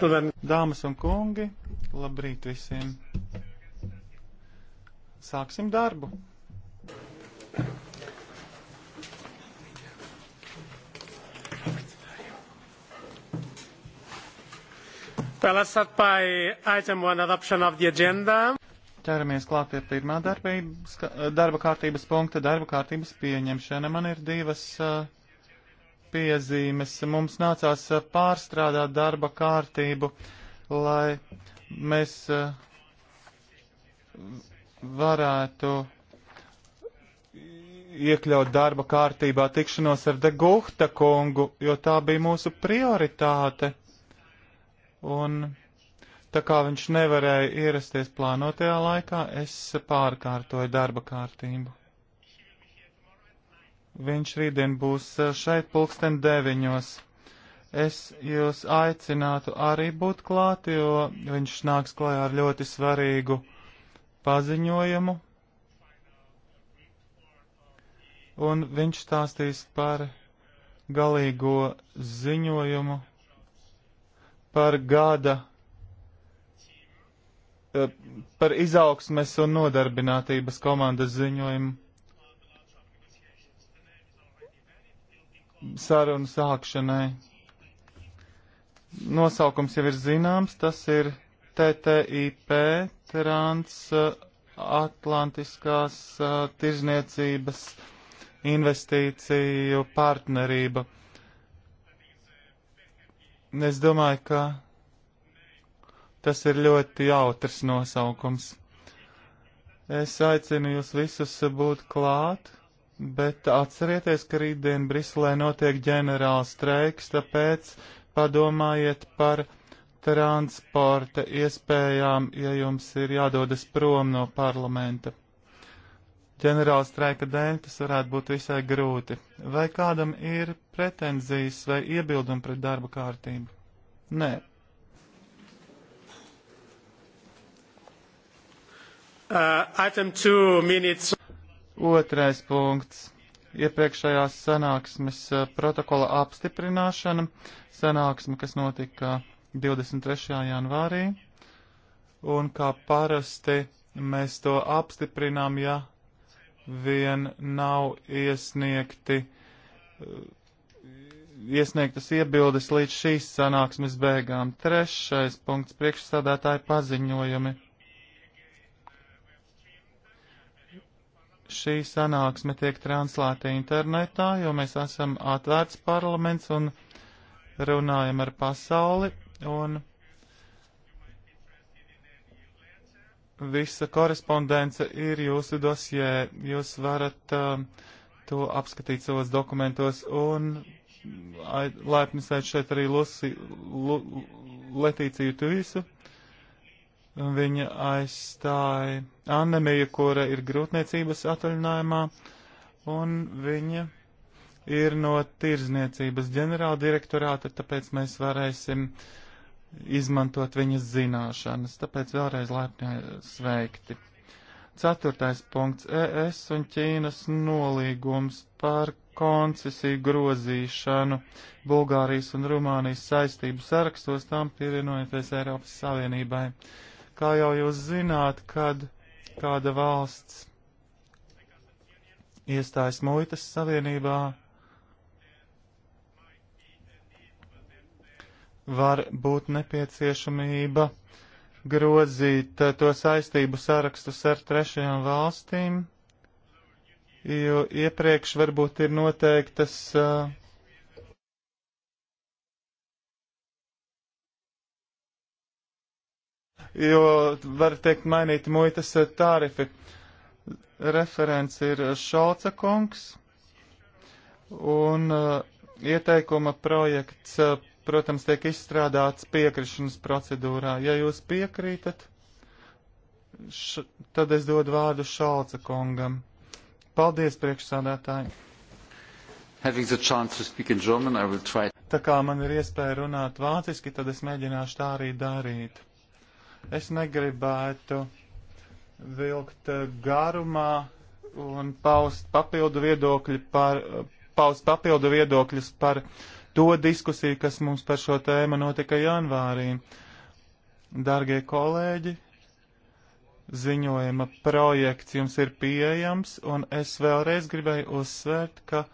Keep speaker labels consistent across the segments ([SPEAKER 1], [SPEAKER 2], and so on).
[SPEAKER 1] Uh, Dāmas un kungi, labrīt visiem! Sāksim darbu! Well, let's start by item one, adoption of the agenda. Ķeramies klāt pie pirmā darbības, eh, darba kārtības punkta, darba kārtības pieņemšana. Man ir divas uh, piezīmes. Mums nācās uh, pārstrādāt darba kārtību, lai mēs uh, varētu iekļaut darba kārtībā tikšanos ar Degūhta kungu, jo tā bija mūsu prioritāte. Un Tā kā viņš nevarēja ierasties plānotajā laikā, es pārkārtoju darba kārtību. Viņš rītdien būs šeit pulksten deviņos. Es jūs aicinātu arī būt klāt, jo viņš nāks klajā ar ļoti svarīgu paziņojumu. Un viņš stāstīs par galīgo ziņojumu par gada Eh, par izaugsmes un nodarbinātības komandas ziņojumu sarunu sākšanai. Nosaukums jau ir zināms, tas ir TTIP, Transatlantiskās eh, eh, tirzniecības investīciju partnerība. Es domāju, ka Tas ir ļoti jautrs nosaukums. Es aicinu jūs visus būt klāt, bet atcerieties, ka rītdien Briselē notiek ģenerāls streiks, tāpēc padomājiet par transporta iespējām, ja jums ir jādodas prom no parlamenta. Ģenerāla streika dēļ tas varētu būt visai grūti. Vai kādam ir pretenzijas vai iebildumi pret darba kārtību? Nē. Uh, Otrais punkts. Iepriekšējās sanāksmes uh, protokola apstiprināšana. Sanāksme, kas notika 23. janvārī. Un kā parasti mēs to apstiprinām, ja vien nav iesniegti, uh, iesniegtas iebildes līdz šīs sanāksmes beigām. Trešais punkts priekšsādātāja paziņojumi. šī sanāksme tiek translēta internetā, jo mēs esam atvērts parlaments un runājam ar pasauli. Un visa korespondence ir jūsu dosjē. Jūs varat uh, to apskatīt savos dokumentos un laipni sveicu šeit arī Lusi, Lu, Letīciju Tuisu. Viņa aizstāja Annemiju, kura ir grūtniecības atvaļinājumā, un viņa ir no tirzniecības ģenerāla direktorāta, tāpēc mēs varēsim izmantot viņas zināšanas. Tāpēc vēlreiz laipni sveikti. Ceturtais punkts - ES un Ķīnas nolīgums par koncesiju grozīšanu Bulgārijas un Rumānijas saistību sarakstos, tam pievienojoties Eiropas Savienībai. Uh, Kā jau jūs zināt, kad kāda valsts iestājas muitas savienībā, var būt nepieciešamība grozīt to saistību sarakstus ar trešajām valstīm, jo iepriekš varbūt ir noteiktas uh, jo var tiek mainīti muitas tārifi. Referents ir Šalca kungs, un uh, ieteikuma projekts, uh, protams, tiek izstrādāts piekrišanas procedūrā. Ja jūs piekrītat, š, tad es dodu vārdu Šalca kungam. Paldies, priekšsādātāji! Having the chance to speak in German, I will try. Tā kā man ir iespēja runāt vāciski, tad es mēģināšu tā arī darīt. Es negribētu vilkt garumā un paust papildu viedokļi par, paust papildu viedokļus par to diskusiju, kas mums par šo tēmu notika janvārī. Dargie kolēģi, ziņojuma projekts jums ir pieejams, un es vēlreiz gribēju uzsvērt, ka,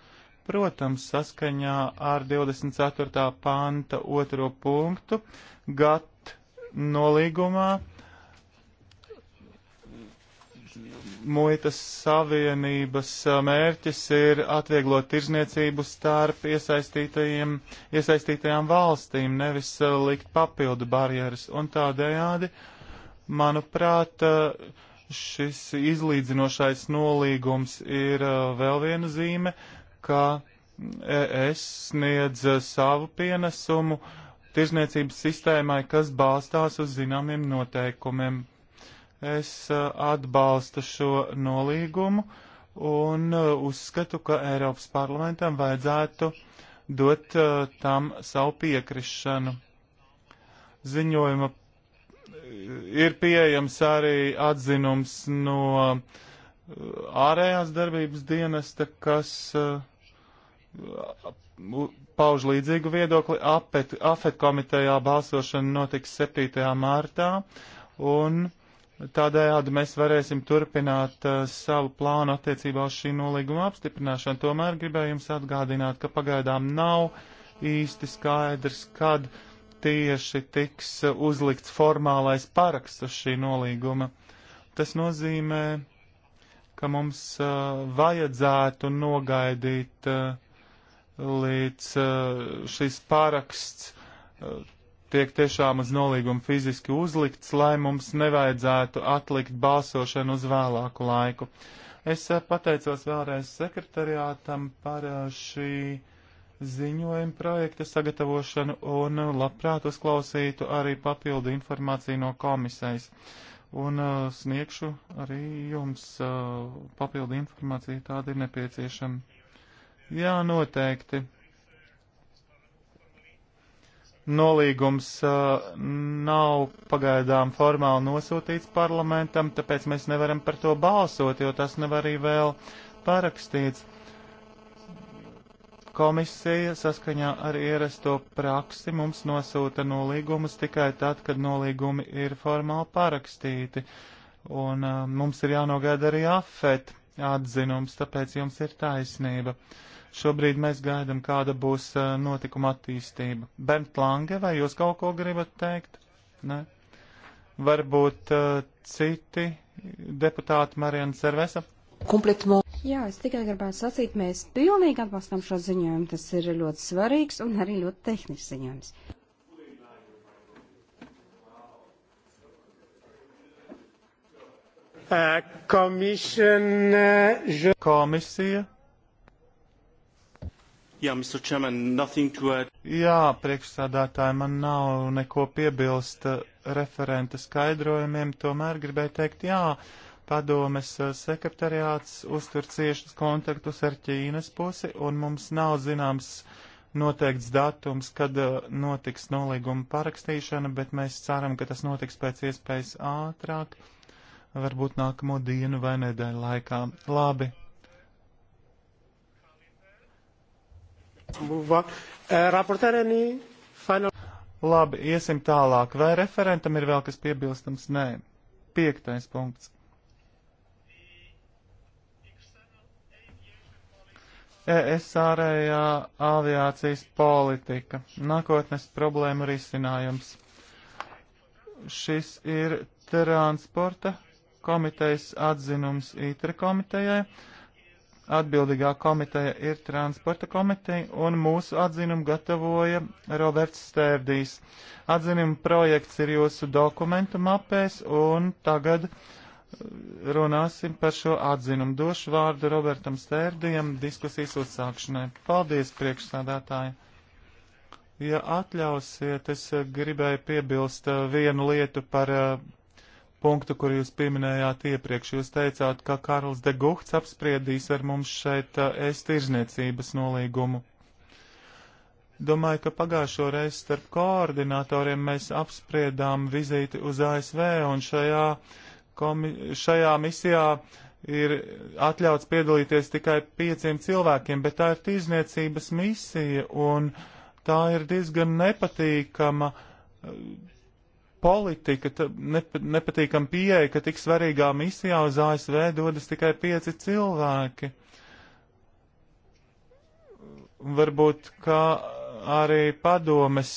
[SPEAKER 1] protams, saskaņā ar 24. panta otro punktu, gat nolīgumā muitas savienības mērķis ir atvieglot tirzniecību starp iesaistītajām valstīm, nevis uh, likt papildu barjeras. Un tādējādi, manuprāt, uh, šis izlīdzinošais nolīgums ir uh, vēl viena zīme, ka mm, es sniedz savu pienesumu uh, tirzniecības sistēmai, kas balstās uz zināmiem noteikumiem. Es uh, atbalstu šo nolīgumu un uh, uzskatu, ka Eiropas parlamentam vajadzētu dot uh, tam savu piekrišanu. Ziņojuma ir pieejams arī atzinums no ārējās darbības dienesta, kas pauž līdzīgu viedokli. Apet, AFET komitejā balsošana notiks 7. martā, un tādējādi mēs varēsim turpināt uh, savu plānu attiecībā uz šī nolīguma apstiprināšanu. Tomēr gribēju jums atgādināt, ka pagaidām nav īsti skaidrs, kad tieši tiks eh, uzlikts formālais paraksts uz šī nolīguma. Tas nozīmē, ka mums uh, vajadzētu nogaidīt uh, līdz šis paraksts tiek tiešām uz nolīgumu fiziski uzlikts, lai mums nevajadzētu atlikt balsošanu uz vēlāku laiku. Es pateicos vēlreiz sekretariātam par šī ziņojuma projekta sagatavošanu un labprāt uzklausītu arī papildu informāciju no komisijas. Un uh, sniegšu arī jums uh, papildu informāciju, tāda ir nepieciešama. Jā, noteikti. Nolīgums uh, nav pagaidām formāli nosūtīts parlamentam, tāpēc mēs nevaram par to balsot, jo tas nav arī vēl parakstīts. Komisija saskaņā ar ierasto praksi mums nosūta nolīgumus tikai tad, kad nolīgumi ir formāli parakstīti. Un uh, mums ir jānogaida arī afet atzinums, tāpēc jums ir taisnība. Uh, Šobrīd mēs gaidam, kāda būs notikuma attīstība. Bernt Lange, vai jūs kaut ko gribat teikt? Nē. Varbūt uh, citi deputāti Marijana Cervesa?
[SPEAKER 2] Kompletmo. Jā, es tikai gribētu sacīt, mēs pilnīgi atbalstam šo ziņojumu. Tas ir ļoti svarīgs un arī ļoti tehnisks ziņojums.
[SPEAKER 1] Uh, komisija. Jā, Mr. Chairman, nothing to add. Jā, priekšsādātāji, man nav neko piebilst referenta skaidrojumiem, tomēr gribēju teikt, jā, padomes eh, sekretariāts uztur ciešas kontaktus ar Ķīnas pusi, un mums nav zināms noteikts datums, kad eh, notiks nolīguma parakstīšana, bet mēs ceram, ka tas notiks pēc iespējas ātrāk, varbūt nākamo dienu vai nedēļu laikā. Labi, move on. Uh, Rapporteur, any final? Labi, iesim tālāk. Vai referentam ir vēl kas piebilstams? Nē. Piektais punkts. ES ārējā aviācijas politika. Nākotnes problēma risinājums. Šis ir transporta komitejas atzinums ITRE komitejai. Uh, Atbildīgā komiteja ir transporta komiteja, un mūsu atzinumu gatavoja Roberts Stērdīs. Atzinumu projekts ir jūsu dokumentu mapēs, un tagad runāsim par šo atzinumu. Došu vārdu Robertam Stērdījam diskusijas uzsākšanai. Paldies, priekšsādātāji! Ja atļausiet, es gribēju piebilst uh, vienu lietu par uh, punktu, kur jūs pieminējāt iepriekš. Jūs teicāt, ka Karls de Guhts apspriedīs ar mums šeit uh, es tirzniecības nolīgumu. Domāju, ka pagājušo reizi starp koordinatoriem mēs apspriedām vizīti uz ASV, un šajā, komi, šajā misijā ir atļauts piedalīties tikai pieciem cilvēkiem, bet tā ir tirzniecības misija, un tā ir diezgan nepatīkama politika, nep nepatīkam pieeja, ka tik svarīgā misijā uz ASV dodas tikai pieci cilvēki. Varbūt, ka arī padomes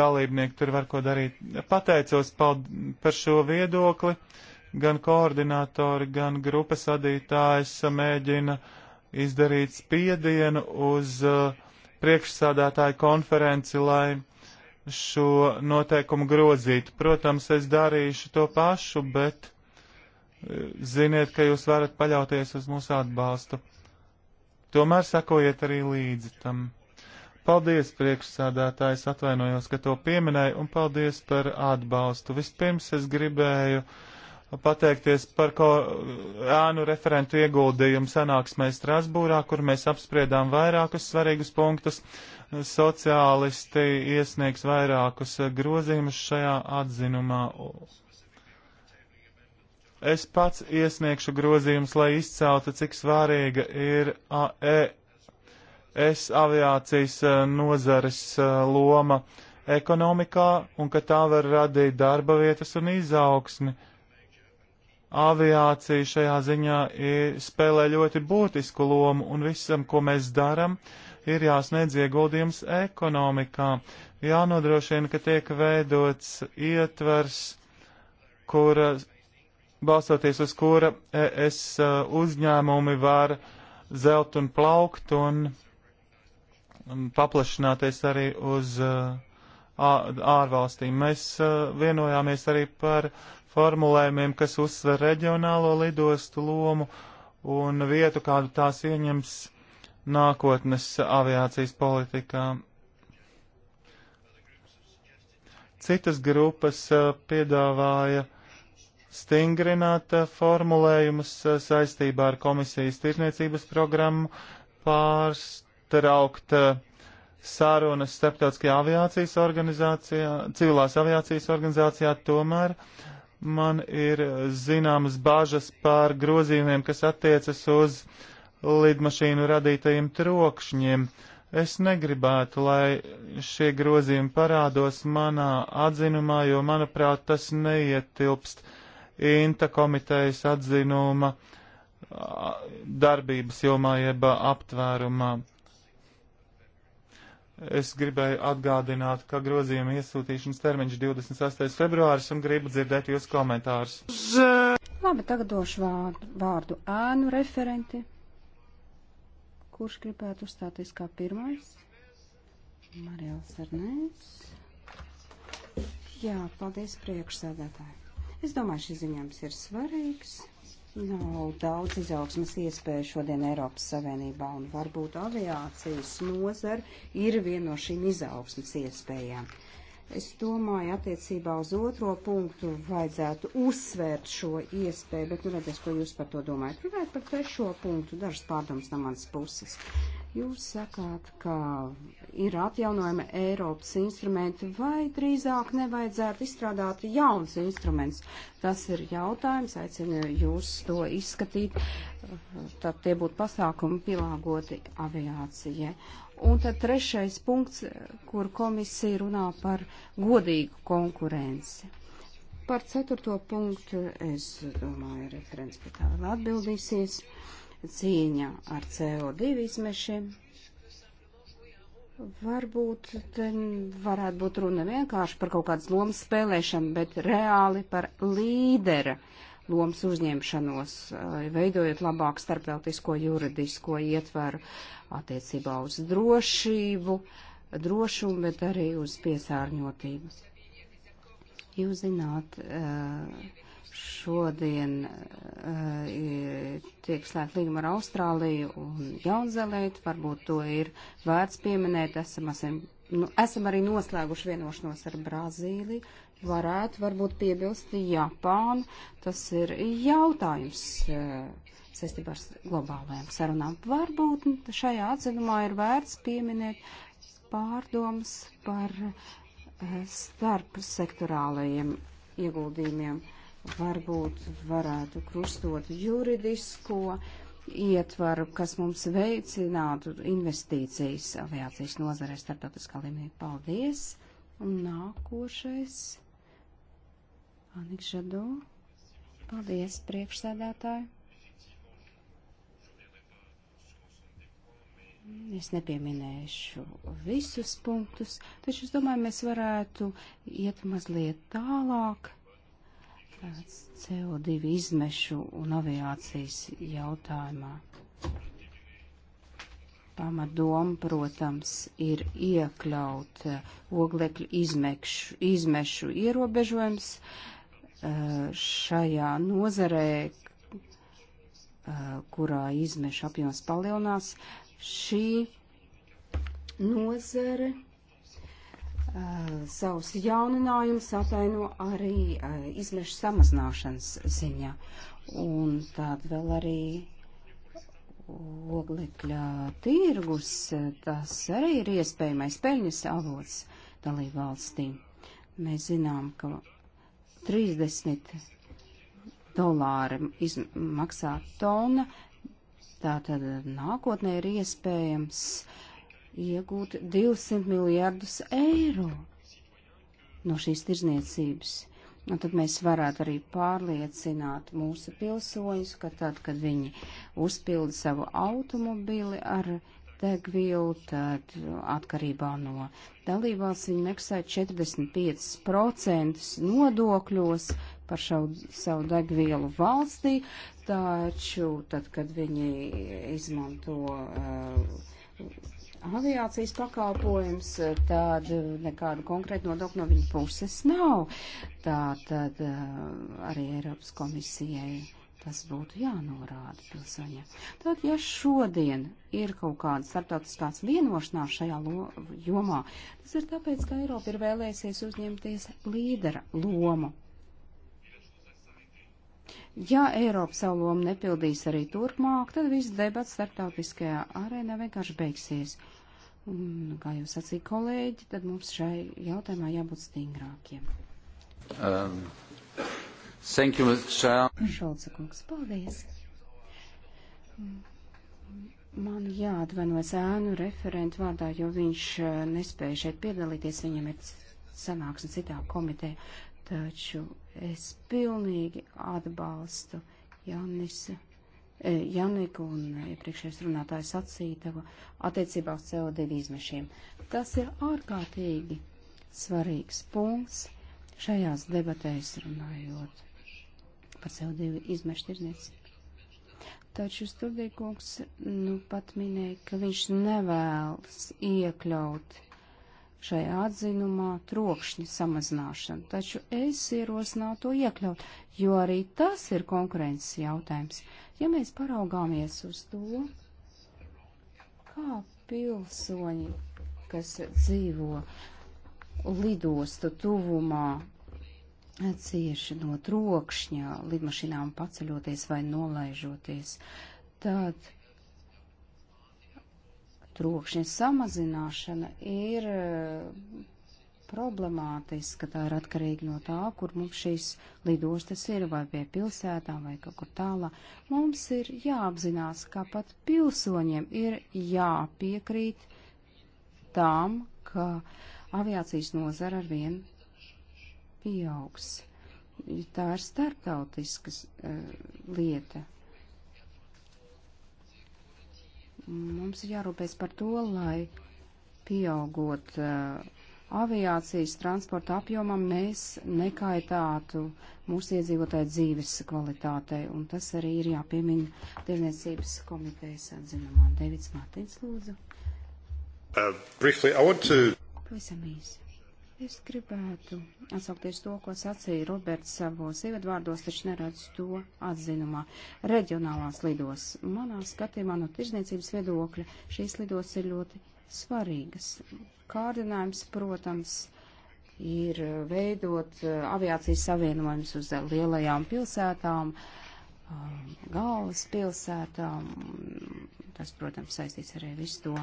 [SPEAKER 1] dalībnieki tur var ko darīt. Pateicos par šo viedokli. Gan koordinātori, gan grupas vadītājs mēģina izdarīt spiedienu uz uh, priekšsādātāju konferenci, lai uh, šo noteikumu grozīt. Protams, es darīšu to pašu, bet e, ziniet, ka jūs varat paļauties uz mūsu atbalstu. Tomēr sekojiet arī līdzi tam. Paldies, priekšsādātājs, atvainojos, ka to pieminēju, un paldies par atbalstu. Vispirms es gribēju uh, pateikties par ko ēnu referentu ieguldījumu sanāksmē Strasbūrā, kur mēs apspriedām vairākus svarīgus punktus. Sociālisti iesniegs vairākus grozījumus šajā atzinumā. Es pats iesniegšu grozījumus, lai izceltu, cik svarīga ir AES e, aviācijas e, nozares e, loma ekonomikā un ka tā var radīt darba vietas un izaugsmi. Uh, aviācija šajā ziņā ir, spēlē ļoti būtisku lomu, un visam, ko mēs darām, ir jāsniedz ieguldījums ekonomikā. Jānodrošina, ka tiek veidots ietvers, kura, balstoties uz kura e, es e, uzņēmumi var zelt un plaukt un paplašināties arī uz uh, ārvalstīm. Mēs vienojāmies arī par formulējumiem, kas uzsver reģionālo lidostu lomu un vietu, kādu tās ieņems nākotnes aviācijas politikā. Citas grupas piedāvāja stingrināt formulējumus saistībā ar komisijas tirzniecības programmu, pārstraukt uh, sārunas starptautiskajā aviācijas organizācijā, civilās aviācijas organizācijā, tomēr man ir zināmas bāžas par grozījumiem, kas attiecas uz lidmašīnu radītajiem trokšņiem. Es negribētu, lai šie grozījumi parādos manā atzinumā, jo, manuprāt, tas neietilpst Inta komitejas atzinuma darbības jomā jeb aptvērumā. Es gribēju atgādināt, ka grozījuma iesūtīšanas termiņš 26. februāris un gribu dzirdēt jūs komentārus.
[SPEAKER 2] Labi, tagad došu vārdu, vārdu ēnu referenti. Kurš gribētu uzstāties kā pirmais? Marielas Arnēs. Jā, paldies priekšsēdētāji. Es domāju, šis ziņojums ir svarīgs. Nav daudz izaugsmas iespēju šodien Eiropas Savienībā, un varbūt aviācijas nozara ir viena no šīm izaugsmas iespējām. Es domāju, attiecībā uz otro punktu vajadzētu uzsvērt šo iespēju, bet nu redzēs, ko jūs par to domājat. Runājot par trešo punktu, dažas pārdomas no manas puses. Jūs sakāt, ka ir atjaunojama Eiropas instrumenti, vai drīzāk nevajadzētu izstrādāt jauns instruments? Tas ir jautājums, aicinu jūs to izskatīt, tad tie būtu pasākumi pielāgoti aviācijai. Un tad trešais punkts, kur komisija runā par godīgu konkurenci. Par ceturto punktu, es domāju, referents pie tā vēl atbildīsies. Cīņa ar CO2 izmešiem Varbūt te varētu būt runa vienkārši par kaut kādas lomas spēlēšanu, bet reāli par līdera lomas uzņemšanos, eh, veidojot labāku starptautisko juridisko ietvaru attiecībā uz drošību, drošumu, bet arī uz piesārņotību. Jūs zināt, uh, Šodien uh, tiek slēgt līguma ar Austrāliju un Jaunzelēti, varbūt to ir vērts pieminēt. Esam, esam, nu, esam arī noslēguši vienošanos ar Brazīliju. Varētu varbūt piebilst Japānu. Tas ir jautājums uh, saistībā ar globālajām sarunām. Varbūt šajā atzinumā ir vērts pieminēt pārdomas par uh, eh, starp sektorālajiem ieguldījumiem varbūt varētu krustot juridisko ietvaru, kas mums veicinātu investīcijas aviācijas nozarē starptautiskā līmenī. Paldies! Un nākošais - Anik Žado. Paldies, priekšsēdētāji! Es nepieminēšu visus punktus, taču es domāju, mēs varētu iet mazliet tālāk CO2 izmešu un aviācijas jautājumā. Pamatdoma, protams, ir iekļaut eh, oglekļu izmešu, izmešu ierobežojums eh, šajā nozarē, eh, kurā izmešu apjoms palielinās. Šī nozare Eh, savus jauninājumus ataino arī eh, izmešu samazināšanas ziņā. Un tad vēl arī oglekļa tirgus, eh, tas arī ir iespējamais peļņas avots dalību valstī. Mēs zinām, ka 30 dolāri maksā tona, tātad nākotnē ir iespējams uh, iegūt 200 miljārdus eiro no šīs tirzniecības. Un tad mēs varētu arī pārliecināt mūsu pilsoņus, ka tad, kad viņi uzpilda savu automobili ar degvielu, tad atkarībā no dalībās viņi maksā 45% nodokļos par šau, savu degvielu valstī, taču tad, kad viņi izmanto uh, aviācijas pakalpojums, tad nekādu konkrētu nodokļu no viņa puses nav. Tā tad eh, arī Eiropas komisijai tas būtu jānorāda pilsoņiem. Tad, ja šodien ir kaut kāda starptautiskās vienošanās šajā jomā, tas ir tāpēc, ka Eiropa ir vēlēsies uzņemties līdera lomu Ja Eiropa savu lomu nepildīs arī turpmāk, tad viss debats starptautiskajā arēnā vienkārši beigsies. Un, kā jau sacīja kolēģi, tad mums šai jautājumā jābūt stingrākiem. Um, thank you, Šolca kungs, paldies. Man jāatvainojas ēnu referentu vārdā, jo viņš uh, nespēja šeit piedalīties, viņam ir sanāksme citā komiteja, taču Es pilnīgi atbalstu Janis, e, Janiku un iepriekšējais runātājs sacītava attiecībā uz CO2 izmešiem. Tas ir ārkārtīgi svarīgs punkts šajās debatēs runājot par CO2 izmešu tirdzniecību. Taču Studija kungs nu pat minēja, ka viņš nevēlas iekļaut šajā atzinumā trokšņa samazināšanu, taču es ierosinātu to iekļaut, jo arī tas ir konkurences jautājums. Ja mēs paraugāmies uz to, kā pilsoņi, kas dzīvo lidostu tuvumā, cieši no trokšņa lidmašīnām paceļoties vai nolaižoties, tad trokšņa samazināšana ir eh, problemātiska. Tā ir atkarīga no tā, kur mums šīs lidostas ir, vai pie pilsētām, vai kaut kur tālāk. Mums ir jāapzinās, ka pat pilsoņiem ir jāpiekrīt tām, ka aviācijas nozara ar vien pieaugs. Tā ir starptautiskas uh, lieta Mums ir jārūpēs par to, lai pieaugot uh, aviācijas transporta apjomam, mēs nekaitātu mūsu iedzīvotāju dzīves kvalitātei. Un tas arī ir jāpiemina Tirzniecības komitejas atzinumā. Devits Mārtiņš, lūdzu.
[SPEAKER 1] Uh, briefly, I want to...
[SPEAKER 2] Pavisam īsi. Es gribētu atsaukties to, ko sacīja Roberts savos ievadvārdos, taču neredz to atzinumā. Reģionālās lidos. Manā skatījumā no tirzniecības viedokļa šīs lidos ir ļoti svarīgas. Kārdinājums, protams, ir veidot eh, aviācijas savienojumus uz lielajām pilsētām, um, galvas pilsētām. Tas, protams, saistīts arī visu to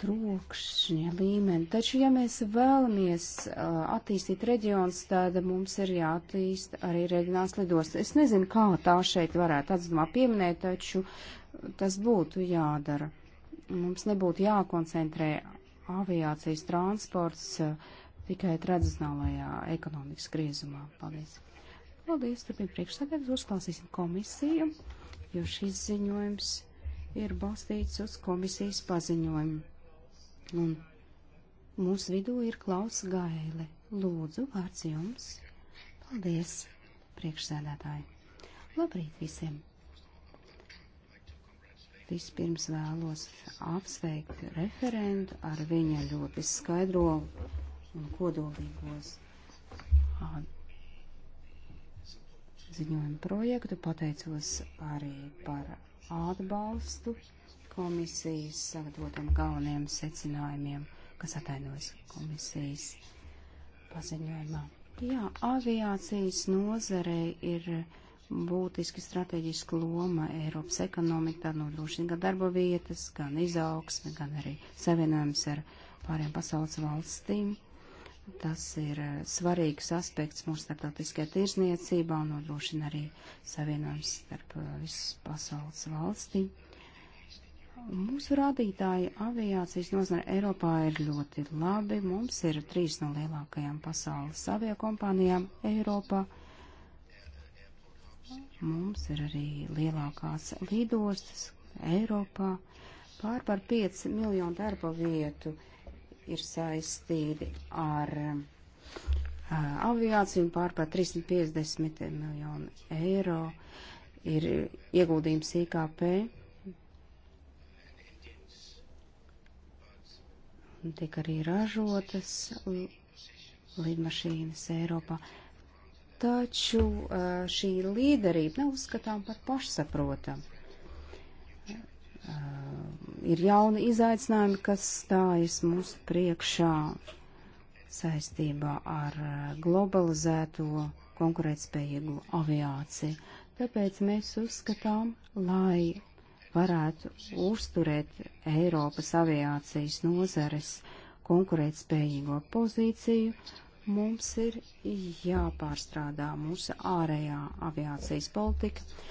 [SPEAKER 2] trokšņa līmeni. Taču, ja mēs vēlamies uh, attīstīt reģionus, tad mums ir jāattīst arī reģionāls lidosts. Es nezinu, kā tā šeit varētu atzīmā pieminēt, taču tas būtu jādara. Mums nebūtu jākoncentrē aviācijas transports uh, tikai tradicionālajā ekonomikas griezumā. Paldies. Paldies, turpin priekšsakājums, uzklāsīsim komisiju, jo šis ziņojums ir balstīts uz komisijas paziņojumu. Un mūsu vidū ir Klaus Gaile. Lūdzu, vārds jums. Paldies, priekšsēdētāji. Labrīt visiem! Vispirms vēlos apsveikt referentu ar viņa ļoti skaidro un kodolīgos ziņojumu projektu. Pateicos arī par atbalstu komisijas sagatavotiem galveniem secinājumiem, kas atainojas komisijas paziņojumā. Jā, aviācijas nozarei ir būtiski strateģiska loma Eiropas ekonomika, tā nodrošina gan darba vietas, gan izaugsmi, gan arī savienojums ar pārējām pasaules valstīm. Tas ir eh, svarīgs aspekts mūsu starptautiskajā tirzniecībā un nodrošina arī savienojums starp eh, visas pasaules valstīm. Mūsu rādītāji aviācijas nozara Eiropā ir ļoti labi. Mums ir trīs no lielākajām pasaules aviokompānijām Eiropā. Mums ir arī lielākās lidostas Eiropā. Pār par 5 miljonu darba vietu ir saistīti ar uh, aviāciju un pār par 350 miljonu eiro ir ieguldījums IKP. tiek arī ražotas lidmašīnas Eiropā. Taču šī līderība nav uzskatām par pašsaprotamu. Ir jauni izaicinājumi, kas stājas mūsu priekšā saistībā ar globalizēto konkurētspējīgu aviāciju. Tāpēc mēs uzskatām, lai varētu uzturēt Eiropas aviācijas nozares konkurētspējīgo pozīciju, mums ir jāpārstrādā mūsu ārējā aviācijas politika,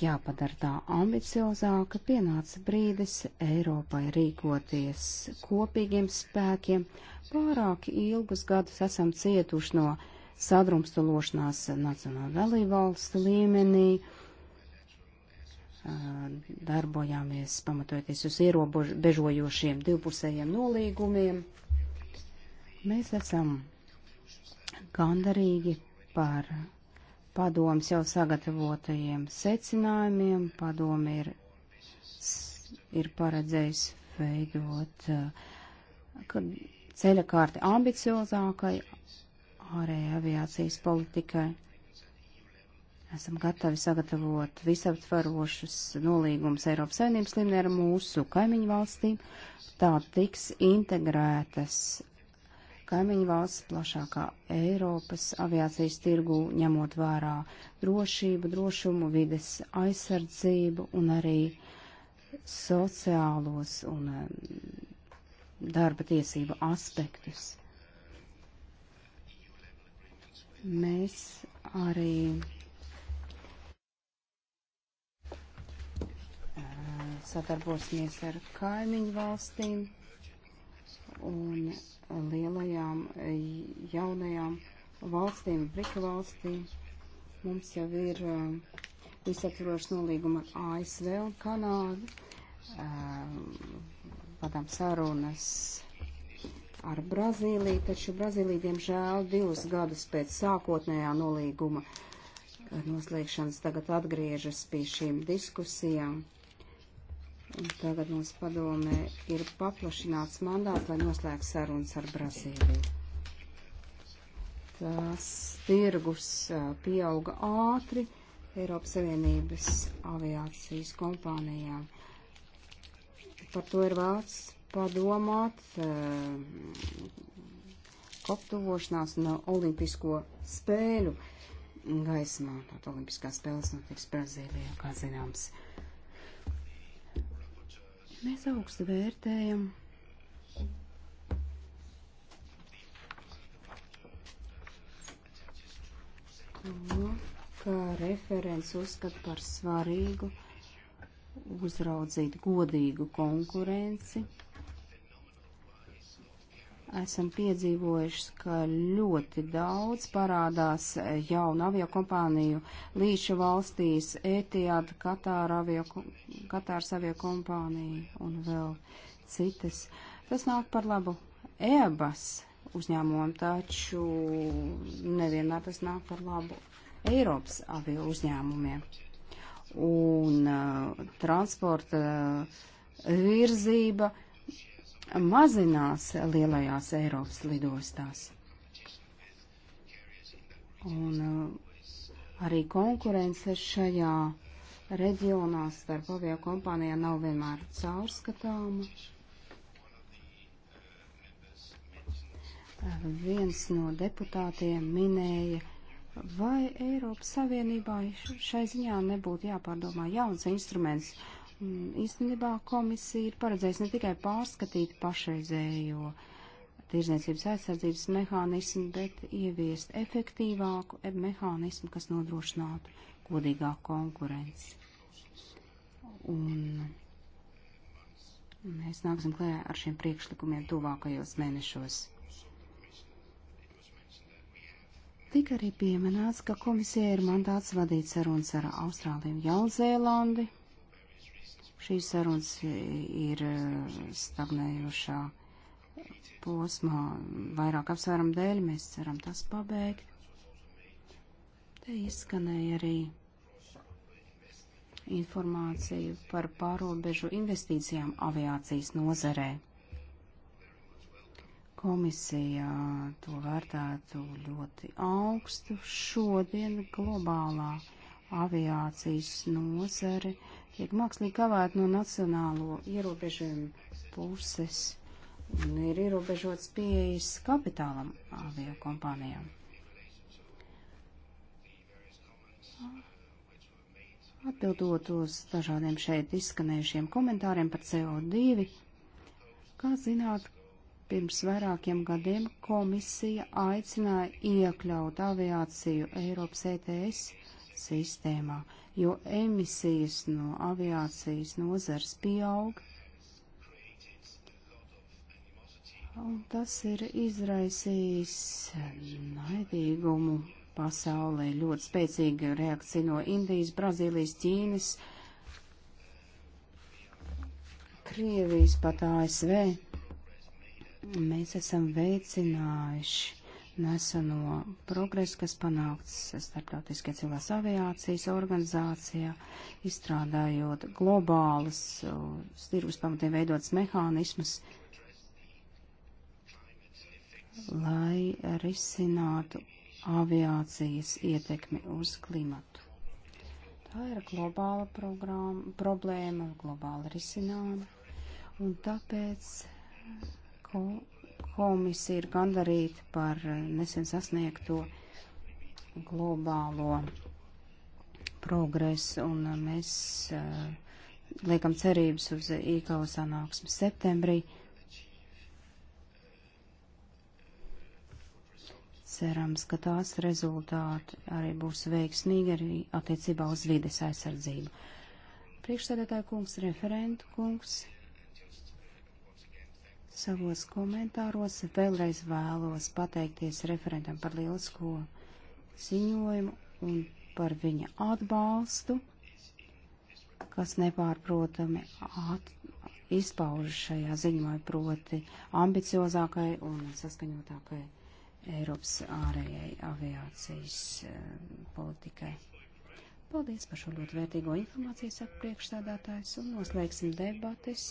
[SPEAKER 2] jāpadara tā ambiciozāka, pienāca brīdis Eiropai rīkoties kopīgiem spēkiem, pārāk ilgus gadus esam cietuši no sadrumstalošanās nacionāla dalībvalstu līmenī, darbojāmies pamatojoties uz ierobežojošiem divpusējiem nolīgumiem. Mēs esam gandarīgi par padomus jau sagatavotajiem secinājumiem. Padomi ir, ir paredzējis veidot ceļa kārti ambiciozākai ārējai aviācijas politikai. Esam gatavi sagatavot visaptvarošus nolīgumus Eiropas Savienības līmenī ar mūsu kaimiņu valstīm. Tā tiks integrētas kaimiņu valsts plašākā Eiropas aviācijas tirgu, ņemot vērā drošību, drošumu, vides aizsardzību un arī sociālos un um, darba tiesību aspektus. Mēs arī sadarbosimies ar kaimiņu valstīm un lielajām jaunajām valstīm, brika valstīm. Mums jau ir uh, visaptvarošs nolīguma ar ASV un Kanādu. Vadām uh, sarunas ar Brazīliju, taču Brazīlija, diemžēl, divus gadus pēc sākotnējā nolīguma uh, noslēgšanas tagad atgriežas pie šīm diskusijām Un tagad mums padomē ir paplašināts mandāts, lai noslēgtu sarunas ar Brazīliju. Tās tirgus pieauga ātri Eiropas Savienības aviācijas kompānijām. Par to ir vērts padomāt koptuvošanās un olimpisko spēļu gaismā. Tātad olimpiskās spēles notiks Brazīlijā, kā zināms. Uh, Mēs augstu vērtējam to, ka referents uzskata par svarīgu uzraudzīt godīgu konkurenci esam piedzīvojuši, ka ļoti daudz parādās jaunu aviokompāniju līča valstīs, Etihad, Katāra avio, Katāras aviokompānija un vēl citas. Tas nāk par labu EBAS uzņēmumam, taču nevienmēr tas nāk par labu Eiropas avio uzņēmumiem. Un uh, transporta uh, virzība uh, mazinās lielajās Eiropas lidostās. Un uh, arī konkurence šajā reģionā starp avio kompānijām nav vienmēr caurskatāma. Uh, viens no deputātiem minēja, vai Eiropas Savienībā šai ziņā nebūtu jāpārdomā jauns instruments, uh, Mm, īstenībā komisija ir paredzējusi ne tikai pārskatīt pašreizējo tirzniecības aizsardzības mehānismu, bet ieviest efektīvāku e, mehānismu, kas nodrošinātu godīgāku konkurenci. Un mēs nāksim klējā ar šiem priekšlikumiem tuvākajos mēnešos. Tik arī pieminēts, ka komisija ir mandāts vadīt sarunas ar Austrāliju un Jaunzēlandi Šīs sarunas ir eh, stagnējušā posmā vairāk apsvērumu dēļ. Mēs ceram tas
[SPEAKER 1] pabeigt.
[SPEAKER 2] Te izskanēja arī informāciju par pārobežu investīcijām aviācijas nozarē. Komisija to vērtētu ļoti augstu. Šodien globālā aviācijas nozare uh, tiek mākslīgi kavēti no nacionālo ierobežojumu puses un ir ierobežots pieejas kapitālam avio kompānijām. Atbildot uz dažādiem šeit izskanējušiem komentāriem par CO2, kā zināt, pirms vairākiem gadiem komisija aicināja iekļaut aviāciju Eiropas ETS sistēmā jo emisijas no aviācijas nozars pieaug. Un tas ir izraisījis naidīgumu pasaulē. Ļoti spēcīga reakcija no Indijas, Brazīlijas, Ķīnas, Krievijas, pat ASV. Mēs esam veicinājuši neseno progresu, kas panākts starptautiskajā cilvēks aviācijas organizācijā, izstrādājot globālas tirgus pamatiem veidotas mehānismas, lai risinātu aviācijas ietekmi uz klimatu. Tā ir globāla programma, problēma, globāla risinājuma, un tāpēc ko Komisija ir gandarīta par eh, nesen sasniegto globālo progresu, un eh, mēs uh, liekam cerības uz IKO sanāksmi septembrī. Cerams, ka tās rezultāti arī būs veiksmīgi arī attiecībā uz vides aizsardzību. Priekšsēdētāja kungs, referentu kungs, Savos komentāros vēlreiz vēlos pateikties referentam par lielisko ziņojumu un par viņa atbalstu, kas nepārprotami at, izpaužas šajā ziņā, proti ambiciozākai un saskaņotākai Eiropas ārējai aviācijas eh, politikai. Paldies par šo ļoti vērtīgo informāciju, saka priekšstādātājs, un noslēgsim debatis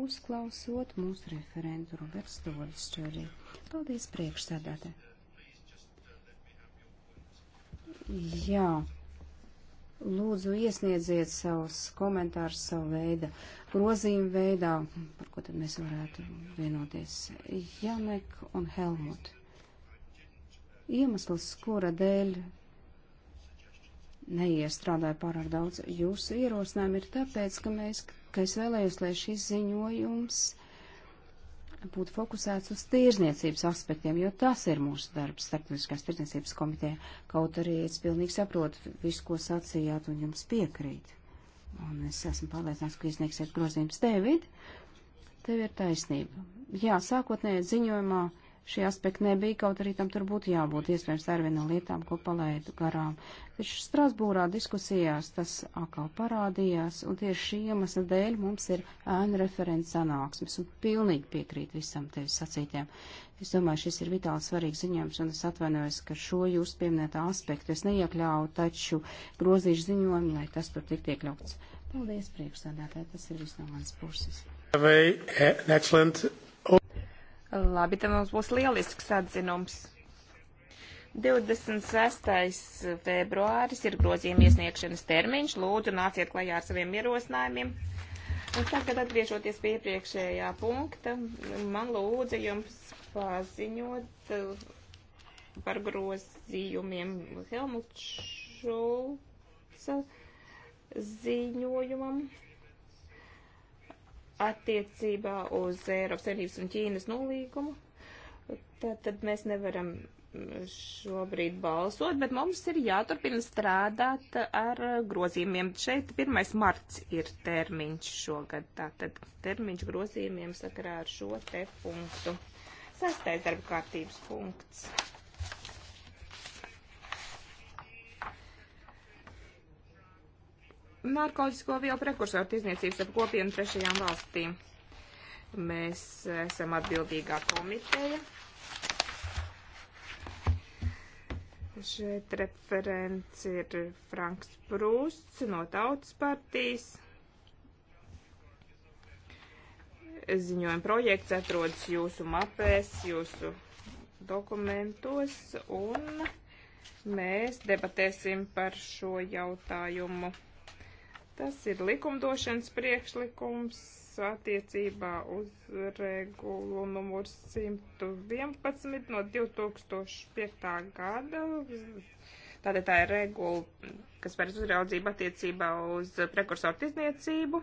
[SPEAKER 2] uzklausot mūsu referentu Roberts Dolis Čerī. Paldies priekšsādātē. Jā, lūdzu iesniedziet savus komentārus savu veidu, grozījumu veidā, par ko tad mēs varētu vienoties. Janek un Helmut. Iemesls, kura dēļ neiestrādāja pārāk daudz jūsu ierosinājumu, ir tāpēc, ka mēs ka es vēlējos, lai šis ziņojums būtu fokusēts uz tirzniecības aspektiem, jo tas ir mūsu darbs starptautiskās tirzniecības komitē. Kaut arī es pilnīgi saprotu visu, ko sacījāt un jums piekrīt. Un es esmu pārliecināts, ka iesniegsiet grozījums David. Tev ir taisnība. Jā, sākotnēji ziņojumā šie aspekti nebija, kaut arī tam tur būtu jābūt iespējams ar vienu lietām, ko palaidu garām. Taču Strasbūrā diskusijās tas atkal parādījās, un tieši šī iemesla dēļ mums ir ēnu referents sanāksmes, un pilnīgi piekrīt visam tevis sacītiem. Es domāju, šis ir vitāli svarīgs ziņojums, un es atvainojos, ka šo jūs pieminētā aspektu es neiekļauju, taču grozīšu ziņojumu, lai tas tur tiktu iekļauts. Paldies, priekšsādātāji, tas ir viss no manas puses.
[SPEAKER 1] Have a, eh, an excellent Labi,
[SPEAKER 3] tad mums būs lielisks atzinums. 26. februāris ir grozījuma iesniegšanas termiņš. Lūdzu, nāciet klajā ar saviem ierosinājumiem. Un tagad atgriežoties pie iepriekšējā punkta, man lūdza jums paziņot uh, par grozījumiem Helmut Šulca ziņojumam attiecībā uz Eiropas Savienības un Ķīnas nolīgumu. Tad, tad mēs nevaram šobrīd balsot, bet mums ir jāturpina strādāt ar grozījumiem. Šeit 1. marts ir termiņš šogad, tātad termiņš grozījumiem sakarā ar šo te punktu. Sastais darba kārtības punkts. narkotisko vielu prekursoru tirzniecības ar kopienu trešajām valstīm. Mēs esam atbildīgā komiteja. Šeit referents ir Franks Prūsts no Tautas partijas. Ziņojuma projekts atrodas jūsu mapēs, jūsu dokumentos, un mēs debatēsim par šo jautājumu. Tas ir likumdošanas priekšlikums attiecībā uz regulu numur 111 no 2005. gada. Tātad tā ir regula, kas pēc uzraudzību attiecībā uz prekursoru tirdzniecību.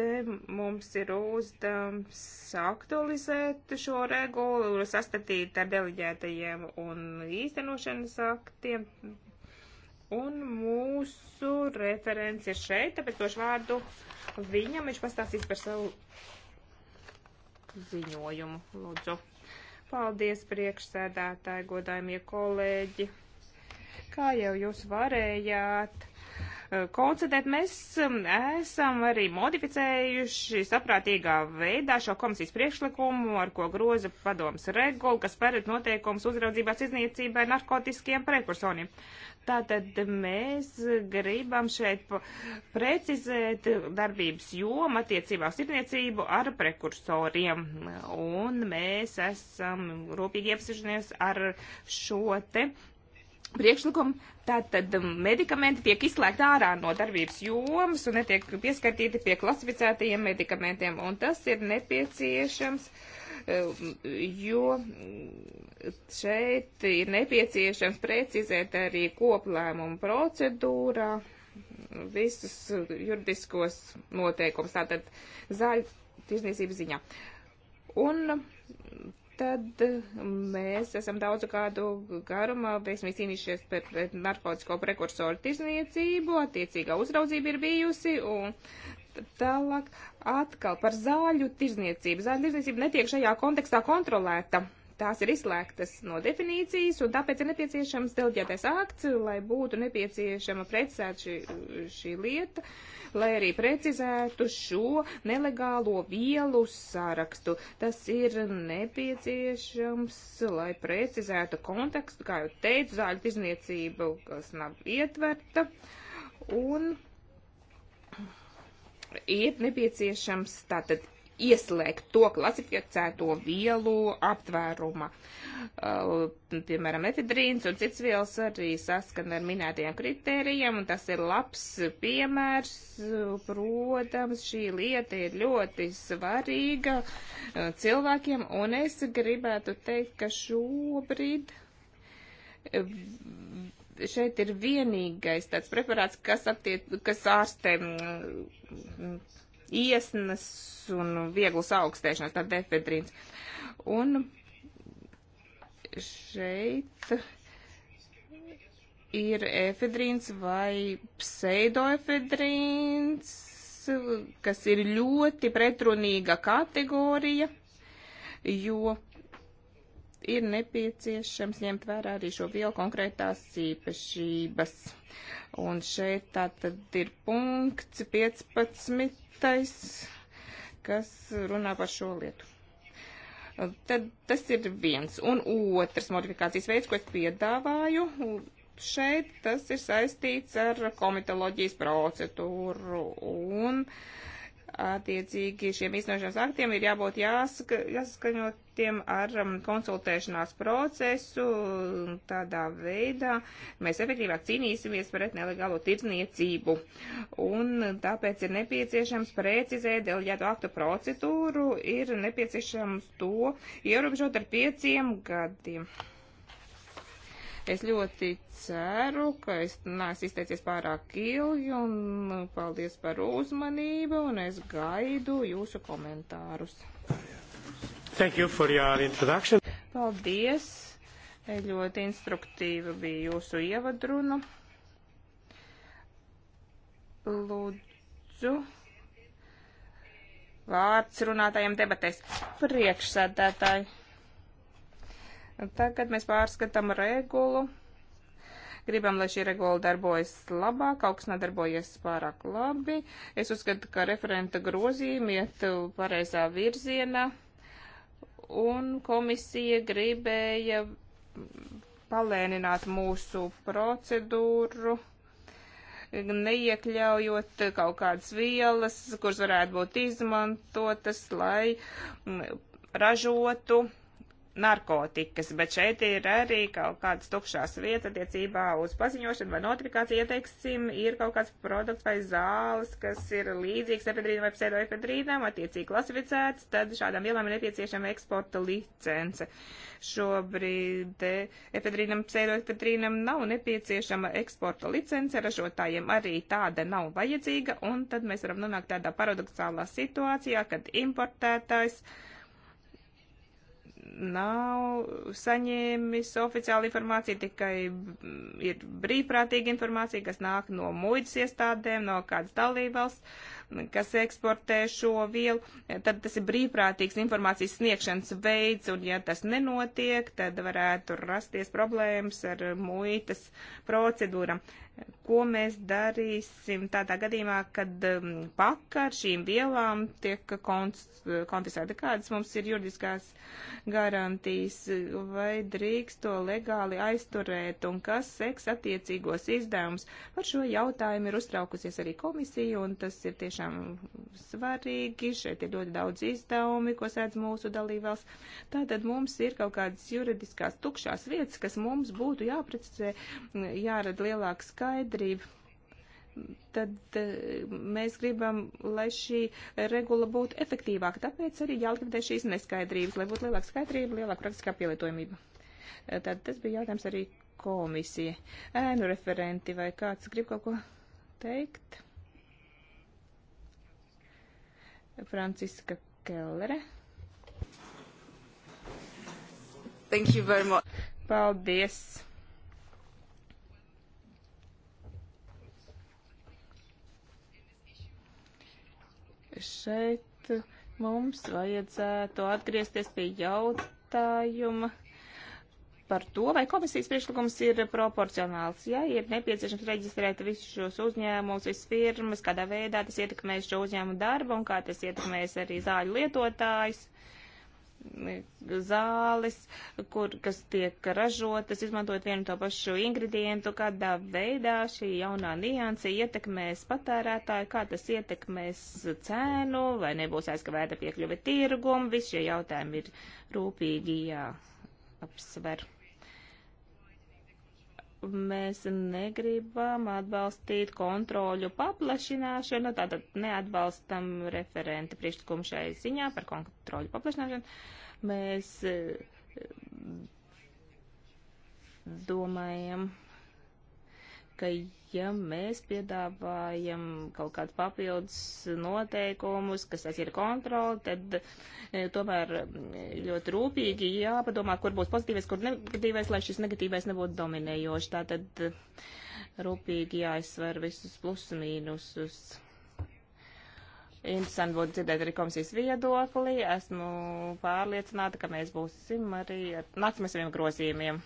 [SPEAKER 3] Te mums ir uzdevums aktualizēt šo regulu, sastatīt ar deleģētajiem un īstenošanas aktiem. Un mūsu referents ir šeit, tāpēc došu vārdu viņam. Viņš pastāstīs par savu ziņojumu. Lūdzu. Paldies, priekšsēdētāji, godājumie kolēģi. Kā jau jūs varējāt Eh, konstatēt, mēs eh, esam arī modificējuši saprātīgā veidā šo komisijas priekšlikumu, ar ko groza padoms regula, kas paredz noteikums uzraudzībās izniecībai narkotiskiem prekursoniem. Tātad mēs gribam šeit precizēt darbības jomu attiecībā uz tirniecību ar prekursoriem. Un mēs esam rūpīgi iepazišanies ar šo te uh, priekšlikumu, tātad um, medikamenti tiek izslēgti ārā no darbības jomas un netiek pieskatīti pie klasificētajiem medikamentiem, un tas ir nepieciešams, um, jo šeit ir nepieciešams precizēt arī koplēmumu procedūrā visus juridiskos noteikumus, tātad zāļu tirzniecības ziņā. Un tad eh, mēs esam daudzu gadu garumā veiksmīgi cīnījušies pret narkotisko prekursoru tirzniecību, attiecīgā uzraudzība ir bijusi, un tālāk atkal par zāļu tirzniecību. Zāļu tirzniecība netiek šajā kontekstā kontrolēta tās ir izslēgtas no definīcijas, un tāpēc ir nepieciešams delģētais akts, lai būtu nepieciešama precizēt šī, šī lieta, lai arī precizētu šo nelegālo vielu sarakstu. Tas ir nepieciešams, lai precizētu kontekstu, kā jau teicu, zāļu tirzniecību, kas nav ietverta, un ir nepieciešams tātad ieslēgt to klasificēto vielu aptvērumā. Uh, piemēram, efedrīns un cits vielas arī saskana ar minētajiem kritērijiem, un tas ir labs piemērs. Protams, šī lieta ir ļoti svarīga uh, cilvēkiem, un es gribētu teikt, ka šobrīd uh, šeit ir vienīgais tāds preparāts, kas, attiec, kas ārstē mm, iesnas un vieglas augstēšanās, tā defedrīns. Un šeit ir efedrīns vai pseidoefedrīns, kas ir ļoti pretrunīga kategorija, jo ir nepieciešams ņemt vērā arī šo vielu konkrētās īpašības. Un šeit tā tad ir punkts 15, kas runā par šo lietu. Tad tas ir viens. Un otrs modifikācijas veids, ko es piedāvāju, šeit tas ir saistīts ar komitoloģijas procedūru. Un uh, attiecīgi šiem īstenošanas aktiem ir jābūt jāska, jāskaņotiem ar um, konsultēšanās procesu. Tādā veidā mēs efektīvāk cīnīsimies pret nelegālo tirdzniecību. Un tāpēc ir nepieciešams precizēt deleģēto aktu procedūru, ir nepieciešams to ierobežot ar pieciem gadiem. Es ļoti ceru, ka es neesmu izteicies pārāk ilgi un nu, paldies par uzmanību un es gaidu jūsu komentārus.
[SPEAKER 1] Thank you for your introduction.
[SPEAKER 3] Paldies. Ļoti instruktīva bija jūsu ievadruna. Lūdzu. Vārds runātājiem debatēs. Priekšsēdētāji. Tagad mēs pārskatām regulu. Gribam, lai šī regula darbojas labāk, kaut kas nedarbojas pārāk labi. Es uzskatu, ka referenta grozījumi iet pareizā virzienā, un komisija gribēja palēnināt mūsu procedūru, neiekļaujot kaut kādas vielas, kuras varētu būt izmantotas, lai ražotu narkotikas, bet šeit ir arī kaut kādas tukšās vietas attiecībā uz paziņošanu vai notifikāciju, ja teiksim, ir kaut kāds produkts vai zāles, kas ir līdzīgs epidrīnam vai pseidoepidrīnam, attiecīgi klasificēts, tad šādām vielām ir nepieciešama eksporta licence. Šobrīd epidrīnam, eh, pseidoepidrīnam nav nepieciešama eksporta licence, ražotājiem arī tāda nav vajadzīga, un tad mēs varam nonākt tādā paradoxālā situācijā, kad importētājs uh, nav saņēmis oficiālu informāciju, tikai ir brīvprātīga informācija, kas nāk no muitas iestādēm, no kādas dalībvalsts kas eksportē šo vielu, tad tas ir brīvprātīgs informācijas sniegšanas veids, un ja tas nenotiek, tad varētu rasties problēmas ar muitas procedūram. Ko mēs darīsim tādā gadījumā, kad paka um, ar šīm vielām tiek konfiscēta? Kādas mums ir juridiskās garantijas, vai drīkst to legāli aizturēt, un kas seks attiecīgos izdevumus? Par šo jautājumu ir uztraukusies arī komisija, un tas ir tiešām tiešām svarīgi. Šeit ir ļoti daudz izdevumi, ko sēdz mūsu dalībvalsts. Tātad mums ir kaut kādas juridiskās tukšās vietas, kas mums būtu jāprecizē, jārada lielāka skaidrība. Tad eh, mēs gribam, lai šī regula būtu efektīvāka. Tāpēc arī jālikvidē šīs neskaidrības, lai būtu lielāka skaidrība, lielāka praktiskā pielietojamība. Eh, Tad tas bija jautājums arī komisija. Ēnu referenti vai kāds grib kaut ko teikt? Franciska Kellere. Thank you very much. Paldies. Šeit mums vajadzētu atgriezties pie jautājuma par to, vai komisijas priekšlikums ir proporcionāls. Ja ir nepieciešams reģistrēt visus šos uzņēmumus, visas firmas, kādā veidā tas ietekmēs šo uzņēmumu darbu un kā tas ietekmēs arī zāļu lietotājs, zāles, kur, kas tiek ražotas, izmantojot vienu to pašu ingredientu, kādā veidā šī jaunā nianse ietekmēs patērētāju, kā tas ietekmēs cēnu, vai nebūs aizkavēta piekļuve tirgumu, visi šie jautājumi ir rūpīgi jā apsver mēs negribam atbalstīt kontroļu paplašināšanu, tātad neatbalstam referenta priekšlikumu šai ziņā par kontroļu paplašināšanu. Mēs eh, domājam ka ja mēs piedāvājam kaut kādus papildus noteikumus, kas tas ir kontroli, tad e, tomēr ļoti rūpīgi jāpadomā, kur būs pozitīvais, kur negatīvais, lai šis negatīvais nebūtu dominējošs. Tātad e, rūpīgi jāizsver visus plusus un mīnusus. Interesanti būtu dzirdēt arī komisijas viedokli. Esmu pārliecināta, ka mēs būsim arī, nāksimies ar saviem grozījumiem.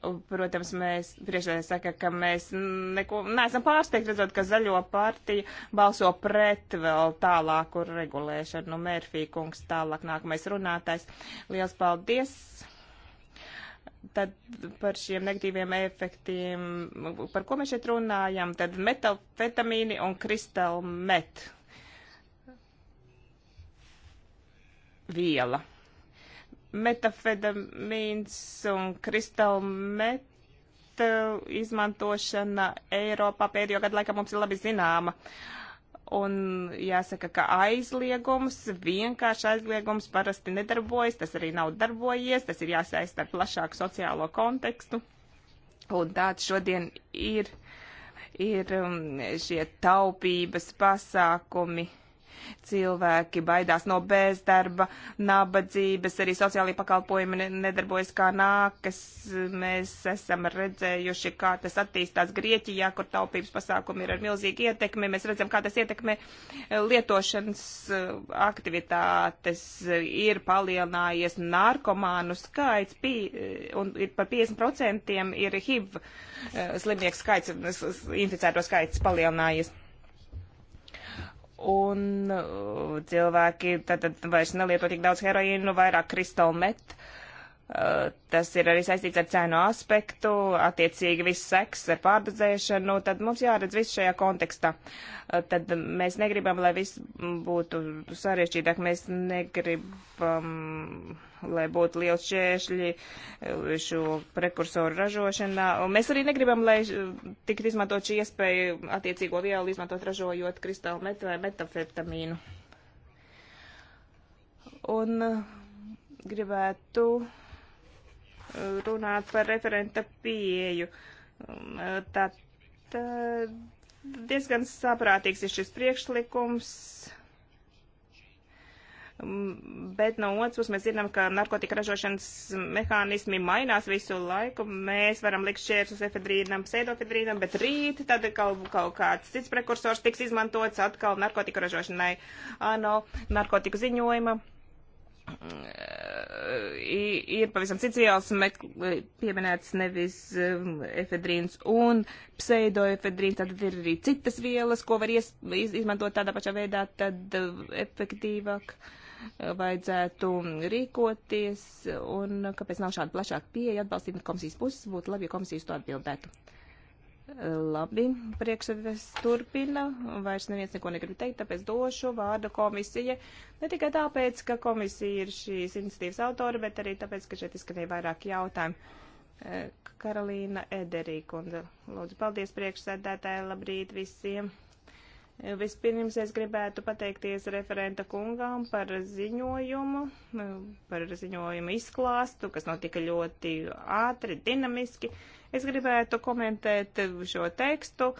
[SPEAKER 3] Protams, mēs priekšsēdētāji saka, ka mēs neko, neesam pārsteigti redzot, ka zaļo partija balso pret vēl tālāku regulēšanu. Nu, Mērfī kungs tālāk nākamais runātājs. Liels paldies! Tad par šiem negatīviem efektiem, par ko mēs šeit runājam, tad metalfetamīni un kristalmet viela metafetamīns un kristalmet izmantošana Eiropā pēdējo gadu laikā mums ir labi zināma. Un jāsaka, ka aizliegums, vienkārši aizliegums parasti nedarbojas, tas arī nav darbojies, tas ir jāsaist ar plašāku sociālo kontekstu. Un tāds šodien ir, ir um, šie taupības pasākumi. Uh, Cilvēki baidās no bezdarba, nabadzības, arī sociālajie pakalpojumi nedarbojas kā nākas. Mēs esam redzējuši, kā tas attīstās Grieķijā, kur taupības pasākumi ir ar milzīgu ietekmi. Mēs redzam, kā tas ietekmē lietošanas eh, aktivitātes. Ir palielinājies narkomānu skaits eh, un ir par 50% ir HIV eh, slimnieku skaits, inficēto skaits palielinājies un uh, cilvēki tad, tad vairs nelieto tik daudz heroīnu, vairāk kristalmetu Tas ir arī saistīts ar cenu aspektu, attiecīgi viss seks ar pārdozēšanu, nu, tad mums jāredz viss šajā kontekstā. Uh, tad mēs negribam, lai viss būtu sarežģītāk, mēs negribam, lai būtu liels šķēršļi uh, šo prekursoru ražošanā. Mēs arī negribam, lai uh, tiktu izmantot šī iespēja attiecīgo vielu izmantot ražojot kristālu metu vai metafetamīnu. Un gribētu runāt par referenta pieeju. Um, e, tad e, diezgan saprātīgs ir šis priekšlikums. Um, bet no otras puses mēs zinām, ka narkotika ražošanas mehānismi mainās visu laiku. Mēs varam likt šķērsus efedrīnam, pseidofedrīnam, bet rīt tad kaut, kaut kāds cits prekursors tiks izmantots atkal narkotika ražošanai. Ano, narkotika ziņojuma ir pavisam cits vielas, un e, pieminēts nevis e, efedrīns un pseidoefedrīns, tad ir arī citas vielas, ko var ies, iz, izmantot tādā pašā veidā, tad e, efektīvāk vajadzētu rīkoties, un kāpēc nav šāda plašāka pieeja atbalstīt no komisijas puses, būtu labi, ja komisijas to atbildētu. Labi, priekšsēdētājs turpina, un vairs neviens neko negrib teikt, tāpēc došu vārdu komisija. Ne tikai tāpēc, ka komisija ir šīs iniciatīvas autora, bet arī tāpēc, ka šeit izskanēja vairāk jautājumu. Eh, Karolīna Ederīkundze, lūdzu, paldies priekšsēdētāji, labrīt visiem! Vispirms es gribētu pateikties referenta kungām par ziņojumu, par ziņojumu izklāstu, kas notika ļoti ātri, dinamiski. Es gribētu komentēt šo tekstu,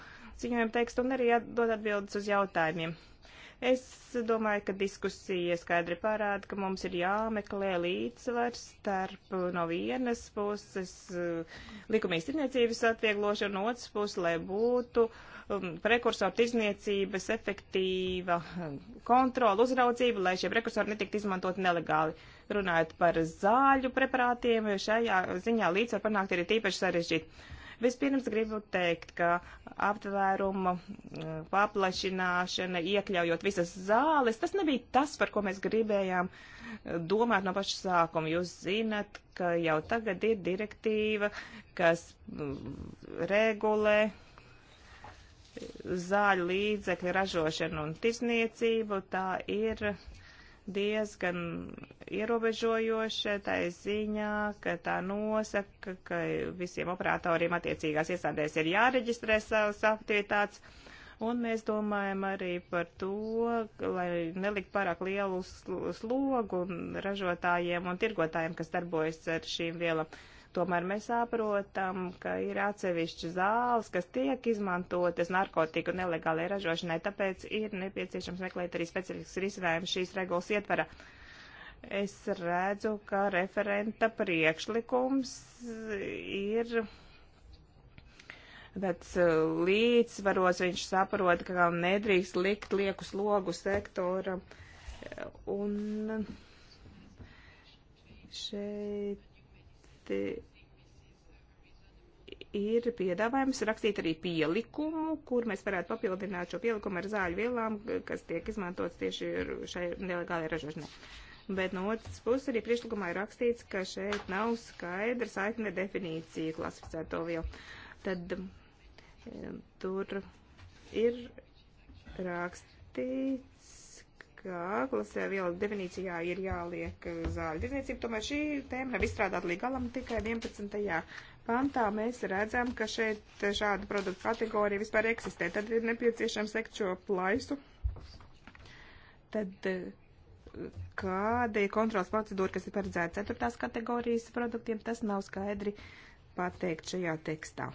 [SPEAKER 3] ziņojumu tekstu un arī dot atbildes uz jautājumiem. Es domāju, ka diskusija skaidri parāda, ka mums ir jāmeklē līdzsvars starp no vienas puses likumīgas tirniecības atvieglošanu, no otras puses, lai būtu uh, Um, prekursoru tirzniecības efektīva um, kontrola, uzraudzība, lai šie prekursori netiktu izmantot nelegāli. Runājot par zāļu preparātiem, šajā ziņā līdzsvar panākt ir tīpaši sarežģīti. Vispirms gribu teikt, ka aptvēruma um, paplašināšana, iekļaujot visas zāles, tas nebija tas, par ko mēs gribējām domāt no paša sākuma. Jūs zinat, ka jau tagad ir direktīva, kas regulē zāļu līdzekļu ražošana un tirzniecību, tā ir diezgan ierobežojoša tā ziņā, ka tā nosaka, ka visiem operatoriem attiecīgās iestādēs ir jāreģistrē savas aktivitātes. Un mēs domājam arī par to, lai nelikt pārāk lielu slogu ražotājiem un tirgotājiem, kas darbojas ar šīm vielām. Uh, Tomēr mēs saprotam, ka ir atsevišķi zāles, kas tiek izmantotas narkotiku nelegālai ražošanai, tāpēc ir nepieciešams meklēt arī specifisks risinājums šīs regulas ietvara. Es redzu, ka referenta priekšlikums ir tāds uh, līdzsvaros, viņš saprot, ka nedrīkst likt lieku slogu sektoram. Un šeit ir piedāvājums rakstīt arī pielikumu, kur mēs varētu papildināt šo pielikumu ar zāļu vielām, kas tiek izmantots tieši šai nelegālajai ražošanai. Bet no otras puses arī priekšlikumā ir rakstīts, ka šeit nav skaidra saikne definīcija klasificēto vielu. Tad eh, tur ir rakstīts ka klasēvielu definīcijā ir jāliek zāļu tirdzniecība, tomēr šī tēma nav izstrādāta līdz galam tikai 11. pantā. Mēs redzam, ka šeit šāda produktu kategorija vispār eksistē. Tad ir nepieciešams sekt šo plaisu. Tad kāda ir kontrols procedūra, kas ir paredzēta ceturtās kategorijas produktiem, tas nav skaidri pateikt šajā tekstā.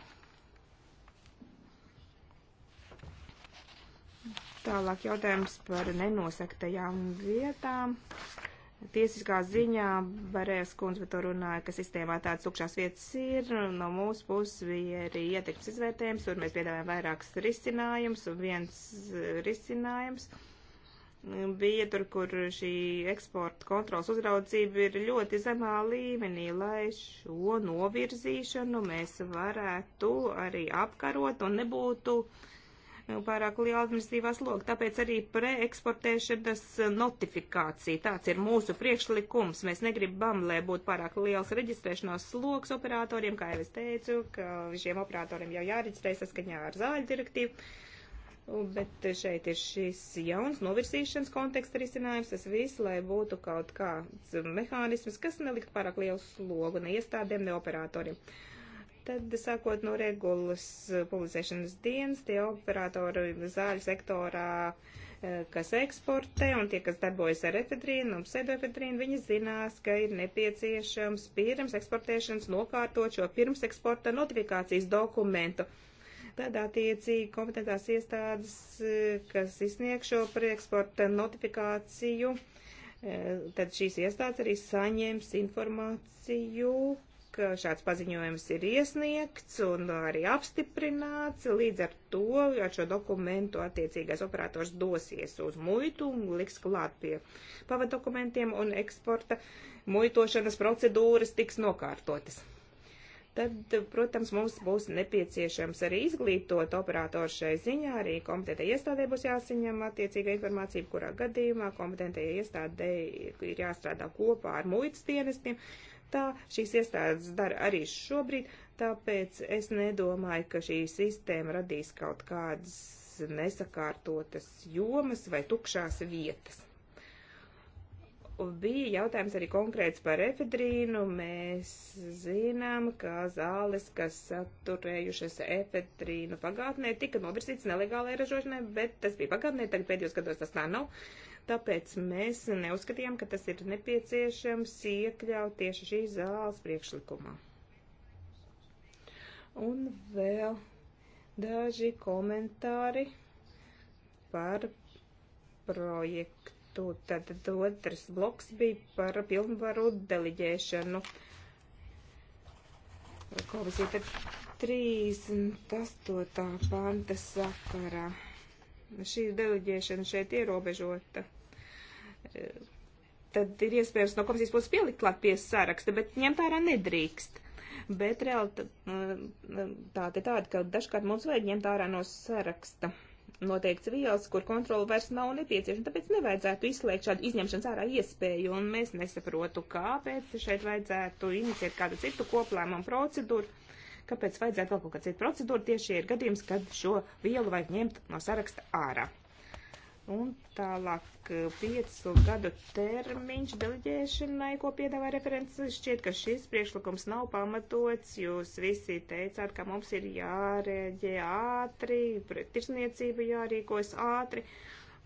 [SPEAKER 3] Tālāk jautājums par nenosektajām vietām. Tiesiskā ziņā Barēs kundze par to runāja, ka sistēmā tādas tukšās vietas ir. No mūsu puses bija arī ietekmes izvērtējums, un mēs piedāvājam vairākus risinājumus, un viens eh, risinājums bija tur, kur šī eksporta kontrols uzraudzība ir ļoti zemā līmenī, lai šo novirzīšanu mēs varētu arī apkarot un nebūtu uh, pārāk liela administratīvā sloga. Tāpēc arī preeksportēšanas notifikācija. Tāds ir mūsu priekšlikums. Mēs negribam, lai būtu pārāk liels reģistrēšanās sloks operatoriem, kā jau es teicu, ka šiem operatoriem jau jāreģistrē saskaņā ar zāļu direktīvu. Bet šeit ir šis jauns novirsīšanas konteksta risinājums, tas viss, lai būtu kaut kāds mehānisms, kas nelikt pārāk lielu slogu ne iestādēm, ne operatoriem. Uh, Tad, sākot no regulas eh, publicēšanas dienas, tie operatori zāļu sektorā, eh, kas eksportē un tie, kas darbojas ar efedrīnu un pseidoefedrīnu, viņi zinās, ka ir nepieciešams pirms eksportēšanas nokārtot šo pirms eksporta notifikācijas dokumentu. Tad attiecīgi kompetentās iestādes, eh, kas izsniegš šo prieksporta notifikāciju, tad šīs iestādes arī saņems informāciju ka šāds paziņojums ir iesniegts un arī apstiprināts. Līdz ar to ar šo dokumentu attiecīgais operators dosies uz muitu un liks klāt pie pavadokumentiem un eksporta muitošanas procedūras tiks nokārtotas. Tad, protams, mums būs nepieciešams arī izglītot operātoru šai ziņā, arī kompetentai iestādē būs jāsaņem attiecīga informācija, kurā gadījumā kompetentai iestādē ir jāstrādā kopā ar muitas dienestiem, tā šīs iestādes dara arī šobrīd, tāpēc es nedomāju, ka šī sistēma radīs kaut kādas nesakārtotas jomas vai tukšās vietas. Bija jautājums arī konkrēts par efedrīnu. Mēs zinām, ka zāles, kas saturējušas efedrīnu pagātnē, tika novirzītas nelegālai ražošanai, bet tas bija pagātnē, tagad pēdējos gados tas tā nav. Uh, Tāpēc mēs neuzskatījām, ka tas ir nepieciešams iekļaut tieši šīs zāles priekšlikumā. Un vēl daži komentāri par projektu. Tad otrs bloks bija par pilnvaru deliģēšanu. Komisija tad 38. panta sakarā. Šī deliģēšana šeit ierobežota tad ir iespējams no komisijas puses pielikt klāt pie saraksta, bet ņemt ārā nedrīkst. Bet realitāte mm, tāda, ka dažkārt mums vajag ņemt ārā no saraksta noteikts vielas, kur kontrola vairs nav nepieciešama, tāpēc nevajadzētu izslēgt šādu izņemšanas ārā iespēju, un mēs nesaprotu, kāpēc šeit vajadzētu iniciēt kādu citu koplēmumu procedūru, kāpēc vajadzētu vēl kaut kādu citu procedūru, tieši ir gadījums, kad šo vielu vajag ņemt no saraksta ārā. Un tālāk eh, piecu gadu termiņš deleģēšanai, ko piedāvā referents, šķiet, ka šis priekšlikums nav pamatots. Jūs visi teicāt, ka mums ir jārēģē ātri, tirsniecība jārīkojas ātri.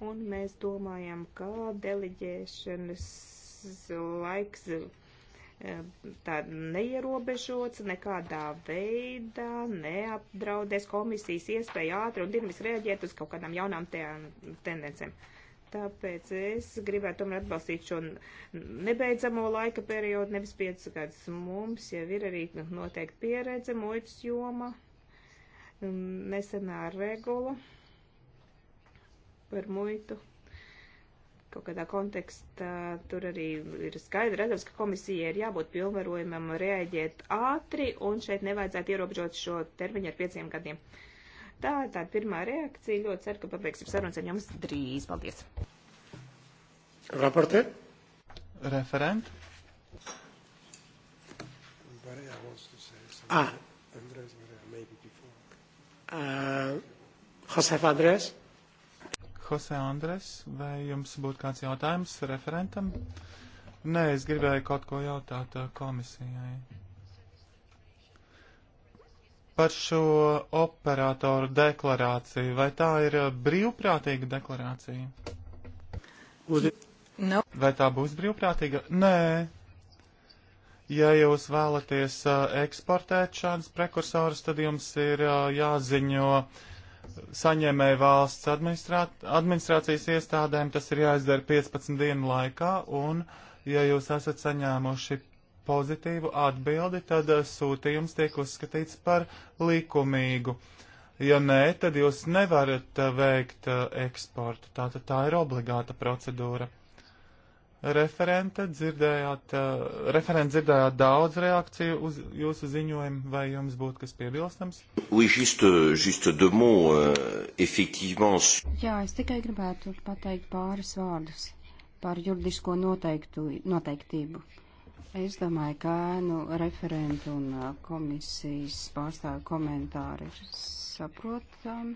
[SPEAKER 3] Un mēs domājam, ka deleģēšanas laiks tāda neierobežots, nekādā veidā neapdraudēs komisijas iespēju ātri un dirmis rēģēt uz kaut kādām jaunām te tendencēm. Tāpēc es gribētu tomēr atbalstīt šo nebeidzamo laika periodu, nevis 5 gadus. Mums jau ir arī noteikti pieredze muitas joma, mm, nesenā regula par muitu kaut kādā kontekstā tur arī ir skaidri redzams, ka komisija ir jābūt pilnvarojumam reaģēt ātri un šeit nevajadzētu ierobežot šo termiņu ar pieciem gadiem. Tā ir tāda pirmā reakcija. Ļoti ceru, ka pabeigsim sarunas ar jums drīz. Paldies!
[SPEAKER 1] Raporte? Referent? Ah. Andres, maybe before. Uh, Josef Andres? Jose Andres, vai jums būtu kāds jautājums referentam? Nē, es gribēju kaut ko jautāt uh, komisijai. Par šo operatoru deklarāciju, vai tā ir uh, brīvprātīga deklarācija? Uz... No. Vai tā būs brīvprātīga? Nē. Ja jūs vēlaties uh, eksportēt šādas prekursorus, tad jums ir uh, jāziņo uh, saņēmēju valsts administrācijas iestādēm tas ir jāizdara 15 dienu laikā, un, ja jūs esat saņēmuši pozitīvu atbildi, tad eh, sūtījums tiek uzskatīts par likumīgu. Ja nē, tad jūs nevarat eh, veikt eh, eksportu. Tātad tā ir obligāta procedūra. Referente dzirdējāt, uh, eh, referente dzirdējāt daudz reakciju uz jūsu ziņojumu, vai jums būtu kas piebilstams? Oui, juste, juste de mots, uh, effectivement.
[SPEAKER 2] Jā, es tikai gribētu pateikt pāris vārdus par juridisko noteiktu, noteiktību. Es domāju, ka nu, referentu un eh, komisijas pārstāvju komentāri ir saprotami,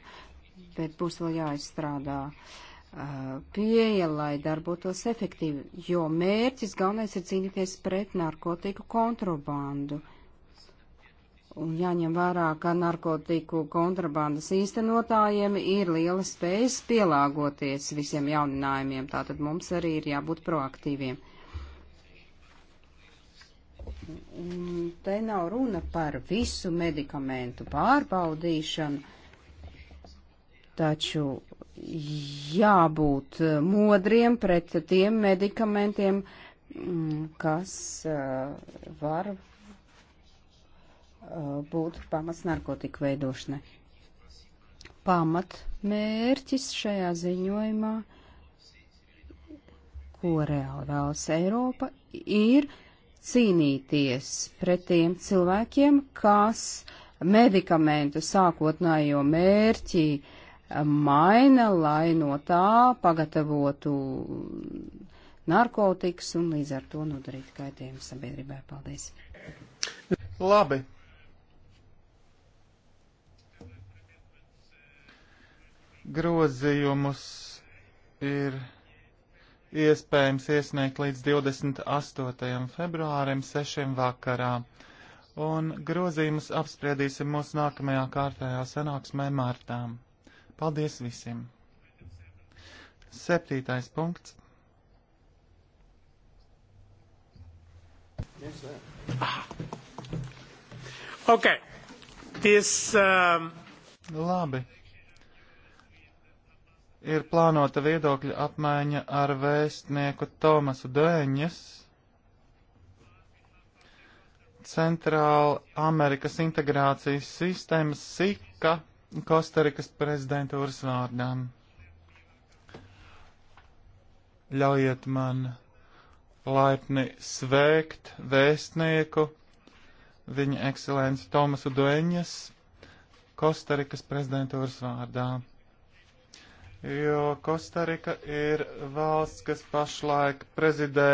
[SPEAKER 2] bet būs vēl jāizstrādā. Uh, Uh, pieeja, lai darbotos efektīvi, jo mērķis galvenais ir cīnīties pret narkotiku kontrabandu. Un jāņem vērā, ka narkotiku kontrabandas īstenotājiem ir liela spējas pielāgoties visiem jauninājumiem, tātad mums arī ir jābūt proaktīviem. Un te nav runa par visu medikamentu pārbaudīšanu, taču jābūt eh, modriem pret tiem medikamentiem, mm, kas eh, var eh, būt pamats narkotiku veidošanai. Pamat mērķis šajā ziņojumā, ko reāli vēlas Eiropa, ir cīnīties pret tiem cilvēkiem, kas medikamentu sākotnējo mērķi uh, maina, lai no tā pagatavotu narkotikas un līdz ar to nodarītu kaitējumu sabiedrībai. Paldies!
[SPEAKER 1] Labi. Grozījumus ir iespējams iesniegt līdz 28. februārim 6. vakarā un grozījumus apspriedīsim mūsu nākamajā kārtējā sanāksmē martām. Paldies visiem! Septītais punkts.
[SPEAKER 2] Yes, ah.
[SPEAKER 1] okay. This, um... Labi. Ir plānota viedokļa apmaiņa ar vēstnieku Tomasu Dēņas, Centrāla Amerikas integrācijas sistēmas SIKA Kostarikas prezidentūras vārdām. Ļaujiet man laipni sveikt vēstnieku, viņa ekscelenci Tomasu Dueņas, Kostarikas prezidentūras vārdā. Jo Kostarika ir valsts, kas pašlaik prezidē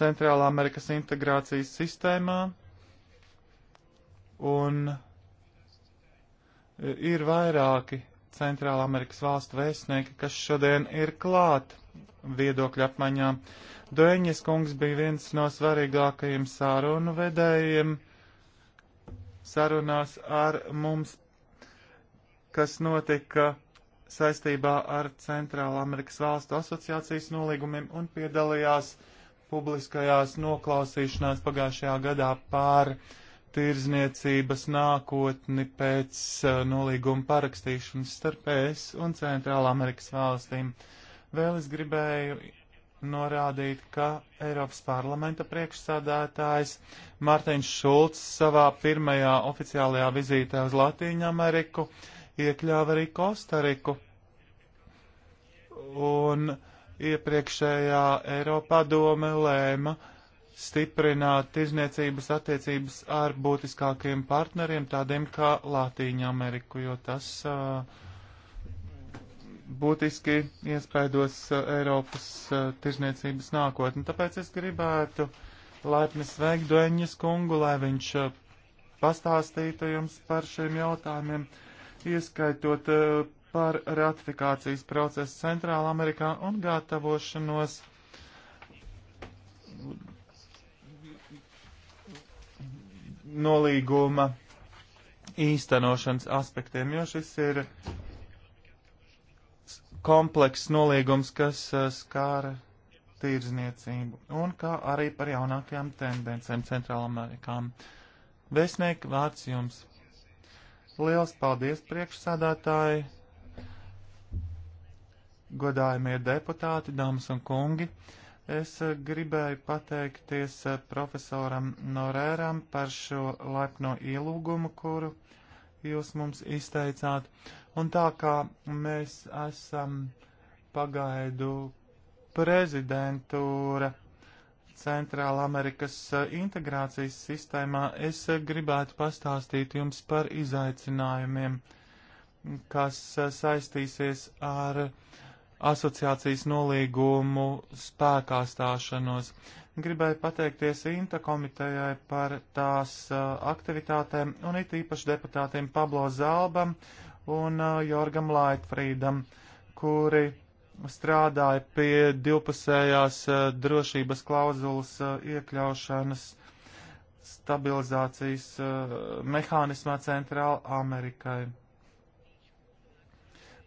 [SPEAKER 1] Centrālā Amerikas integrācijas sistēmā, un ir vairāki Centrāla Amerikas valstu vēstnieki, kas šodien ir klāt viedokļu apmaiņā. Dueņas kungs bija viens no svarīgākajiem sārunu vedējiem sarunās ar mums, kas notika saistībā ar Centrāla Amerikas valstu asociācijas nolīgumiem un piedalījās publiskajās noklausīšanās pagājušajā gadā pār uh, tirzniecības nākotni pēc uh, nolīguma parakstīšanas starp ES un Centrālā Amerikas valstīm. Vēl es gribēju norādīt, ka Eiropas parlamenta priekšsādātājs Mārtiņš Šulcs savā pirmajā oficiālajā vizītē uz Latīņu Ameriku iekļāva arī Kostariku. Un iepriekšējā Eiropā dome lēma, uh, stiprināt tirzniecības attiecības ar būtiskākiem partneriem, tādiem kā Latīņa Ameriku, jo tas uh, būtiski iespaidos uh, Eiropas uh, tirzniecības nākotni. Tāpēc es gribētu laipni sveikt Dueņas kungu, lai viņš pastāstītu jums par šiem jautājumiem, ieskaitot par ratifikācijas procesu Centrālamerikā un gatavošanos nolīguma īstenošanas aspektiem, jo šis ir komplekss nolīgums, kas uh, skāra tīrzniecību un kā arī par jaunākajām tendencēm Centrālamerikām. Vēstnieki, vārds jums! Liels paldies priekšsādātāji, godājumie deputāti, dāmas un kungi! Es eh, gribēju pateikties eh, profesoram Norēram par šo laipno ielūgumu, kuru jūs mums izteicāt. Un tā kā mēs esam pagaidu prezidentūra Centrāla Amerikas eh, integrācijas sistēmā, es gribētu pastāstīt jums par izaicinājumiem, kas saistīsies ar uh, asociācijas nolīgumu spēkā stāšanos. Gribēju pateikties Inta komitejai par tās uh, aktivitātēm un it īpaši deputātiem Pablo Zalbam un uh, Jorgam Laitfrīdam, kuri strādāja pie divpusējās uh, drošības klauzulas uh, iekļaušanas stabilizācijas uh, mehānismā Centrāla Amerikai.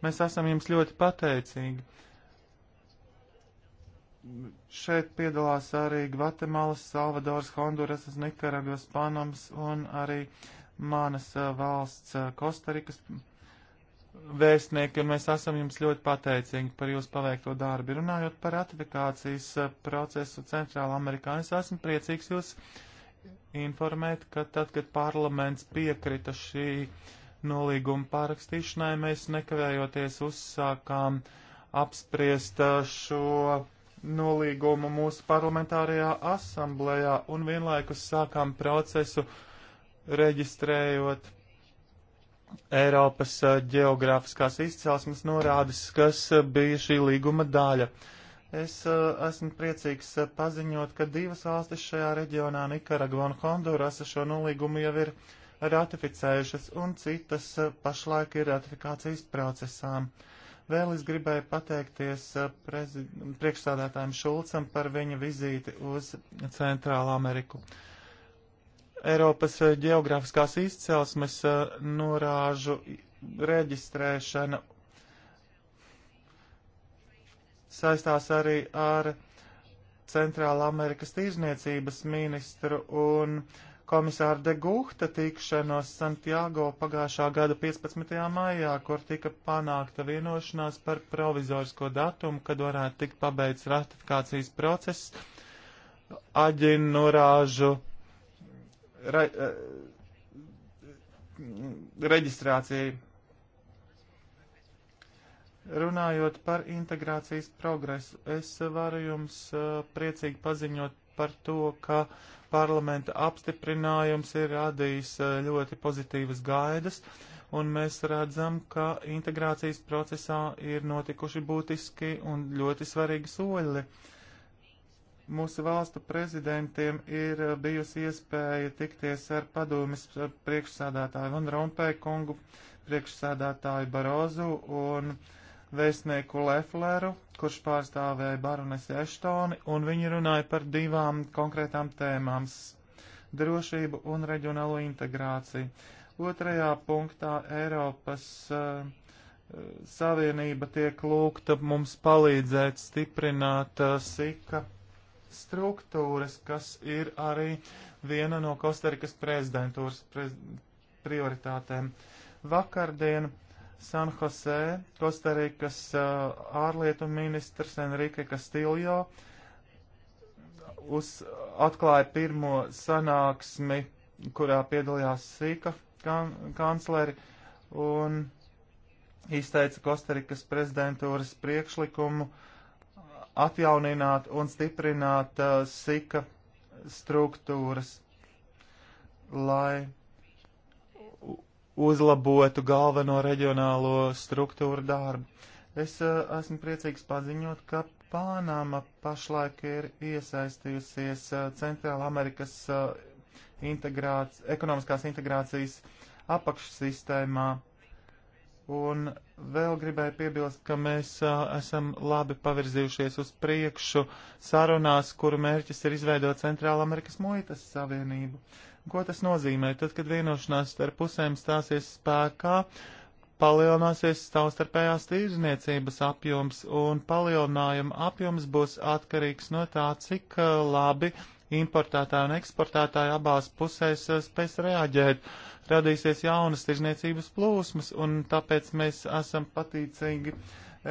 [SPEAKER 1] Mēs esam jums ļoti pateicīgi. Šeit piedalās arī Gvatemalas, Salvadors, Honduras, Nikaragvas, Panamas un arī manas eh, valsts eh, Kostarikas vēstnieki, un mēs esam jums ļoti pateicīgi par jūsu paveikto darbu. Runājot par ratifikācijas eh, procesu Centrāla Amerikā, es esmu priecīgs jūs informēt, ka tad, kad parlaments piekrita šī uh, nolīguma pārakstīšanai, mēs nekavējoties uzsākām apspriest uh, šo nolīgumu mūsu parlamentārajā asamblējā un vienlaikus sākām procesu reģistrējot Eiropas uh, geogrāfiskās izcelsmes norādes, kas uh, bija šī līguma daļa. Es esmu priecīgs paziņot, ka divas valstis šajā reģionā, Nikaragva un Honduras, šo nolīgumu jau ir uh, ratificējušas, un citas eh, pašlaik ir ratifikācijas procesām. Vēl es gribēju pateikties eh, priekšstādātājiem Šulcam par viņa vizīti uz Centrālā Ameriku. Eiropas eh, geogrāfiskās izcelsmes norāžu reģistrēšana saistās arī ar Centrāla Amerikas tīrzniecības ministru un uh, komisāra de Guhta tikšanos Santiago pagājušā gada 15. maijā, kur tika panākta vienošanās par provizorisko datumu, kad varētu tikt pabeigts ratifikācijas process aģinurāžu re, e, reģistrācijai. Runājot par integrācijas progresu, es varu jums e, priecīgi paziņot par to, ka parlamenta apstiprinājums ir radījis eh, ļoti pozitīvas gaidas, un mēs redzam, ka integrācijas procesā ir notikuši būtiski un ļoti svarīgi soļi. Mūsu valstu prezidentiem ir eh, bijusi iespēja tikties ar padomis priekšsādātāju Van Rompēkungu, priekšsādātāju Barozu un uh, vēstnieku Lefleru, kurš pārstāvēja baronesi Eštoni, un viņi runāja par divām konkrētām tēmām - drošību un reģionālo integrāciju. Otrajā punktā Eiropas uh, Savienība tiek lūgta mums palīdzēt stiprināt uh, sika struktūras, kas ir arī viena no Kostarikas prezidentūras prez prioritātēm. Vakardien uh, San Jose, Kostarikas uh, ārlietu ministrs Enrique Castillo uz, atklāja pirmo sanāksmi, kurā piedalījās Sīka kan, kancleri un izteica Kostarikas prezidentūras priekšlikumu atjaunināt un stiprināt uh, Sīka struktūras, lai uzlabotu galveno reģionālo struktūru darbu. Es uh, esmu priecīgs paziņot, ka Pānama pašlaik ir iesaistījusies uh, Centrāla Amerikas uh, eh, integrāc, ekonomiskās integrācijas apakšsistēmā. Un vēl gribēju piebilst, ka mēs uh, esam labi pavirzījušies uz priekšu sarunās, kuru mērķis ir izveidot Centrāla Amerikas muitas savienību. Uh, Ko tas nozīmē? Tad, kad vienošanās starp pusēm stāsies spēkā, palielināsies savstarpējās tīrzniecības apjoms, un palielinājuma apjoms būs atkarīgs no tā, cik uh, labi importētāji un eksportētāji abās pusēs uh, spēs reaģēt. Radīsies jaunas tirzniecības plūsmas, un tāpēc mēs esam patīcīgi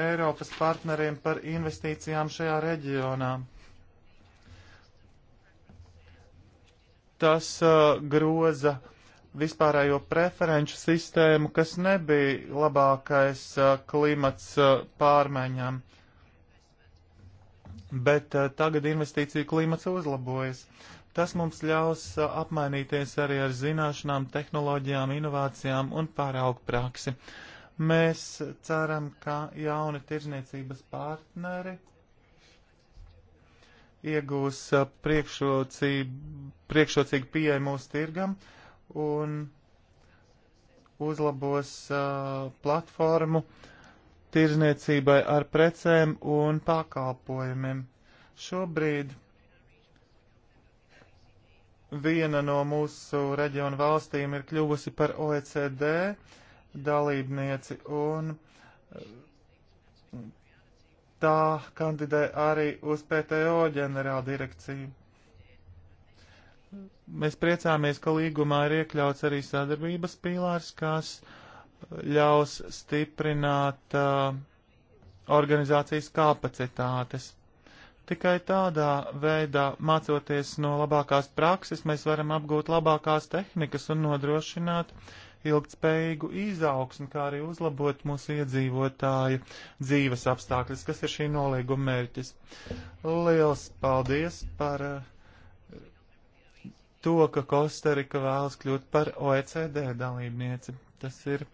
[SPEAKER 1] Eiropas partneriem par investīcijām šajā reģionā. tas uh, groza vispārējo preferenču sistēmu, kas nebija labākais uh, klimats uh, pārmaiņām. Bet uh, tagad investīcija klimats uzlabojas. Tas mums ļaus uh, apmainīties arī ar zināšanām, tehnoloģijām, inovācijām un pāraugu praksi. Mēs ceram, ka jauni tirzniecības partneri uh, iegūs priekšrocīgu pieeju mūsu tirgam un uzlabos uh, platformu tirzniecībai ar precēm un pakalpojumiem. Šobrīd viena no mūsu reģionu valstīm ir kļuvusi par OECD dalībnieci un tā kandidē arī uz PTO ģenerāla direkciju. Mēs priecāmies, ka līgumā ir iekļauts arī sadarbības pīlārs, kas ļaus stiprināt uh, organizācijas kapacitātes. Tikai tādā veidā, mācoties no labākās prakses, mēs varam apgūt labākās tehnikas un nodrošināt uh, ilgtspējīgu izaugsmu, kā arī uzlabot mūsu iedzīvotāju dzīves apstākļus, kas ir šī nolīguma mērķis. Liels paldies par eh, to, ka Kostarika vēlas kļūt par OECD dalībnieci. Tas ir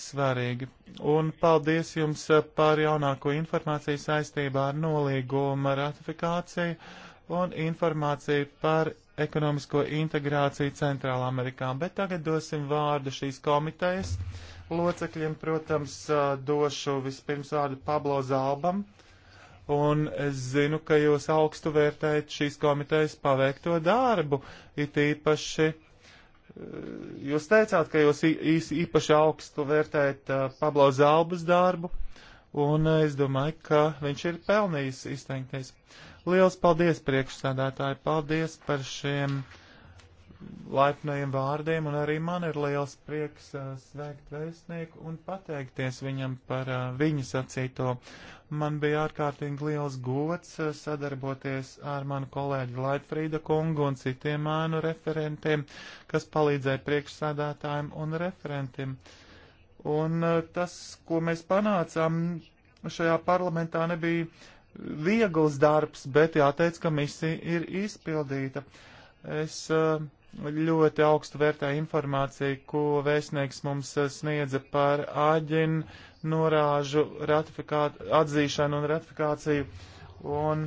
[SPEAKER 1] svarīgi. Un paldies jums eh, par jaunāko informāciju saistībā ar nolīguma ratifikāciju un informāciju par ekonomisko integrāciju Centrālā Amerikā, bet tagad dosim vārdu šīs komitejas locekļiem. Protams, došu vispirms vārdu Pablo Zalbam, un es zinu, ka jūs augstu vērtējat šīs komitejas paveikto darbu, it īpaši. Jūs teicāt, ka jūs īpaši augstu vērtējat Pablo Zalbas darbu, un es domāju, ka viņš ir pelnījis izteikties. Uh, Liels paldies priekšsēdētāji, paldies par šiem laipnajiem vārdiem, un arī man ir liels prieks uh, sveikt vēstnieku un pateikties viņam par uh, viņa sacīto. Man bija ārkārtīgi liels gods uh, sadarboties ar manu kolēģi Laitfrīda kungu un citiem ēnu referentiem, kas palīdzēja priekšsādātājiem un referentiem. Un uh, tas, ko mēs panācām šajā parlamentā, nebija viegls darbs, bet jāteic, ka misija ir izpildīta. Es eh, ļoti augstu vērtēju informāciju, ko vēstnieks mums eh, sniedza par āģinu norāžu atzīšanu un ratifikāciju un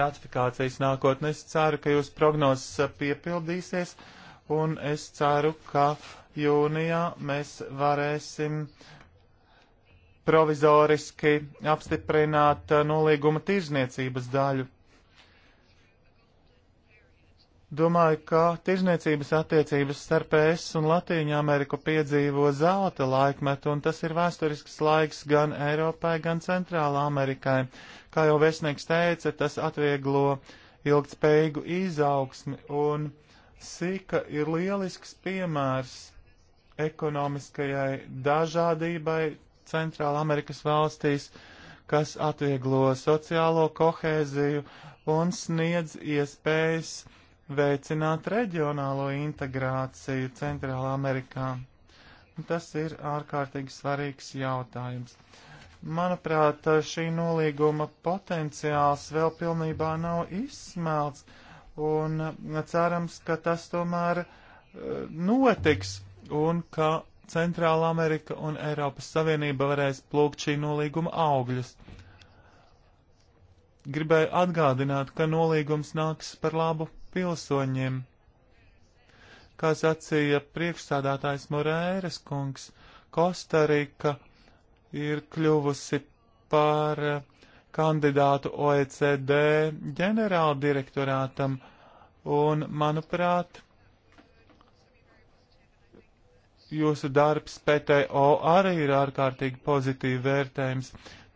[SPEAKER 1] ratifikācijas nākotnes. Ceru, ka jūs prognozes eh, piepildīsies un es ceru, ka jūnijā mēs varēsim uh, provizoriski apstiprināt uh, nolīguma tirzniecības daļu. Domāju, ka tirzniecības attiecības starp ES un Latīņu Ameriku piedzīvo zelta laikmetu, un tas ir vēsturisks laiks gan Eiropai, gan Centrālā Amerikai. Kā jau vēstnieks teica, tas atvieglo ilgtspējīgu izaugsmi, un Sika ir lielisks piemērs ekonomiskajai dažādībai, Centrāla Amerikas valstīs, kas atvieglo sociālo kohēziju un sniedz iespējas veicināt reģionālo integrāciju Centrālā Amerikā. Tas ir ārkārtīgi svarīgs jautājums. Manuprāt, šī nolīguma potenciāls vēl pilnībā nav izsmelts, un cerams, ka tas tomēr eh, notiks, un ka Centrāla Amerika un Eiropas Savienība varēs plūkt šī nolīguma augļus. Gribēju atgādināt, ka nolīgums nāks par labu pilsoņiem. Kā sacīja priekšsādātājs Morēras kungs, Kostarika ir kļuvusi par eh, kandidātu OECD ģenerāldirektorātam, un, manuprāt, jūsu darbs PTO arī ir ārkārtīgi pozitīvi vērtējums.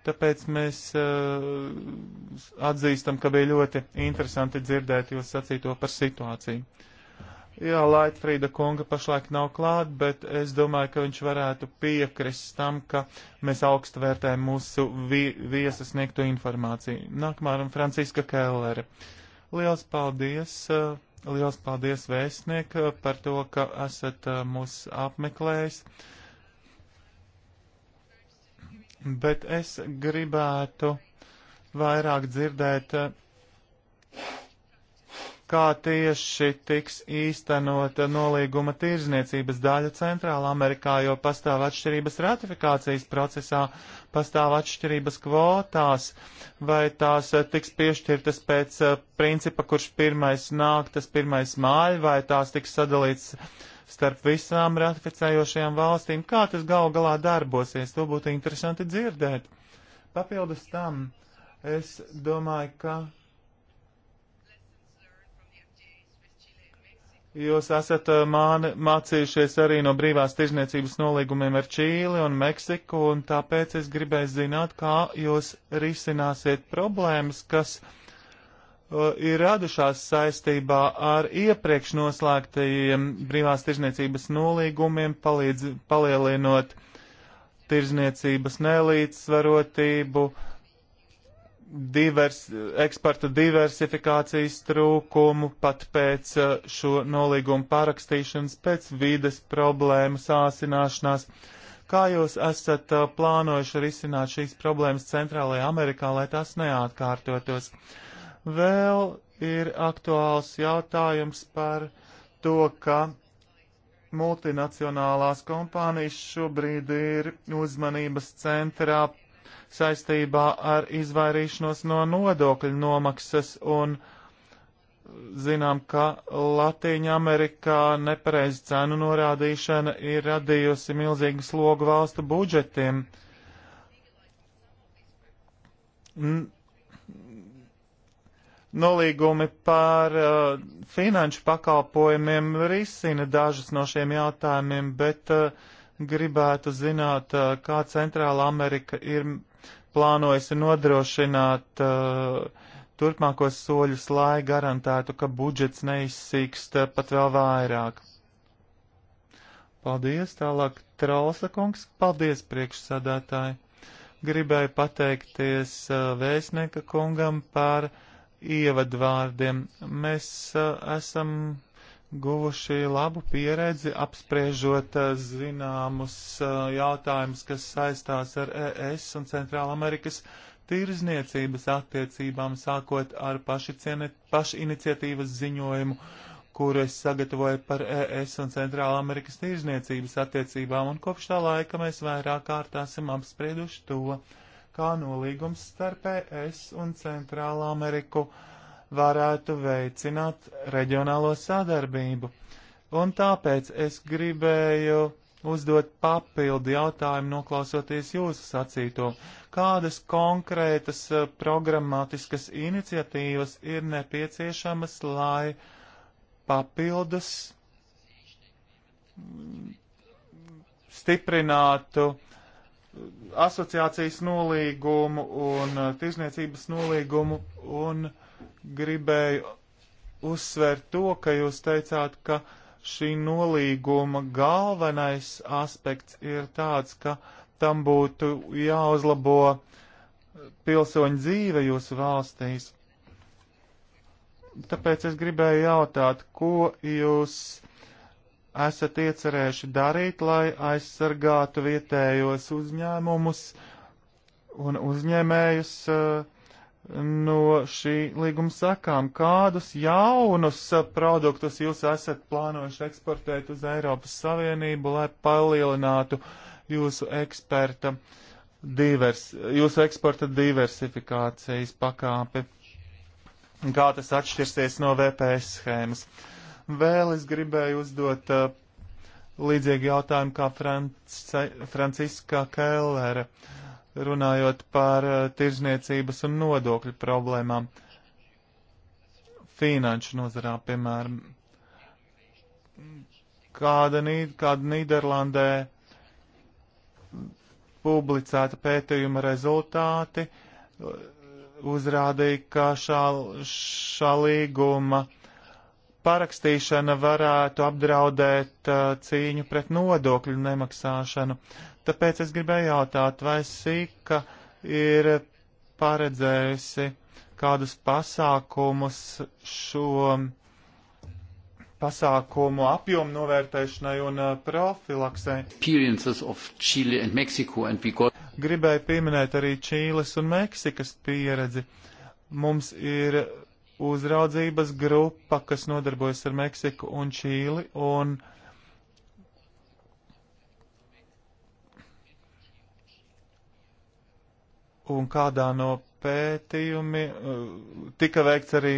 [SPEAKER 1] Tāpēc mēs uh, atzīstam, ka bija ļoti interesanti dzirdēt jūs sacīto par situāciju. Jā, Laitfrīda kunga pašlaik nav klāt, bet es domāju, ka viņš varētu piekrist tam, ka mēs augstu vērtējam mūsu vi viesas sniegto informāciju. Nākamā ir Franciska Kellere. Liels paldies! Uh, Liels paldies, vēstniek, par to, ka esat mūs apmeklējis. Bet es gribētu vairāk dzirdēt kā tieši tiks īstenota nolīguma tirzniecības daļa Centrālā Amerikā, jo pastāv atšķirības ratifikācijas procesā, pastāv atšķirības kvotās, vai tās tiks piešķirtas pēc eh, principa, kurš pirmais nāk, tas pirmais māļ, vai tās tiks sadalīts starp visām ratificējošajām valstīm, kā tas gal galā darbosies, to būtu interesanti dzirdēt. Papildus tam, es domāju, ka Jūs esat eh, māne, mācījušies arī no brīvās tirzniecības nolīgumiem ar Čīli un Meksiku, un tāpēc es gribēju zināt, kā jūs risināsiet problēmas, kas uh, ir radušās saistībā ar iepriekš noslēgtajiem brīvās tirzniecības nolīgumiem, palīdz, palielinot tirzniecības nelīdzsvarotību, uh, divers, eksporta diversifikācijas trūkumu pat pēc uh, šo nolīgumu parakstīšanas, pēc vides problēmu sāsināšanās. Kā jūs esat uh, plānojuši risināt šīs problēmas Centrālajā Amerikā, lai tās neatkārtotos? Vēl ir aktuāls jautājums par to, ka multinacionālās kompānijas šobrīd ir uzmanības centrā saistībā ar izvairīšanos no nodokļu nomaksas un zinām, ka Latīņa Amerikā nepareiz cenu norādīšana ir radījusi milzīgu slogu valstu budžetiem. N Nolīgumi par uh, finanšu pakalpojumiem risina dažus no šiem jautājumiem, bet uh, gribētu zināt, kā Centrāla Amerika ir plānojusi nodrošināt uh, turpmākos soļus, lai garantētu, ka budžets neizsīkst pat vēl vairāk. Paldies, tālāk Trausla kungs, paldies priekšsādātāji. Gribēju pateikties uh, vēstnieka kungam par ievadvārdiem. Mēs uh, esam guvuši labu pieredzi apspriežot eh, zināmus eh, jautājumus, kas saistās ar ES un Centrāla Amerikas tirzniecības attiecībām, sākot ar pašiniciatīvas ziņojumu, kuru es sagatavoju par ES un Centrāla Amerikas tirzniecības attiecībām, un kopš tā laika mēs vairāk kārt esam apsprieduši to, kā nolīgums starp ES un Centrāla Ameriku uh, varētu veicināt reģionālo sadarbību. Un tāpēc es gribēju uzdot papildu jautājumu, noklausoties jūsu sacīto. Kādas konkrētas eh, programmatiskas iniciatīvas ir nepieciešamas, lai papildus mm, stiprinātu eh, asociācijas nolīgumu un eh, tirzniecības nolīgumu un uh, gribēju uzsvērt to, ka jūs teicāt, ka šī nolīguma galvenais aspekts ir tāds, ka tam būtu jāuzlabo pilsoņu dzīve jūsu valstīs. Tāpēc es gribēju jautāt, ko jūs esat iecerējuši darīt, lai aizsargātu vietējos uzņēmumus un uzņēmējus uh, no šī līguma sakām, kādus jaunus produktus jūs esat plānojuši eksportēt uz Eiropas Savienību, lai palielinātu jūsu eksperta divers, jūsu eksporta diversifikācijas pakāpi? Kā tas atšķirsies no VPS schēmas? Vēl es gribēju uzdot uh, līdzīgu jautājumu kā Franci Franciska Kellere. Uh, runājot par eh, tirzniecības un nodokļu problēmām. Finanšu nozarā, piemēram, kāda, nī, kāda Nīderlandē publicēta pētījuma rezultāti eh, uzrādīja, ka šā, šā līguma parakstīšana varētu apdraudēt uh, cīņu pret nodokļu nemaksāšanu. Uh, Tāpēc es gribēju jautāt, vai Sīka ir paredzējusi kādus pasākumus šo pasākumu apjomu novērtēšanai un uh, profilaksē. Gribēju pieminēt arī Čīles un Meksikas pieredzi. Mums ir uzraudzības grupa, kas nodarbojas ar Meksiku un Čīli, un uh, un kādā no pētījumi eh, tika veikts arī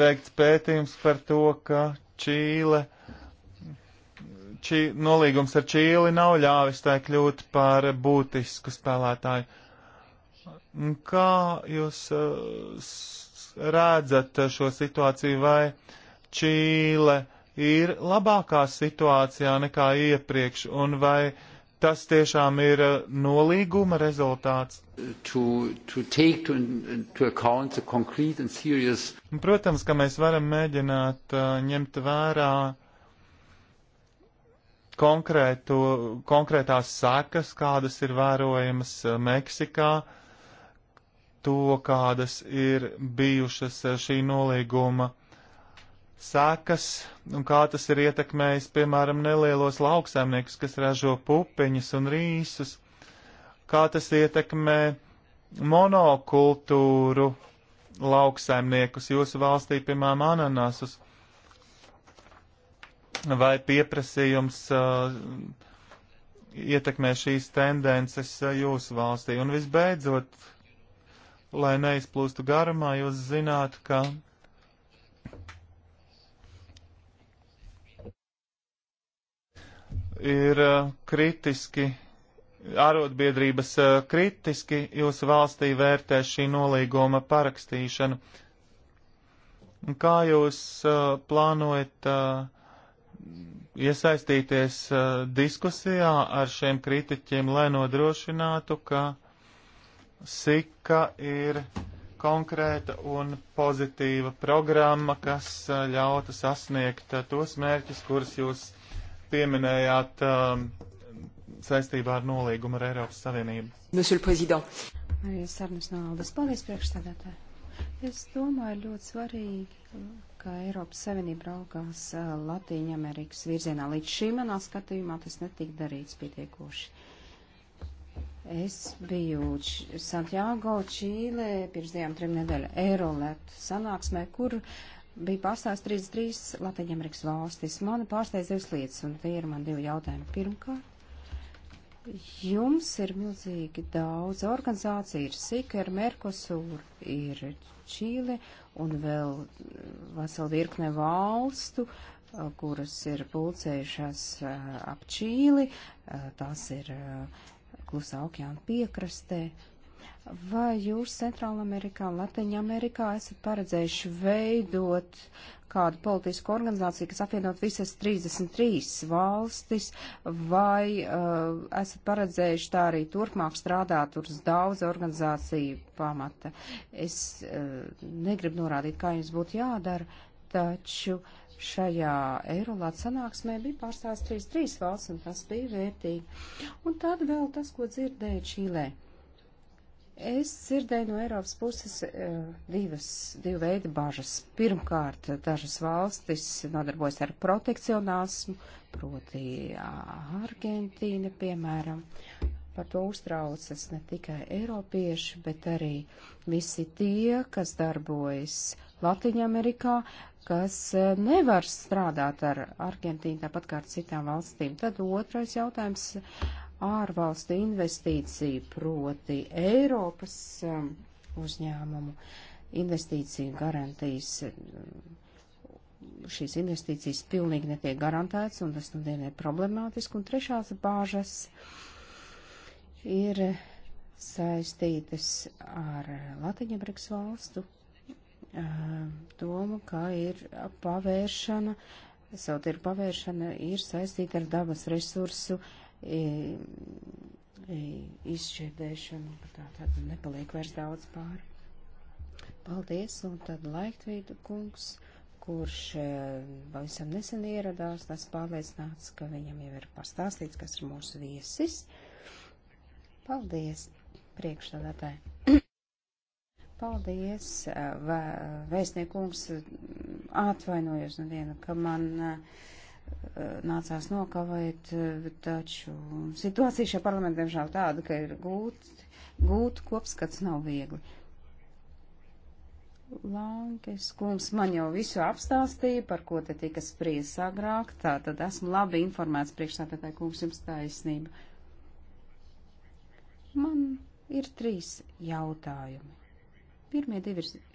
[SPEAKER 1] veikts pētījums par to, ka Čīle, čī, nolīgums ar Čīli nav ļāvis tai kļūt par būtisku spēlētāju. Kā jūs eh, redzat šo situāciju, vai Čīle ir labākā situācijā nekā iepriekš, un vai uh, tas tiešām ir eh, nolīguma rezultāts. To, to take to, to account the concrete and serious. Protams, ka mēs varam mēģināt uh, ņemt vērā konkrētu, konkrētās sekas, kādas ir vērojamas eh, Meksikā, to, kādas ir bijušas šī nolīguma sekas un kā tas ir ietekmējis, piemēram, nelielos lauksaimniekus, kas ražo pupiņas un rīsus, kā tas ietekmē monokultūru lauksaimniekus jūsu valstī, piemēram, ananasus, vai pieprasījums uh, ietekmē šīs tendences uh, jūsu valstī. Un visbeidzot, lai neizplūstu garumā, jūs zināt, ka ir eh, kritiski, arotbiedrības eh, kritiski jūsu valstī vērtē šī nolīguma parakstīšanu. Kā jūs eh, plānojat iesaistīties diskusijā ar šiem kritiķiem, lai nodrošinātu, ka sika ir konkrēta un pozitīva programma, kas ļautu sasniegt tos mērķus, kurus jūs pieminējāt um, saistībā ar nolīgumu ar Eiropas Savienību. Monsieur le Président.
[SPEAKER 2] Marijas Sarnas Naldas, paldies priekšstādātāji. Es domāju, ļoti svarīgi, ka Eiropas Savienība raugās uh, Latīņa Amerikas virzienā. Līdz šī manā skatījumā tas netika darīts pietiekoši. Es biju Santiago, Čīlē, pirms divām trim nedēļām Eirolet sanāksmē, kur uh, bija pārstāvis 33 Latvijas-Amerikas valstis. Mani pārsteidz divas lietas, un tie ir man divi jautājumi. Pirmkārt, jums ir milzīgi daudz organizāciju, ir SIKA, ir Merkosur, ir Čīle, un vēl vesela virkne valstu, uh, kuras ir pulcējušās uh, ap Čīli, uh, tās ir klusā okeāna piekrastē. Uh, Vai jūs Centrālamerikā, Latviņamerikā esat paredzējuši veidot kādu politisku organizāciju, kas apvienot visas 33 valstis, vai uh, esat paredzējuši tā arī turpmāk strādāt uz daudz organizāciju pamata? Es uh, negribu norādīt, kā jums būtu jādara, taču šajā Eirolāta sanāksmē bija pārstāsts 33 valsts, un tas bija vērtīgi. Un tad vēl tas, ko dzirdēju Čīlē. Uh, Es dzirdēju no Eiropas puses e, divas, divu veidu bažas. Pirmkārt, dažas valstis nodarbojas ar protekcionāsmu, proti Argentīna, piemēram. Par to uztraucas ne tikai eiropieši, bet arī visi tie, kas darbojas Latviņamerikā, kas e, nevar strādāt ar Argentīnu tāpat kā ar citām valstīm. Tad otrais jautājums ārvalstu investīciju, proti Eiropas um, uzņēmumu investīciju garantijas. Um, šīs investīcijas pilnīgi netiek garantētas, un tas nu dien ir problemātiski. Un trešās bāžas ir saistītas ar Latviņabriks valstu um, domu, kā ir pavēršana, savukārt ir pavēršana ir saistīta ar dabas resursu izšķirdēšanu, tā tad nepaliek vairs daudz pāri. Paldies, un tad Laiktvīdu kungs, kurš e, pavisam nesen ieradās, tas pārliecināts, ka viņam jau ir pastāstīts, kas ir mūsu viesis. Paldies, priekšstādātāji. Paldies, e, vēstniekungs, atvainojos no viena, ka man uh, Eh, nācās nokavēt, eh, taču situācija šajā parlamentā, diemžēl, tāda, ka ir gūt, gūt kopskats nav viegli. Lankes kungs man jau visu apstāstīja, par ko te tika spries agrāk, tā tad esmu labi informēts priekšsādātāji kungs jums taisnība. Man ir trīs jautājumi. Pirmie divi ir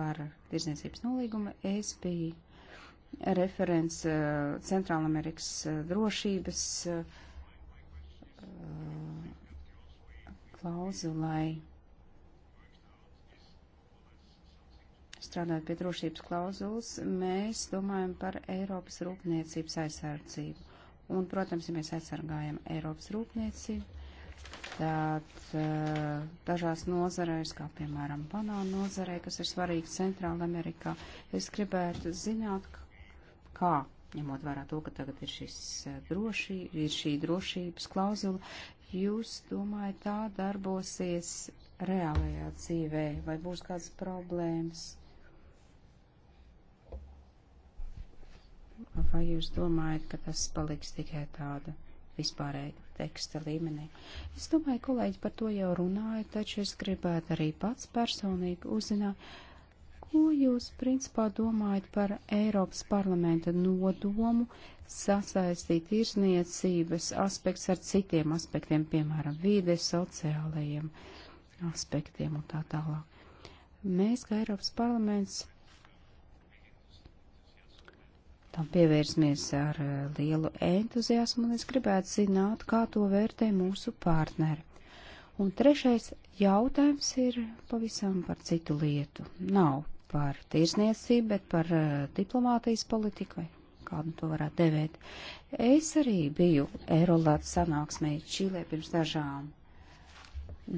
[SPEAKER 2] par tirzniecības nolīgumu. Es biju referents eh, Centrālamerikas eh, drošības eh, klauzulai. Strādājot pie drošības klauzulas, mēs domājam par Eiropas rūpniecības aizsardzību. Un, protams, ja mēs aizsargājam Eiropas rūpniecību, tad uh, dažās nozarēs, kā piemēram banāna nozarē, kas ir svarīga Centrāla Amerikā, es gribētu zināt, kā, ņemot vērā to, ka tagad ir, šis eh, droši, ir šī drošības klauzula, jūs domājat, tā darbosies reālajā dzīvē, vai būs kādas problēmas? Vai jūs domājat, ka tas paliks tikai tāda vispārēja teksta līmenī? Es domāju, kolēģi par to jau runāja, taču es gribētu arī pats personīgi uzzināt, Ko jūs principā domājat par Eiropas parlamenta nodomu sasaistīt tirsniecības aspekts ar citiem aspektiem, piemēram, vīdes, sociālajiem aspektiem un tā tālāk? mēs, kā Eiropas parlaments, tam pievērsimies ar eh, lielu entuziasmu, un es gribētu zināt, kā to vērtē mūsu partneri. Un trešais jautājums ir pavisam par citu lietu. Nav par tirzniecību, bet par uh, diplomātijas politiku, vai kādu to varētu devēt. Es arī biju Eirolāta sanāksmē Čīlē pirms dažām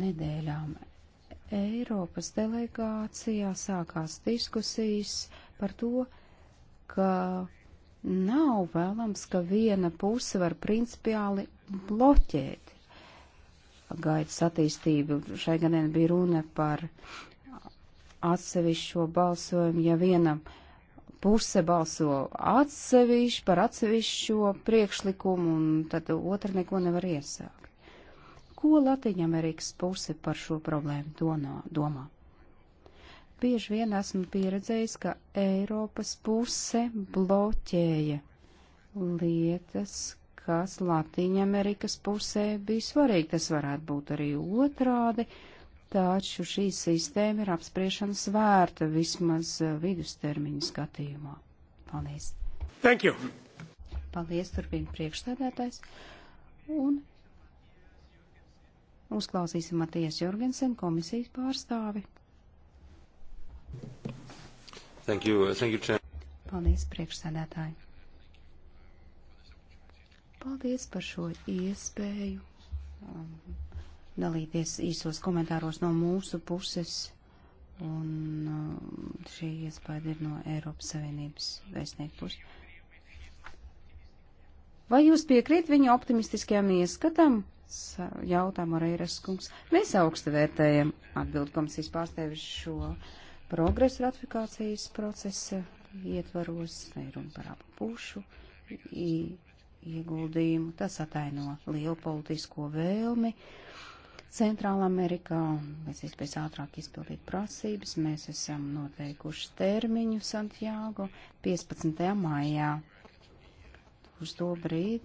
[SPEAKER 2] nedēļām. Eiropas delegācijā sākās diskusijas par to, ka nav vēlams, ka viena puse var principiāli bloķēt gaitas attīstību. Šai gan bija runa par uh, atsevišķo balsojumu, ja viena puse balso atsevišķi par atsevišķo priekšlikumu, un tad otra neko nevar iesākt. Ko Latviņamerikas puse par šo problēmu donā, domā? Bieži vien esmu pieredzējis, ka Eiropas puse bloķēja lietas, kas Latvijas Amerikas pusē bija svarīgi. Tas varētu būt arī otrādi. Uh, taču šī sistēma ir apspriešanas vērta vismaz eh, vidustermiņa skatījumā. Paldies! Thank you! Paldies, turpina priekšstādātājs. Un uzklausīsim Matijas Jorgensen, komisijas pārstāvi.
[SPEAKER 1] Thank you, uh, thank you, Chair.
[SPEAKER 2] Paldies, priekšsēdētāji. Paldies par šo iespēju um, dalīties īsos komentāros no mūsu puses, un uh, šī iespēja ir no Eiropas Savienības vēstnieku puses. Vai jūs piekrīt viņa optimistiskajam ieskatam? Jautā Moreiras kungs. Mēs augstu vērtējam atbildu komisijas pārstāvi šo progresu ratifikācijas procesa ietvaros, runa par abu pušu ieguldījumu. Tas ataino lielu politisko vēlmi. Uh, Centrāla Amerikā, pēc iespējas ātrāk izpildīt prasības, mēs esam noteikuši termiņu Santiago 15. maijā. Uz to brīdi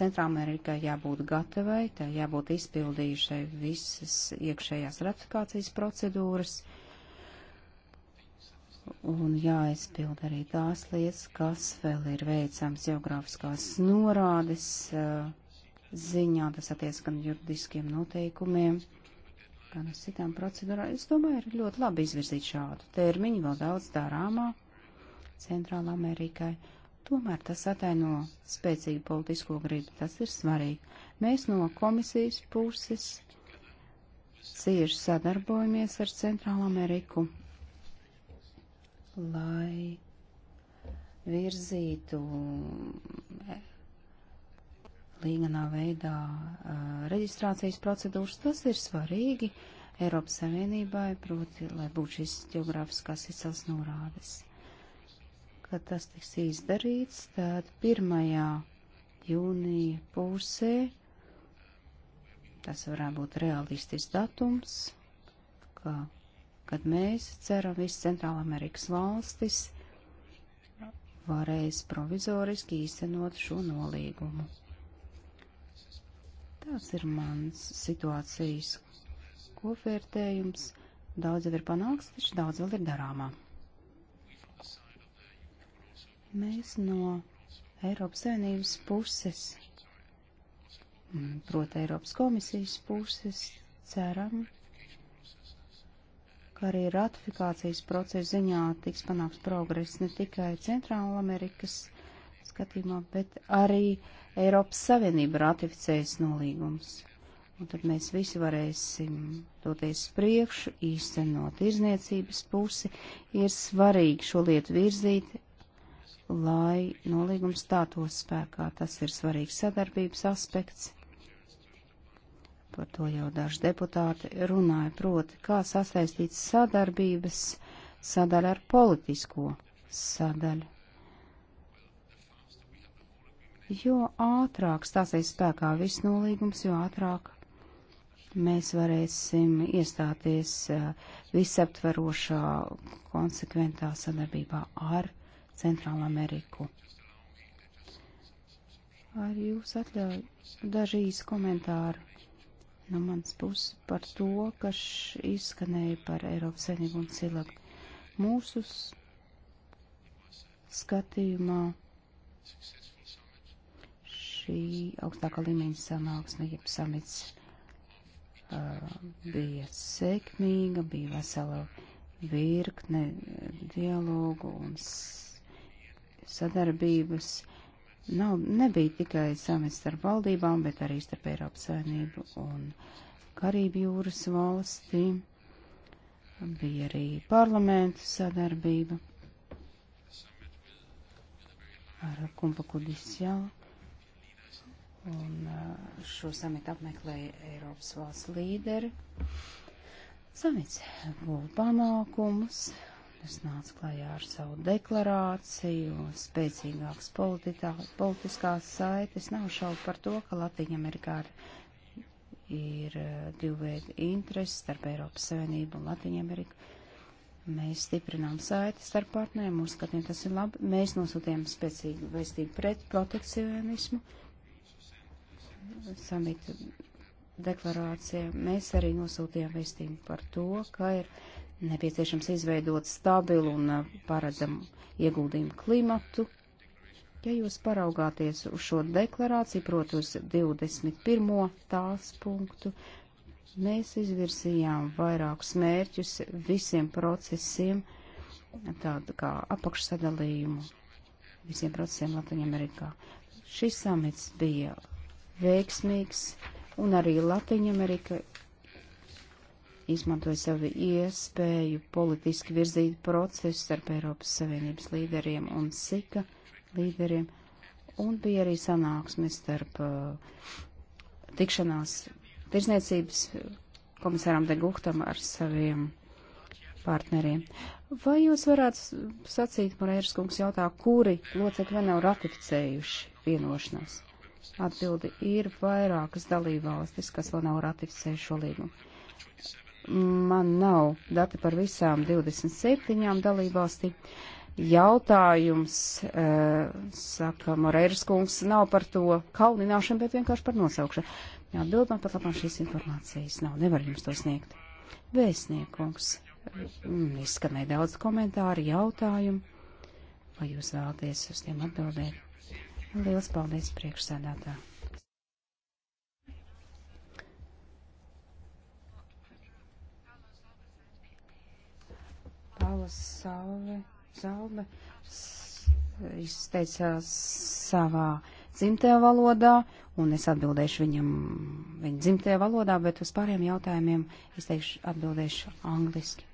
[SPEAKER 2] Centrāla Amerikā jābūt gatavai, tā jābūt izpildījušai visas iekšējās ratifikācijas procedūras un jāizpild arī tās lietas, kas vēl ir veicams geogrāfiskās norādes. Uh, ziņā. Tas attiec gan juridiskiem noteikumiem, gan uz citām procedūrām. Es domāju, ir ļoti labi izvirzīt šādu termiņu, vēl daudz darāmā Centrāla Amerikai. Tomēr tas ataino spēcīgu politisko gribu. Tas ir svarīgi. Mēs no komisijas puses cieši sadarbojamies ar Centrālu Ameriku, lai virzītu līganā veidā uh, reģistrācijas procedūras. Tas ir svarīgi Eiropas Savienībai, proti, lai būtu šīs geogrāfiskās izcels norādes. Kad tas tiks izdarīts, tad 1. jūnija pusē tas varētu būt realistisks datums, ka, kad mēs ceram visas Centrālamerikas valstis varēs provizoriski īstenot šo nolīgumu. Tās ir mans situācijas kopvērtējums. Daudz jau ir panāks, taču daudz vēl ir darāmā. Mēs no Eiropas Savienības puses, proti Eiropas komisijas puses, ceram, ka arī ratifikācijas procesa ziņā tiks panāks progress ne tikai Centrāla Amerikas skatījumā, bet arī uh, Eiropas Savienība ratificējas nolīgums. Un tad mēs visi varēsim doties priekšu, īstenot izniecības pusi. Ir svarīgi šo lietu virzīt, lai nolīgums stātos spēkā. Tas ir svarīgs sadarbības aspekts. Par to jau daži deputāti runāja, proti, kā sasaistīt sadarbības sadaļu ar politisko sadaļu. Jo ātrāk stāsies spēkā viss nolīgums, jo ātrāk mēs varēsim iestāties eh, visaptverošā, konsekventā sadarbībā ar Centrālu Ameriku. Ar jūs atļauju daži īsi komentāri no nu, manas puses par to, kas izskanēja par Eiropas Savienību un cilvēku. Mūsu skatījumā šī augstākā līmeņa sanāksme, jeb samits, uh, bija sekmīga, bija vesela virkne dialogu un sadarbības. Nav, nebija tikai samits starp valdībām, bet arī starp Eiropas saimnību un Karību jūras valstīm. Bija arī parlamentu sadarbība ar Kumpakudis jau Un šo samitu apmeklēja Eiropas valsts līderi. Samits guva panākumus, es nācu klajā ar savu deklarāciju, spēcīgāks polititā, politiskās saites. Nav šaubu par to, ka Latvija Amerikā ir, ir divveidi interesi starp Eiropas Savienību un Latviju Ameriku. Mēs stiprinām saites starp partneriem, uzskatām, tas ir labi. Mēs nosūtījām spēcīgu vēstību pret protekcionismu, samita deklarācija, mēs arī nosūtījām vēstījumu par to, ka ir nepieciešams izveidot stabilu un uh, paredzamu ieguldījumu klimatu. Ja jūs paraugāties uz šo deklarāciju, proti uz 21. tās punktu, mēs izvirzījām vairākus mērķus visiem procesiem, tādu kā apakšsadalījumu visiem procesiem Latvijā Amerikā. Šis samits bija veiksmīgs, un arī Latviņamerika izmantoja savu iespēju politiski virzīt procesu starp Eiropas Savienības līderiem un SIKA līderiem, un bija arī sanāksmes starp uh, tikšanās tirzniecības komisāram Deguktam ar saviem partneriem. Vai jūs varētu sacīt, Morēras kungs jautā, kuri locekļi vēl nav ratificējuši vienošanos? Atbildi ir vairākas dalībvalstis, kas vēl nav ratificējuši šo līgumu. Man nav dati par visām 27 dalībvalstīm. Jautājums, eh, saka Moreiras kungs, nav par to kaunināšanu, bet vienkārši par nosaukšanu. Atbild man pat labāk šīs informācijas nav, nevar jums to sniegt. Vēstniekungs, mm, izskanēja daudz komentāru, jautājumu, vai jūs vēlaties uz tiem atbildēt? Liels paldies priekšsēdētā. Paulas Salve, Salve izteicās savā dzimtajā valodā, un es atbildēšu viņam viņa dzimtajā valodā, bet uz pāriem jautājumiem izteikšu atbildēšu angliski.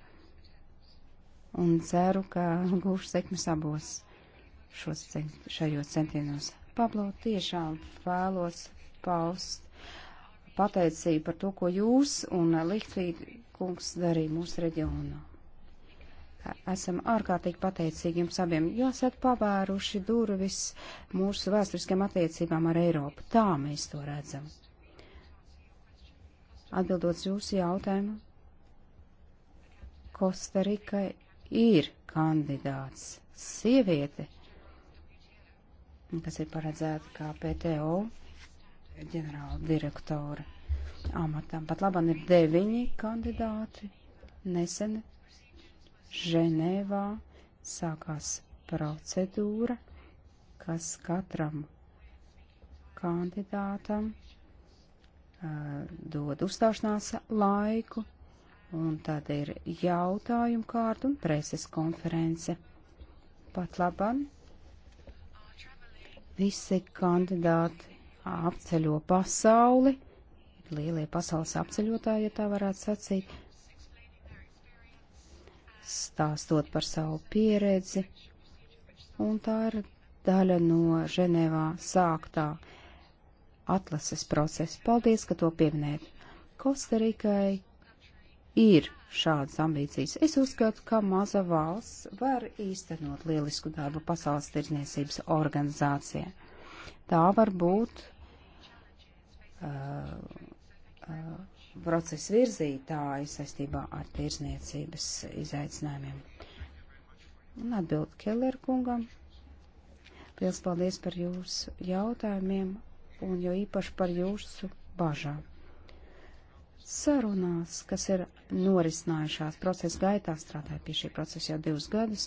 [SPEAKER 2] Un ceru, ka gūšu sekmes abos šos, šajos centienos. Pablo, tiešām vēlos paust pateicību par to, ko jūs un Lihtfrīd kungs darīja mūsu reģionā. Esam ārkārtīgi pateicīgi jums abiem. Jūs esat pavēruši durvis mūsu vēsturiskajām attiecībām ar Eiropu. Tā mēs to redzam. Atbildot jūsu jautājumu, Kostarika ir kandidāts. Sieviete kas ir paredzēta kā PTO ģenerāla direktora amatam. Pat labam ir deviņi kandidāti. Nesen Ženēvā sākās procedūra, kas katram kandidātam uh, dod uzstāšanās laiku, un tad ir jautājumu kārta un preses konference. Pat labam Visi kandidāti apceļo pasauli, ir lielie pasaules apceļotāji, ja tā varētu sacīt, stāstot par savu pieredzi, un tā ir daļa no Ženēvā sāktā atlases procesa. Paldies, ka to pieminēt. Kostarikai ir šādas ambīcijas. Es uzskatu, ka maza valsts var īstenot lielisku darbu pasaules tirdzniecības organizācijā. Tā var būt uh, uh, procesa virzītāja saistībā ar tirdzniecības izaicinājumiem. Un atbild Keller kungam. Liels paldies par jūsu jautājumiem un jo īpaši par jūsu bažām sarunās, kas ir norisinājušās procesa gaitā, strādāju pie šī procesa jau divus gadus,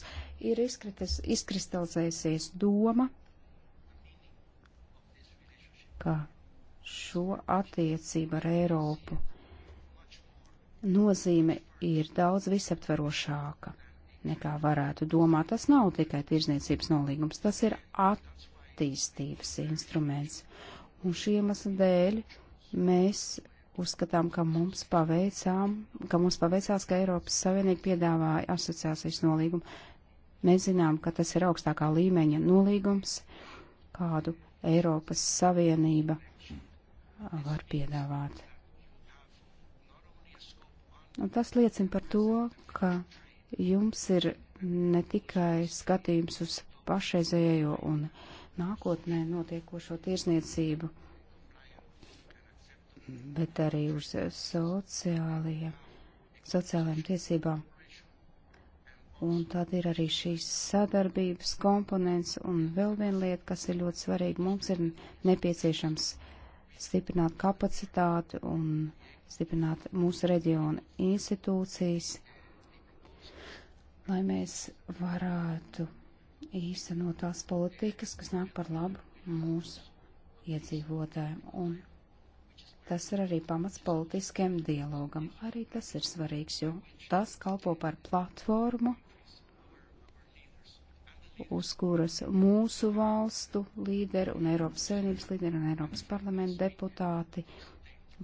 [SPEAKER 2] ir izkristalizējusies doma, ka šo attiecību ar Eiropu nozīme ir daudz visaptverošāka nekā varētu domāt. Tas nav tikai tirzniecības nolīgums, tas ir attīstības instruments. Un šī iemesla dēļ mēs uzskatām, ka mums, paveicām, ka mums paveicās, ka Eiropas Savienība piedāvāja asociācijas nolīgumu. Mēs zinām, ka tas ir augstākā līmeņa nolīgums, kādu Eiropas Savienība var piedāvāt. Un tas liecina par to, ka jums ir ne tikai skatījums uz pašreizējo un nākotnē notiekošo tirsniecību bet arī uz sociālajiem, sociālajiem tiesībām. Un tad ir arī šīs sadarbības komponents, un vēl viena lieta, kas ir ļoti svarīga, mums ir nepieciešams stiprināt kapacitāti un stiprināt mūsu reģiona institūcijas, lai mēs varētu īstenot tās politikas, kas nāk par labu mūsu iedzīvotājiem. Un Tas ir arī pamats politiskiem dialogam. Arī tas ir svarīgs, jo tas kalpo par platformu, uz kuras mūsu valstu līderi un Eiropas Savienības līderi un Eiropas parlamenta deputāti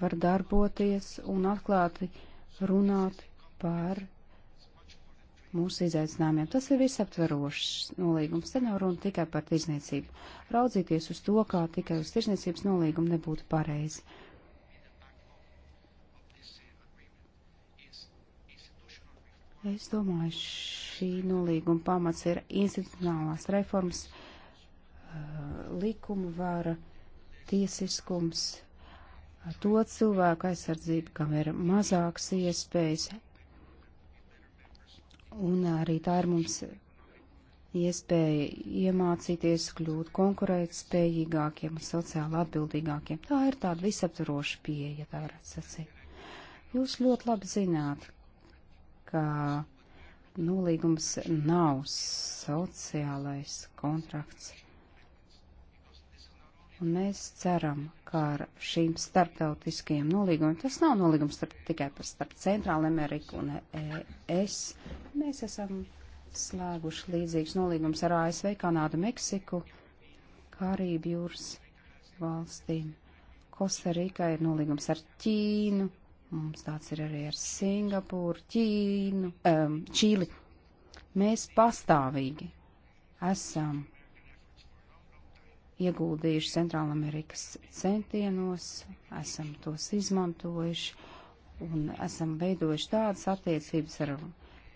[SPEAKER 2] var darboties un atklāti runāt par mūsu izaicinājumiem. Tas ir visaptverošs nolīgums. Te nav runa tikai par tirzniecību. Raudzīties uz to, kā tikai uz tirzniecības nolīgumu nebūtu pareizi. Es domāju, šī nolīguma pamats ir institucionālās reformas, uh, likuma vara, tiesiskums, to cilvēku aizsardzība, kam ir mazāks iespējas. Un arī tā ir mums iespēja iemācīties kļūt konkurēt spējīgākiem un sociāli atbildīgākiem. Tā ir tāda visaptvaroša pieeja, tā varētu sacīt. Jūs ļoti labi zināt, ka nolīgums nav sociālais kontrakts. Un mēs ceram, ka ar šīm starptautiskajiem nolīgumiem, tas nav nolīgums starp, tikai par starp Centrālu Ameriku un ES, mēs esam slēguši līdzīgs nolīgums ar ASV, Kanādu, Meksiku, Karību jūras valstīm. Kostarīkā ir nolīgums ar Ķīnu, Mums tāds ir arī ar Singapūru, Ķīnu, um, Čīli. Mēs pastāvīgi esam ieguldījuši Centrālamerikas centienos, esam tos izmantojuši un esam veidojuši tādas attiecības ar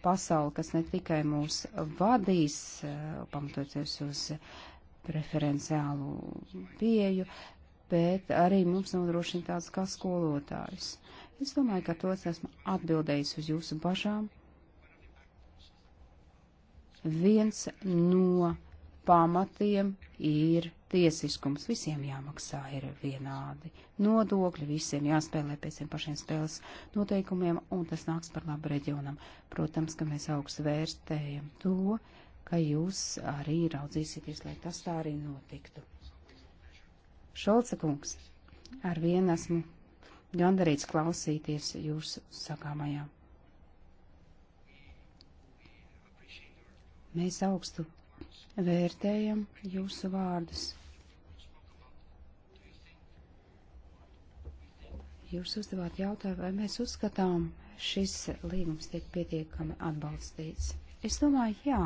[SPEAKER 2] pasauli, kas ne tikai mūs vadīs, eh, pamatoties uz preferenciālu pieju, bet arī mums nodrošina tāds kā skolotājs. Es domāju, ka tos esmu atbildējis uz jūsu bažām. Viens no pamatiem ir tiesiskums. Visiem jāmaksā ir vienādi nodokļi, visiem jāspēlē pēc tiem pašiem spēles noteikumiem, un tas nāks par labu reģionam. Protams, ka mēs augstu vērtējam to, ka jūs arī raudzīsieties, lai tas tā arī notiktu. Šolce kungs, ar vienu esmu gandarīts klausīties jūsu sakāmajā. Mēs augstu vērtējam jūsu vārdus. Jūs uzdevāt jautājumu, vai mēs uzskatām, šis līgums tiek pietiekami atbalstīts. Es domāju, jā,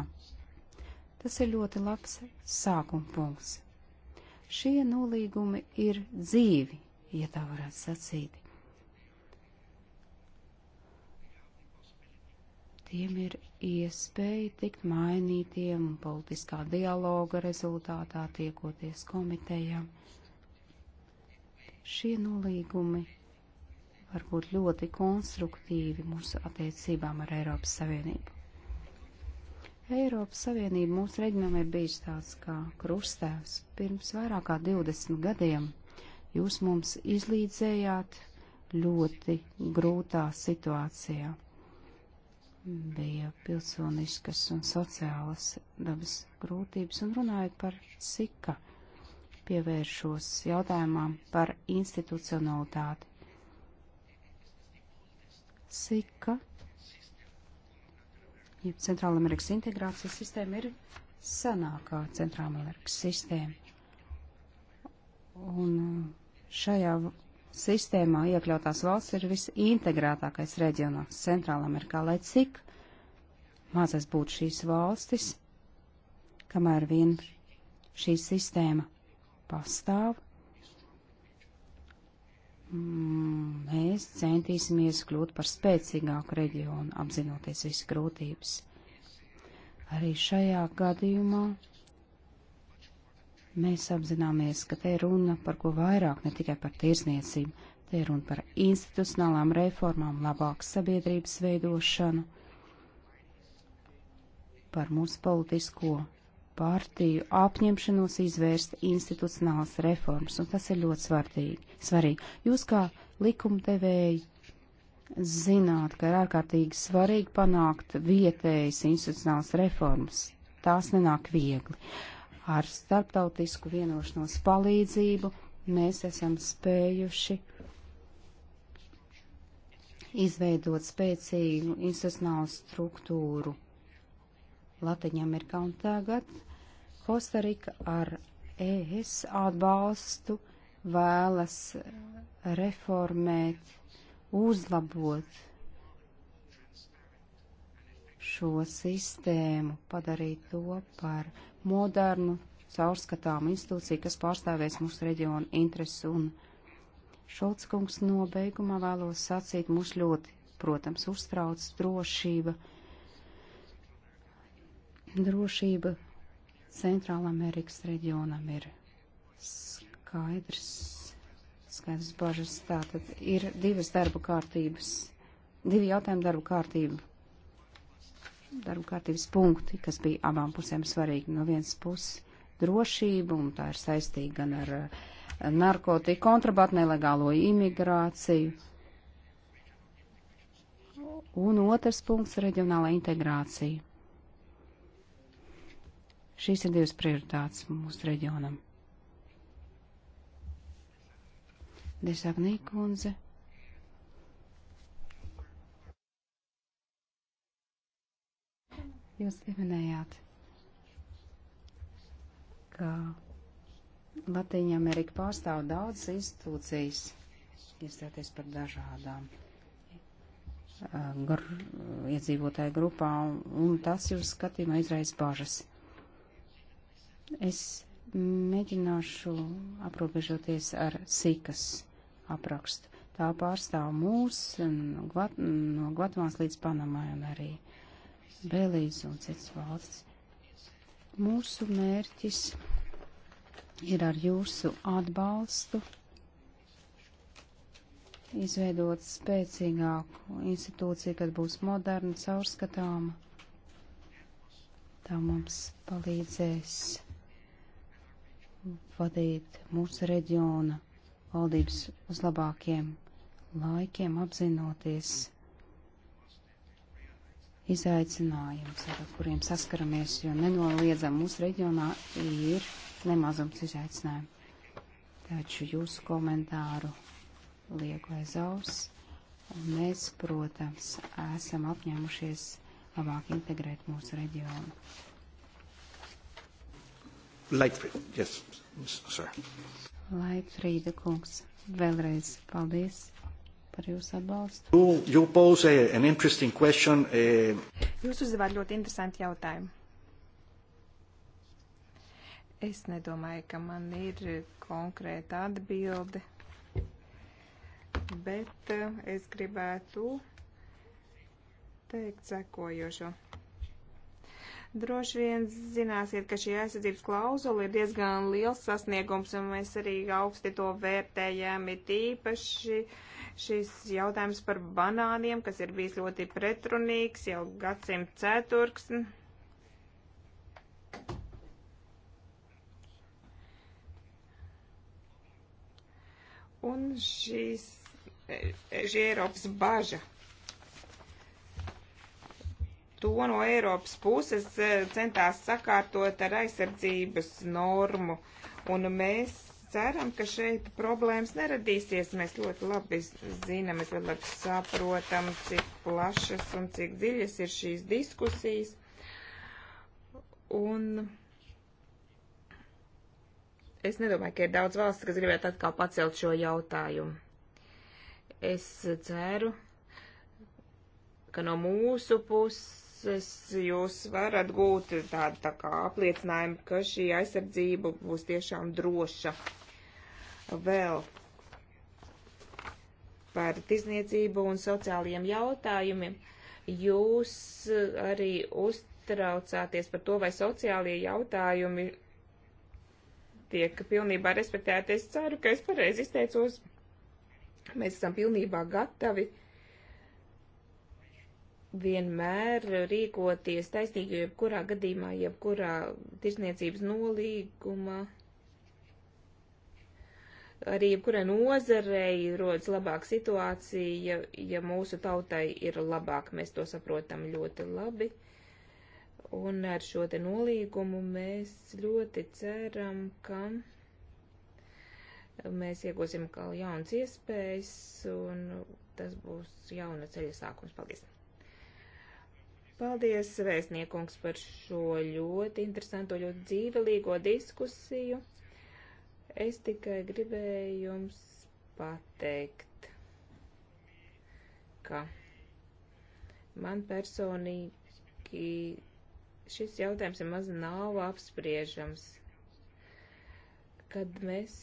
[SPEAKER 2] tas ir ļoti labs sākuma punkts. Šie nolīgumi ir dzīvi, ja tā varētu sacīt. Tiem ir iespēja tikt mainītiem un politiskā dialoga rezultātā tiekoties komitejām. Šie nolīgumi var būt ļoti konstruktīvi mūsu attiecībām ar Eiropas Savienību. Eiropas Savienība mūsu reģionam ir bijis tāds kā krustēvs pirms vairāk kā 20 gadiem. Jūs mums izlīdzējāt ļoti grūtā situācijā. Bija pilsoniskas un sociālas dabas grūtības un runājot par sika pievēršos jautājumam par institucionalitāti. Sika, jeb Centrālamerikas integrācijas sistēma, ir senākā Centrālamerikas sistēma. Un Šajā sistēmā iekļautās valsts ir visintegrētākais reģionā Centrālamerikā, lai cik mazas būtu šīs valstis, kamēr vien šī sistēma pastāv, mm, mēs centīsimies kļūt par spēcīgāku reģionu, apzinoties visu grūtības. Arī šajā gadījumā Mēs apzināmies, ka te ir runa par ko vairāk, ne tikai par tirsniecību. Te ir runa par institucionālām reformām, labāku sabiedrības veidošanu, par mūsu politisko partiju apņemšanos izvērst institucionālas reformas, un tas ir ļoti svarīgi. svarīgi. Jūs kā likumdevēji zināt, ka ir ārkārtīgi svarīgi panākt vietējas institucionālas reformas. Tās nenāk viegli ar starptautisku vienošanos palīdzību mēs esam spējuši izveidot spēcīgu institucionālu struktūru Latviņamerikā un tagad Kostarika ar ES atbalstu vēlas reformēt, uzlabot šo sistēmu, padarīt to par modernu, caurskatāmu institūciju, kas pārstāvēs mūsu reģionu interesu. Un Šolts kungs nobeigumā vēlos sacīt, mūs ļoti, protams, uztrauc drošība, drošība Centrāla Amerikas reģionam ir skaidrs, skaidrs bažas. Tātad ir divas darba kārtības, divi jautājumi darba kārtība darba kārtības punkti, kas bija abām pusēm svarīgi. No vienas puses drošība, un tā ir saistīga gan ar eh, narkotiku kontrabatu, nelegālo imigrāciju. Un otrs punkts - reģionāla integrācija. Šīs ir divas prioritātes mūsu reģionam. Desagnī kundze. Jūs pieminējāt, ka Latīņa Amerika pārstāv daudz institūcijas, iestāties par dažādām gar, iedzīvotāju grupām, un tas jūs skatījumā izraisa bažas. Es mēģināšu aprobežoties ar sīkas aprakstu. Tā pārstāv mūs no Gvatemās līdz Panamai un arī uh, Belīze un citas valsts. Mūsu mērķis ir ar jūsu atbalstu izveidot spēcīgāku institūciju, kad būs moderna, caurskatāma. Tā mums palīdzēs vadīt mūsu reģiona valdības uz labākiem laikiem, apzinoties izaicinājums, ar kuriem saskaramies, jo nenoliedzam mūsu reģionā ir nemazums izaicinājumu. Taču jūsu komentāru lieku aiz auss, un mēs, protams, esam apņēmušies labāk integrēt mūsu reģionu.
[SPEAKER 1] Laitfrīda, yes, sir.
[SPEAKER 2] Laitfrīda kungs,
[SPEAKER 3] vēlreiz paldies par jūsu atbalstu.
[SPEAKER 1] You, you question, uh...
[SPEAKER 3] Jūs uzdevāt ļoti interesantu jautājumu. Es nedomāju, ka man ir konkrēta atbilde, bet eh, es gribētu teikt sekojošo. Droši vien zināsiet, ka šī aizsardzības klauzula ir diezgan liels sasniegums, un mēs arī augsti to vērtējam, it īpaši uh, Šis jautājums par banāniem, kas ir bijis ļoti pretrunīgs jau gadsimt ceturksni. Un šīs, šī Eiropas baža to no Eiropas puses eh, centās sakārtot ar aizsardzības normu, un mēs ceram, ka šeit problēmas neradīsies. Mēs ļoti labi zinām, mēs ļoti labi saprotam, cik plašas un cik dziļas ir šīs diskusijas. Un es nedomāju, ka ir daudz valsts, kas gribētu atkal pacelt šo jautājumu. Es ceru, ka no mūsu puses jūs varat gūt tādu tā kā apliecinājumu, ka šī aizsardzība būs tiešām droša vēl par tirzniecību un sociālajiem jautājumiem. Jūs eh, arī uztraucāties par to, vai sociālie jautājumi tiek pilnībā respektēti. Es ceru, ka es pareizi izteicos. Mēs esam pilnībā gatavi vienmēr rīkoties taisnīgi, jebkurā gadījumā, jebkurā tirzniecības nolīguma arī jebkurai nozarei rodas labāka situācija, ja, ja mūsu tautai ir labāk, mēs to saprotam ļoti labi. Un ar šo te nolīgumu mēs ļoti ceram, ka mēs iegūsim kā jauns iespējas, un tas būs jauna ceļa sākums. Paldies! Paldies, vēstniekungs, par šo ļoti interesanto, ļoti dzīvelīgo diskusiju. Es tikai gribēju jums pateikt, ka man personīgi šis jautājums nemaz nav apspriežams. Kad mēs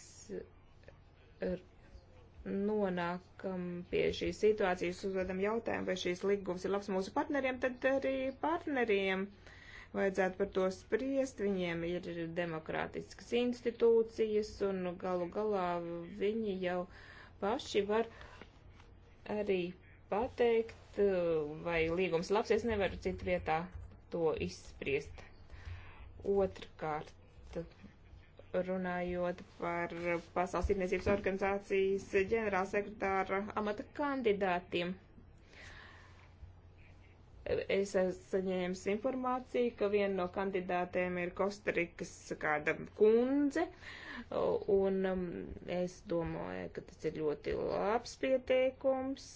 [SPEAKER 3] nonākam pie šīs situācijas, uzdodam jautājumu, vai šīs līgums ir labs mūsu partneriem, tad arī partneriem uh, vajadzētu par to spriest, viņiem ir demokrātiskas institūcijas un nu, galu galā viņi jau paši var arī pateikt, uh, vai līgums labs, es nevaru citu vietā to izspriest. Otrkārt, runājot par Pasaules tirdzniecības organizācijas ģenerālsekretāra amata kandidātiem es saņēmu informāciju, ka viena no kandidātēm ir Kostarikas kāda kundze, un um, es domāju, ka tas ir ļoti labs pieteikums,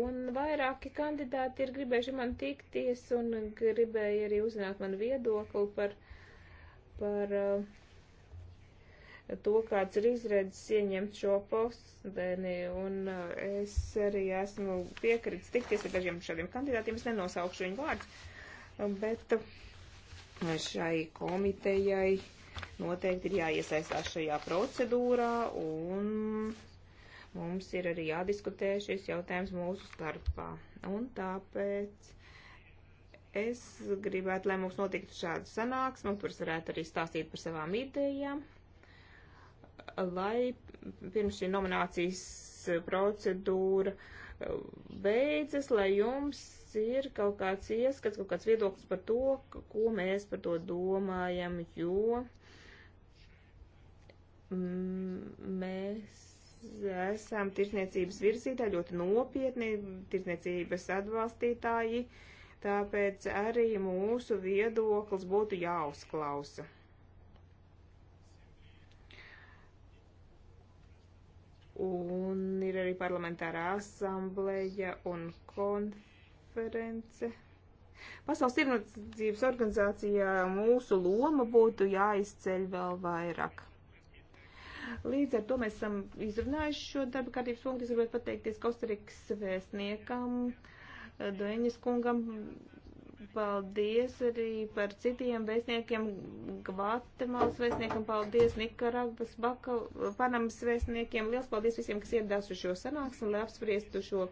[SPEAKER 3] un vairāki kandidāti ir gribējuši man tikties, un gribēja arī uzzināt manu viedokli par, par uh, to, kāds ir izredzes ieņemt šo posteni, un uh, es arī esmu piekritis tikties ar dažiem šādiem kandidātiem, es nenosaukšu viņu vārdus, um, bet uh, šai komitejai noteikti ir jāiesaistās šajā procedūrā, un mums ir arī jādiskutē šis jautājums mūsu starpā. Un tāpēc es gribētu, lai mums notiktu šāda sanāksme, un tur varētu arī stāstīt par savām idejām lai pirms šī nominācijas procedūra uh, beidzas, lai jums ir kaut kāds ieskats, kaut kāds viedoklis par to, ko mēs par to domājam, jo mm, mēs esam tirsniecības virzītāji, ļoti nopietni tirsniecības atbalstītāji, tāpēc arī mūsu viedoklis būtu jāuzklausa. Un ir arī parlamentārā asambleja un konference. Pasaules tirnācības organizācijā mūsu loma būtu jāizceļ vēl vairāk. Līdz ar to mēs esam izrunājuši šo darba kārtības punktu. Es gribētu pateikties Kostarikas vēstniekam, Doeņas kungam Paldies arī par citiem vēstniekiem, Gvatemalas vēstniekam, paldies Nikaragvas, Baka, Panamas vēstniekiem. Liels paldies visiem, kas ieradās uz šo sanāksmi, lai apspriestu šo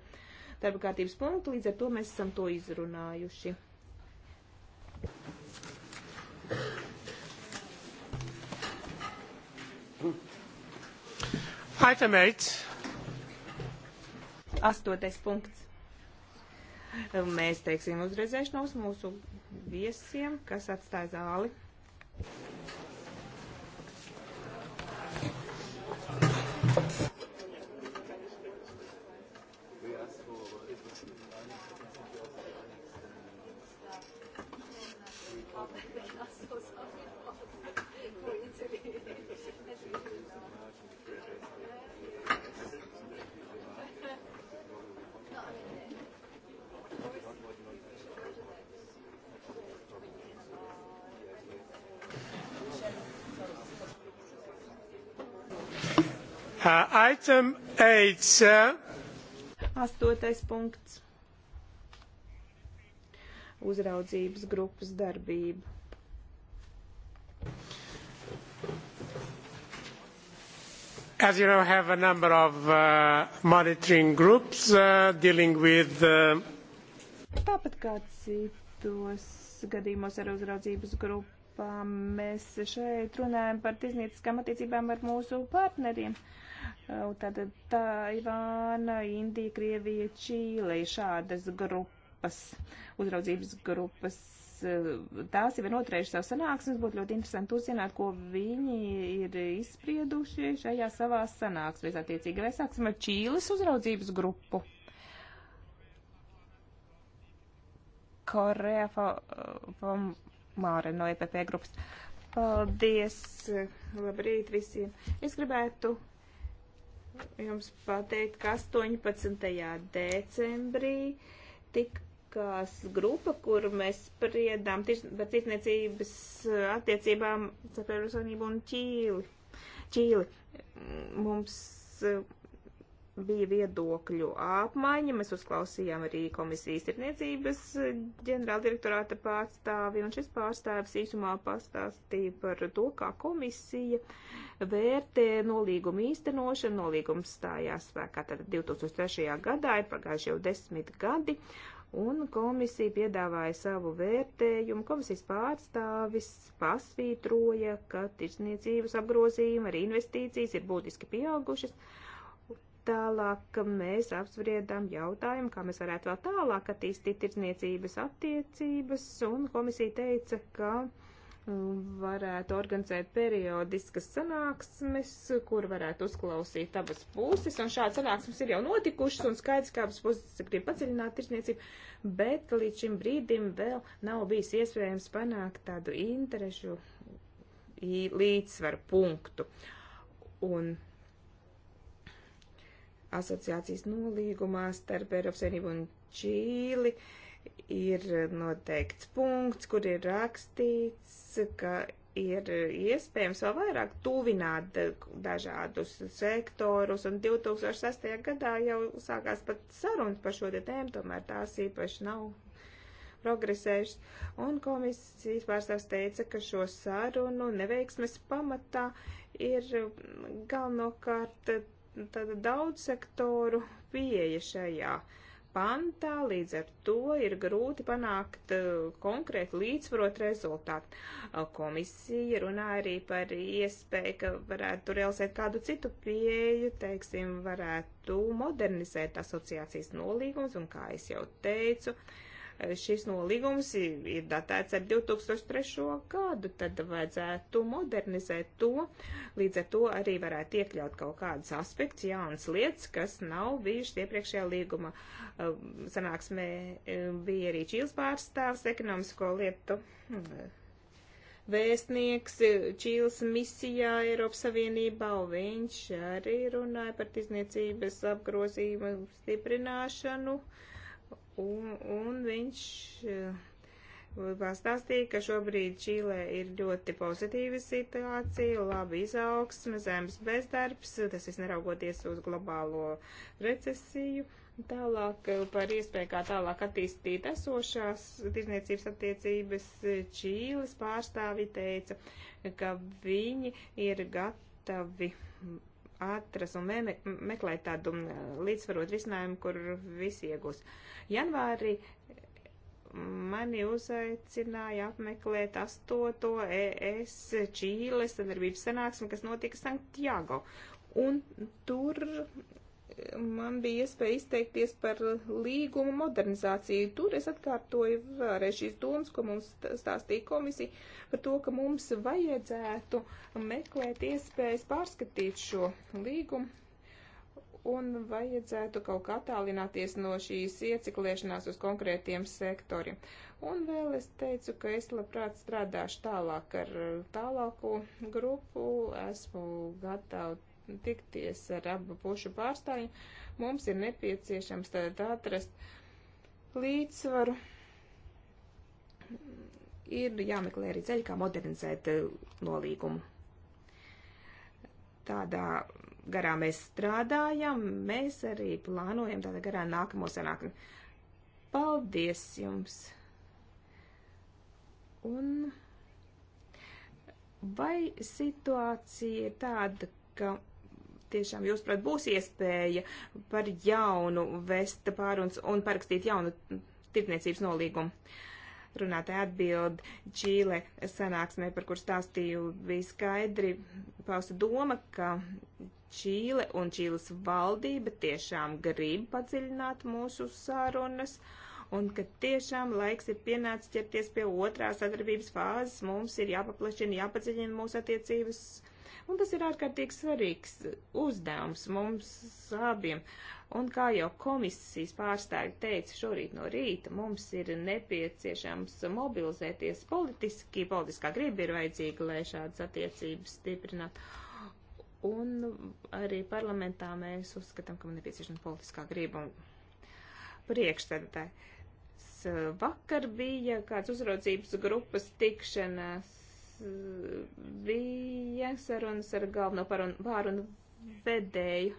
[SPEAKER 3] darba kārtības punktu. Līdz ar to mēs esam to izrunājuši. Item 8. Astotais punkts. Mēs teiksim uzreizēšanos mūsu viesiem, kas atstāja zāli.
[SPEAKER 1] Item 8, sir.
[SPEAKER 3] Astotais punkts. Uzraudzības grupas darbība.
[SPEAKER 1] As you know, I have a number of uh, monitoring groups uh, dealing with. Uh...
[SPEAKER 3] Tāpat kā citos gadījumos ar uzraudzības grupām, mēs šeit runājam par tirzniecīskām attiecībām ar mūsu partneriem. Uh, Tātad Taivāna, Indija, Krievija, Čīle ir šādas grupas, uzraudzības grupas. Tās jau ir noturējušas savu sanāksmes, būtu ļoti interesanti uzzināt, ko viņi ir izsprieduši šajā savā sanāksmēs attiecīgi. Vai sāksim ar Čīles uzraudzības grupu? Korea Māre no EPP grupas. Paldies! Labrīt visiem! Es gribētu jums pateikt, ka 18. decembrī tikās grupa, kur mēs spriedām par tirdzniecības eh, attiecībām starp Eiropas Savienību un Čīli. Čīli. Mums eh, bija viedokļu apmaiņa. Mēs uzklausījām arī komisijas tirniecības ģenerāldirektorāta pārstāvi, un šis pārstāvis īsumā pastāstīja par to, kā komisija vērtē nolīgumu īstenošanu. Nolīgums stājās spēkā tad 2003. gadā, ir pagājuši jau desmit gadi. Un komisija piedāvāja savu vērtējumu. Komisijas pārstāvis pasvītroja, ka tirsniecības apgrozījuma arī investīcijas ir būtiski pieaugušas. Uh, Tālāk mēs apspriedām jautājumu, kā mēs varētu vēl tālāk attīstīt tirdzniecības attiecības, un komisija teica, ka mm, varētu organizēt periodiskas sanāksmes, kur varētu uzklausīt abas puses, un šādas sanāksmes ir jau notikušas, un skaidrs, ka abas puses grib padziļināt tirsniecību, bet līdz šim brīdim vēl nav bijis iespējams panākt tādu interešu līdzsvaru punktu. Un asociācijas nolīgumā starp Eiropas Savienību un Čīli ir noteikts punkts, kur ir rakstīts, ka ir iespējams vēl vairāk tuvināt dažādus sektorus, un 2006. gadā jau sākās pat sarunas par šo te tēmu, tomēr tās īpaši nav progresējušas, un komisijas pārstāvs teica, ka šo sarunu neveiksmes pamatā ir galvenokārt tāda daudz sektoru pieeja šajā pantā, līdz ar to ir grūti panākt uh, konkrēti līdzsvarot rezultātu. Uh, komisija runā arī par iespēju, ka varētu realizēt kādu citu pieeju, teiksim, varētu modernizēt asociācijas nolīgums, un kā es jau teicu, uh, šis nolīgums ir datēts ar 2003. gadu, tad vajadzētu modernizēt to, līdz ar to arī varētu iekļaut kaut kādas aspekts, jaunas lietas, kas nav bijušas iepriekšējā līguma ehm, sanāksmē. Ehm, bija arī Čīles pārstāvs ekonomisko lietu mm, vēstnieks ehm, Čīles misijā Eiropas Savienībā, un viņš arī runāja par tirzniecības apgrozījumu stiprināšanu. Uh, Un, un viņš eh, pastāstīja, ka šobrīd Čīlē ir ļoti pozitīva situācija, laba izaugsme, zemes bezdarbs, tas viss neraugoties uz globālo recesiju. Tālāk eh, par iespēju kā tālāk attīstīt esošās tirzniecības attiecības Čīles pārstāvi teica, ka viņi ir gatavi atrast un me meklēt tādu līdzsvarot risinājumu, kur visi iegūs. Janvārī mani uzaicināja apmeklēt 8. ES Čīles sadarbības sanāksmi, kas notika Santiago. Un tur man bija iespēja izteikties par līguma modernizāciju. Tur es atkārtoju vēlreiz šīs domas, ko mums stāstīja komisija, par to, ka mums vajadzētu meklēt iespējas pārskatīt šo līgumu un vajadzētu kaut kā attālināties no šīs ieciklēšanās uz konkrētiem sektoriem. Un vēl es teicu, ka es labprāt strādāšu tālāk ar tālāko grupu, esmu gatava tikties ar abu pušu pārstāvjiem, mums ir nepieciešams tad atrast līdzsvaru. Ir jāmeklē arī ceļi, kā modernizēt eh, nolīgumu. Tādā garā mēs strādājam, mēs arī plānojam tādā garā nākamo sanākni. Paldies jums! Un vai situācija ir tāda, ka tiešām jūs, prāt, būs iespēja par jaunu vest pāruns un parakstīt jaunu tirdzniecības nolīgumu? runātāja atbild Čīle sanāksmē, par kur stāstīju, bija skaidri pausta doma, ka Čīle un Čīles valdība tiešām grib padziļināt mūsu sarunas. Un ka tiešām laiks ir pienācis ķerties pie otrās sadarbības fāzes, mums ir jāpaplašina, jāpadziļina mūsu attiecības Un tas ir ārkārtīgi svarīgs uzdevums mums abiem. Un kā jau komisijas pārstāvi teica šorīt no rīta, mums ir nepieciešams mobilizēties politiski, politiskā griba ir vajadzīga, lai šādas attiecības stiprinātu. Un arī parlamentā mēs uzskatām, ka man nepieciešama politiskā griba un priekšstādātāji. Vakar bija kāds uzraudzības grupas tikšanās bija sarunas ar galveno pārunu vedēju.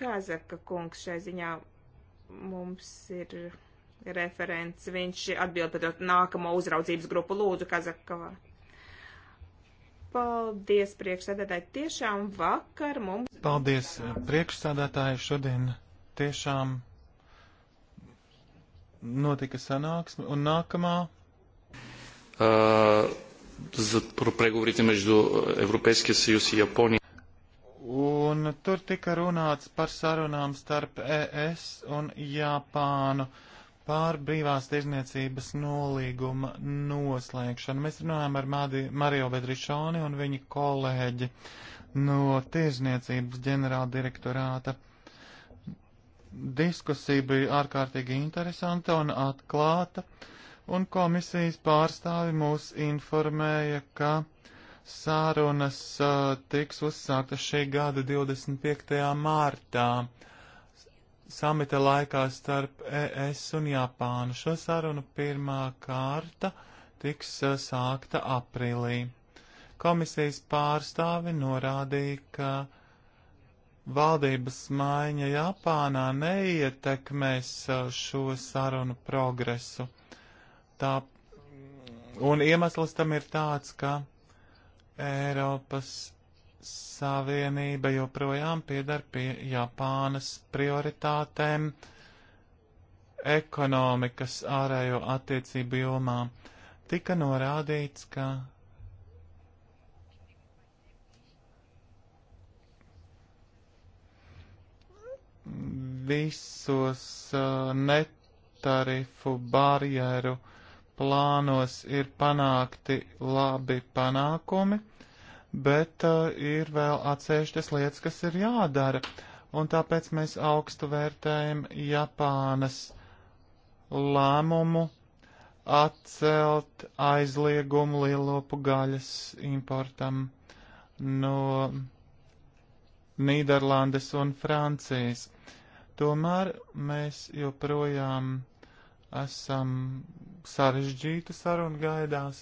[SPEAKER 3] Kazaka kungs šai ziņā mums ir referents. Viņš atbild par nākamo uzraudzības grupu lūdzu Kazakavā. Paldies priekšsēdētāji. Tiešām vakar
[SPEAKER 1] mums. Paldies priekšsēdētāji šodien tiešām notika sanāksme, un nākamā. Uh, за преговорите между Европейския съюз и Япония. Un tur tika runāts par sarunām starp ES un Japānu pār brīvās tirzniecības nolīguma noslēgšanu. Mēs runājam ar Madi, Mario Bedrišoni un viņa kolēģi no tirzniecības ģenerāla direktorāta Diskusija bija ārkārtīgi interesanta un atklāta, un komisijas pārstāvi mūs informēja, ka sārunas uh, tiks uzsāktas šī gada 25. martā samita laikā starp ES un Japānu. Šo sarunu pirmā kārta tiks sākta aprīlī. Komisijas pārstāvi norādīja, ka valdības maiņa Japānā neietekmēs šo sarunu progresu. Tā, un iemesls tam ir tāds, ka Eiropas Savienība joprojām piedar pie Japānas prioritātēm ekonomikas ārējo attiecību jomā. Tika norādīts, ka visos uh, netarifu barjeru plānos ir panākti labi panākumi, bet uh, ir vēl atsevišķas lietas, kas ir jādara, un tāpēc mēs augstu vērtējam Japānas lēmumu atcelt aizliegumu lielopu gaļas importam no Nīderlandes un Francijas. Tomēr mēs joprojām esam sarežģītu sarunu gaidās.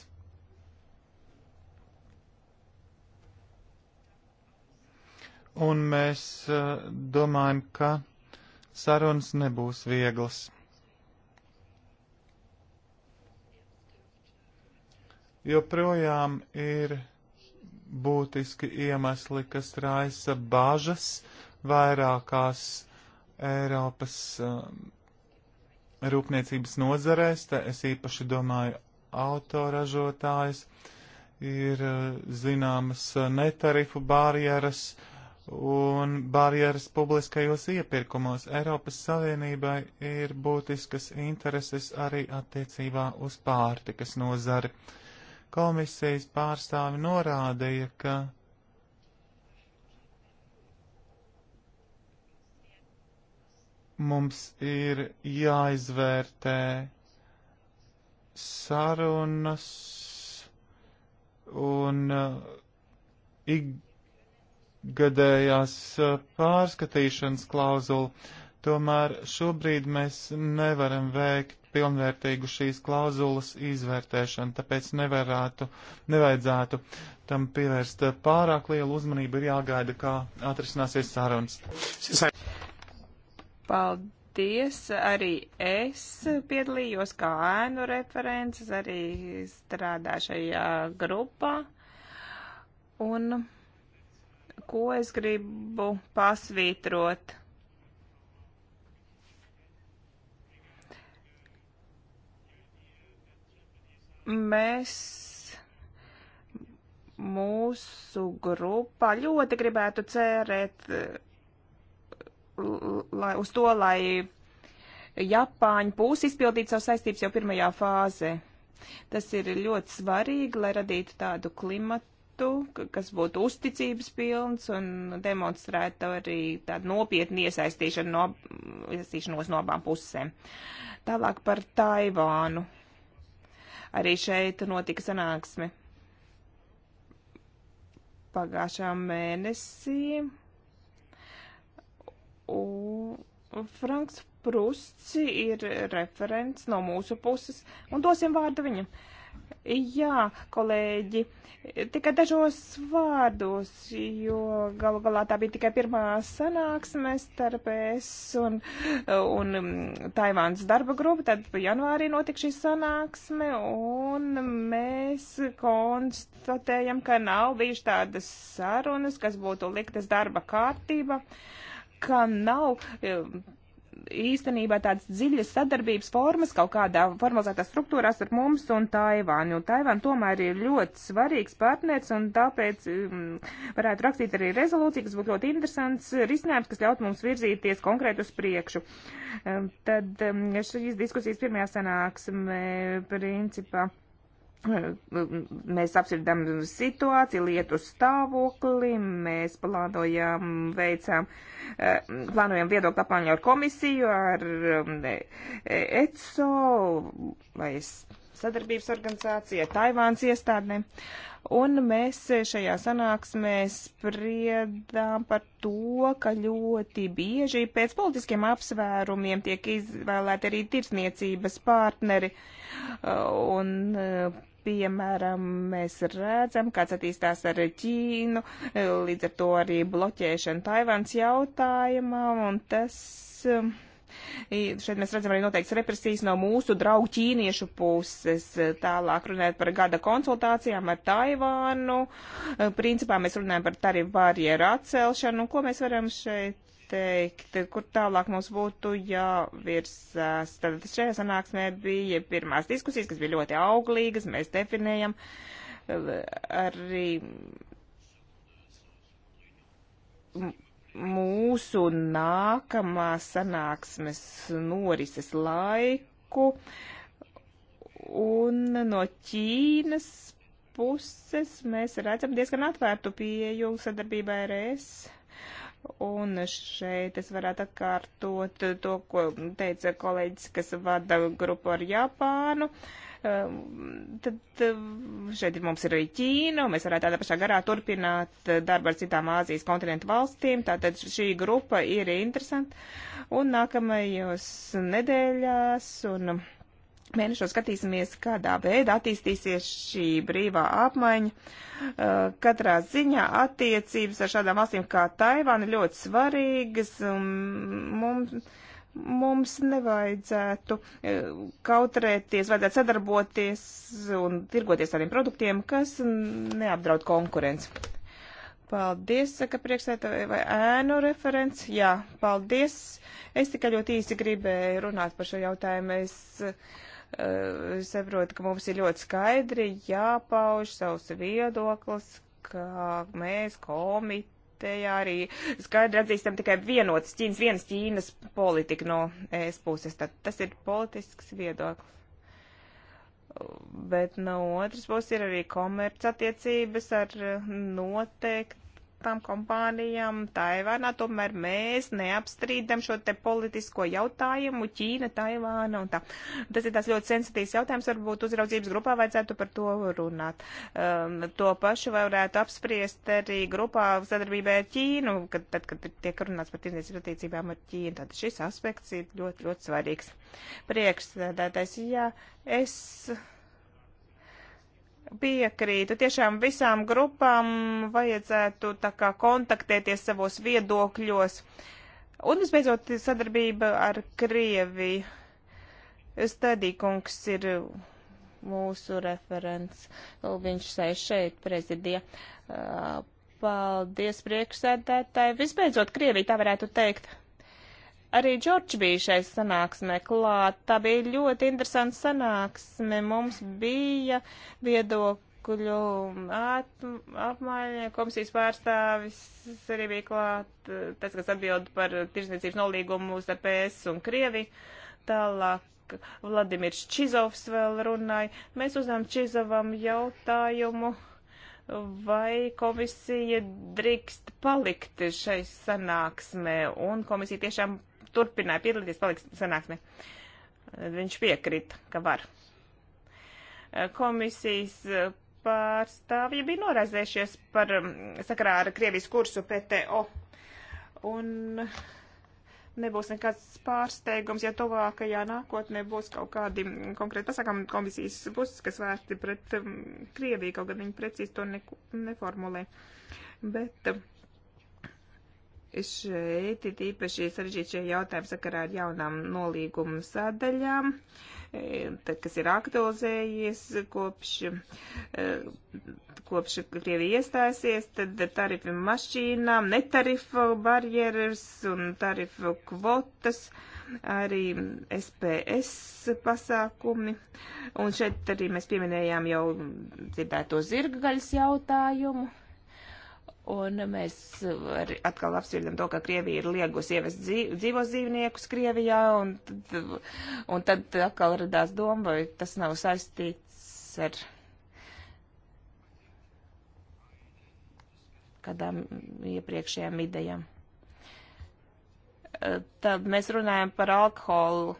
[SPEAKER 1] Un mēs uh, domājam, ka sarunas nebūs vieglas. Joprojām ir būtiski iemesli, kas raisa bažas vairākās Eiropas um, rūpniecības nozarēs, te es īpaši domāju autoražotājs, ir uh, zināmas uh, netarifu barjeras un barjeras publiskajos iepirkumos. Eiropas Savienībai ir būtiskas intereses arī attiecībā uz pārtikas nozari. Uh, Komisijas pārstāvi norādīja, ka mums ir jāizvērtē sarunas un uh, ikgadējās uh, pārskatīšanas klauzula Tomēr šobrīd mēs nevaram veikt pilnvērtīgu šīs klauzulas izvērtēšanu, tāpēc nevarētu, nevajadzētu tam pievērst pārāk lielu uzmanību, ir jāgaida, kā atrisināsies sarunas.
[SPEAKER 3] Paldies! Arī es piedalījos kā ēnu references, arī strādā šajā grupā. Un ko es gribu pasvītrot? mēs mūsu grupā ļoti gribētu cerēt lai, uz to, lai Japāņu pūs izpildītu savu saistības jau pirmajā fāzē. Tas ir ļoti svarīgi, lai radītu tādu klimatu, kas būtu uzticības pilns un demonstrētu arī tādu nopietnu iesaistīšanu no, iesaistīšanos no abām pusēm. Tālāk par Taivānu. Arī šeit notika sanāksme pagājušā mēnesī. Un Franks Prusts ir referents no mūsu puses, un dosim vārdu viņam. Uh, Jā, kolēģi, tikai dažos vārdos, jo galu galā tā bija tikai pirmā sanāksme starp es un, un um, Taivānas darba grupu, tad janvārī notika šī sanāksme, un mēs konstatējam, ka nav bijuši tādas sarunas, kas būtu liktas darba kārtība, ka nav um, īstenībā tādas dziļas sadarbības formas kaut kādā formalizētā struktūrā starp mums un Taivānu. Un Taivāna tomēr ir ļoti svarīgs partners, un tāpēc um, varētu rakstīt arī rezolūciju, kas būtu ļoti interesants risinājums, kas ļaut mums virzīties konkrēt uz priekšu. Um, tad um, šīs diskusijas pirmajā sanāksmē principā. Mēs apsvērtam situāciju, lietu stāvokli, mēs plānojam, veicām, eh, plānojam viedokļu apmaiņu ar komisiju, ar um, ECO, e, vai es sadarbības organizācijai, Taivāns iestādnēm. Un mēs šajā sanāksmē spriedām par to, ka ļoti bieži pēc politiskiem apsvērumiem tiek izvēlēti arī tirsniecības partneri. Un piemēram, mēs redzam, kāds attīstās ar Ķīnu, līdz ar to arī bloķēšana Taivāns jautājumā, un tas Šeit mēs redzam arī noteikts represijas no mūsu draugu ķīniešu puses. Tālāk runājot par gada konsultācijām ar Taivānu. Principā mēs runājam par tarifu barjeru atcelšanu. Ko mēs varam šeit teikt, kur tālāk mums būtu jāvirsās. Tad šajā sanāksmē bija pirmās diskusijas, kas bija ļoti auglīgas, mēs definējam eh, arī mūsu nākamā sanāksmes norises laiku. Un no Ķīnas puses mēs redzam diezgan atvērtu pieju sadarbībā ar es. Un šeit es varētu atkārtot to, ko teica kolēģis, kas vada grupu ar Japānu. Uh, Ehm, tad eh, šeit mums ir arī Ķīna, un mēs varētu tādā pašā garā turpināt eh, darbu ar citām Āzijas kontinentu valstīm. Tātad šī grupa ir interesanta. Un nākamajos nedēļās un mēnešos skatīsimies, kādā veidā attīstīsies šī brīvā apmaiņa. Eh, katrā ziņā attiecības ar šādām valstīm kā Taivāna ļoti svarīgas. Mums mums nevajadzētu e, kautrēties, vajadzētu sadarboties un tirgoties tādiem produktiem, kas neapdraud konkurenci. Paldies, saka priekšsētāji, vai ēnu referents? Jā, paldies. Es tikai ļoti īsi gribēju runāt par šo jautājumu. Es uh, saprotu, ka mums ir ļoti skaidri jāpauž savs viedoklis, kā mēs komit komitejā arī skaidri atzīstam tikai vienotas Ķīnas, vienas Ķīnas politika no ES puses. Tad tas ir politisks viedoklis. Bet no otras puses ir arī komerc attiecības ar noteikti lielām kompānijām Taivānā, tomēr mēs neapstrīdam šo te politisko jautājumu Ķīna, Taivāna un tā. Tas ir tās ļoti sensitīvs jautājums, varbūt uzraudzības grupā vajadzētu par to runāt. Um, to pašu varētu apspriest arī grupā sadarbībā ar Ķīnu, kad, tad, kad tiek runāts par tirdzniecības attiecībām ar Ķīnu, tad šis aspekts ir ļoti, ļoti svarīgs. Priekšsēdētājs, jā, es Piekrītu. Tiešām visām grupām vajadzētu tā kā kontaktēties savos viedokļos. Un visbeidzot sadarbība ar Krieviju. Stadīkungs ir mūsu referents. Nu, viņš sēž šeit prezidija. Paldies priekšsēdētāji. Visbeidzot, Krievija tā varētu teikt. Arī Džordž bija šai sanāksmē klāt. Tā bija ļoti interesanta sanāksme. Mums bija viedokļu apmaiņa, komisijas pārstāvis arī bija klāt, tas, kas atbild par tirsniecības nolīgumu starp PS un Krievi. Tālāk Vladimirs Čizovs vēl runāja. Mēs uzdevām Čizovam jautājumu, vai komisija drīkst palikt šai sanāksmē, un komisija tiešām turpināja piedalīties paliks sanāksmē. Viņš piekrita, ka var. Eh, komisijas eh, pārstāvji bija noraizējušies par mm, sakarā ar Krievijas kursu PTO. Un nebūs nekāds pārsteigums, ja tuvākajā nākotnē būs kaut kādi mm, konkrēti pasākumi komisijas puses, kas vērsti pret um, Krieviju, kaut gan viņi precīzi to ne, neformulē. Bet um, šeit ir īpaši sarežģītie jautājumi sakarā ar jaunām nolīguma sadaļām, e, kas ir aktualizējies kopš, e, kopš Krievija iestāsies, tad tarifi mašīnām, netarifu barjeras un tarifu kvotas, arī SPS pasākumi. Un šeit arī mēs pieminējām jau dzirdēto zirgaļas jautājumu Un mēs uh, atkal apsvērtam to, ka Krievija ir liegus ievest dzīvos dzīvniekus Krievijā, un, tad, un tad atkal radās doma, vai tas nav saistīts ar kādām iepriekšējām idejām. Uh, tad mēs runājam par alkoholu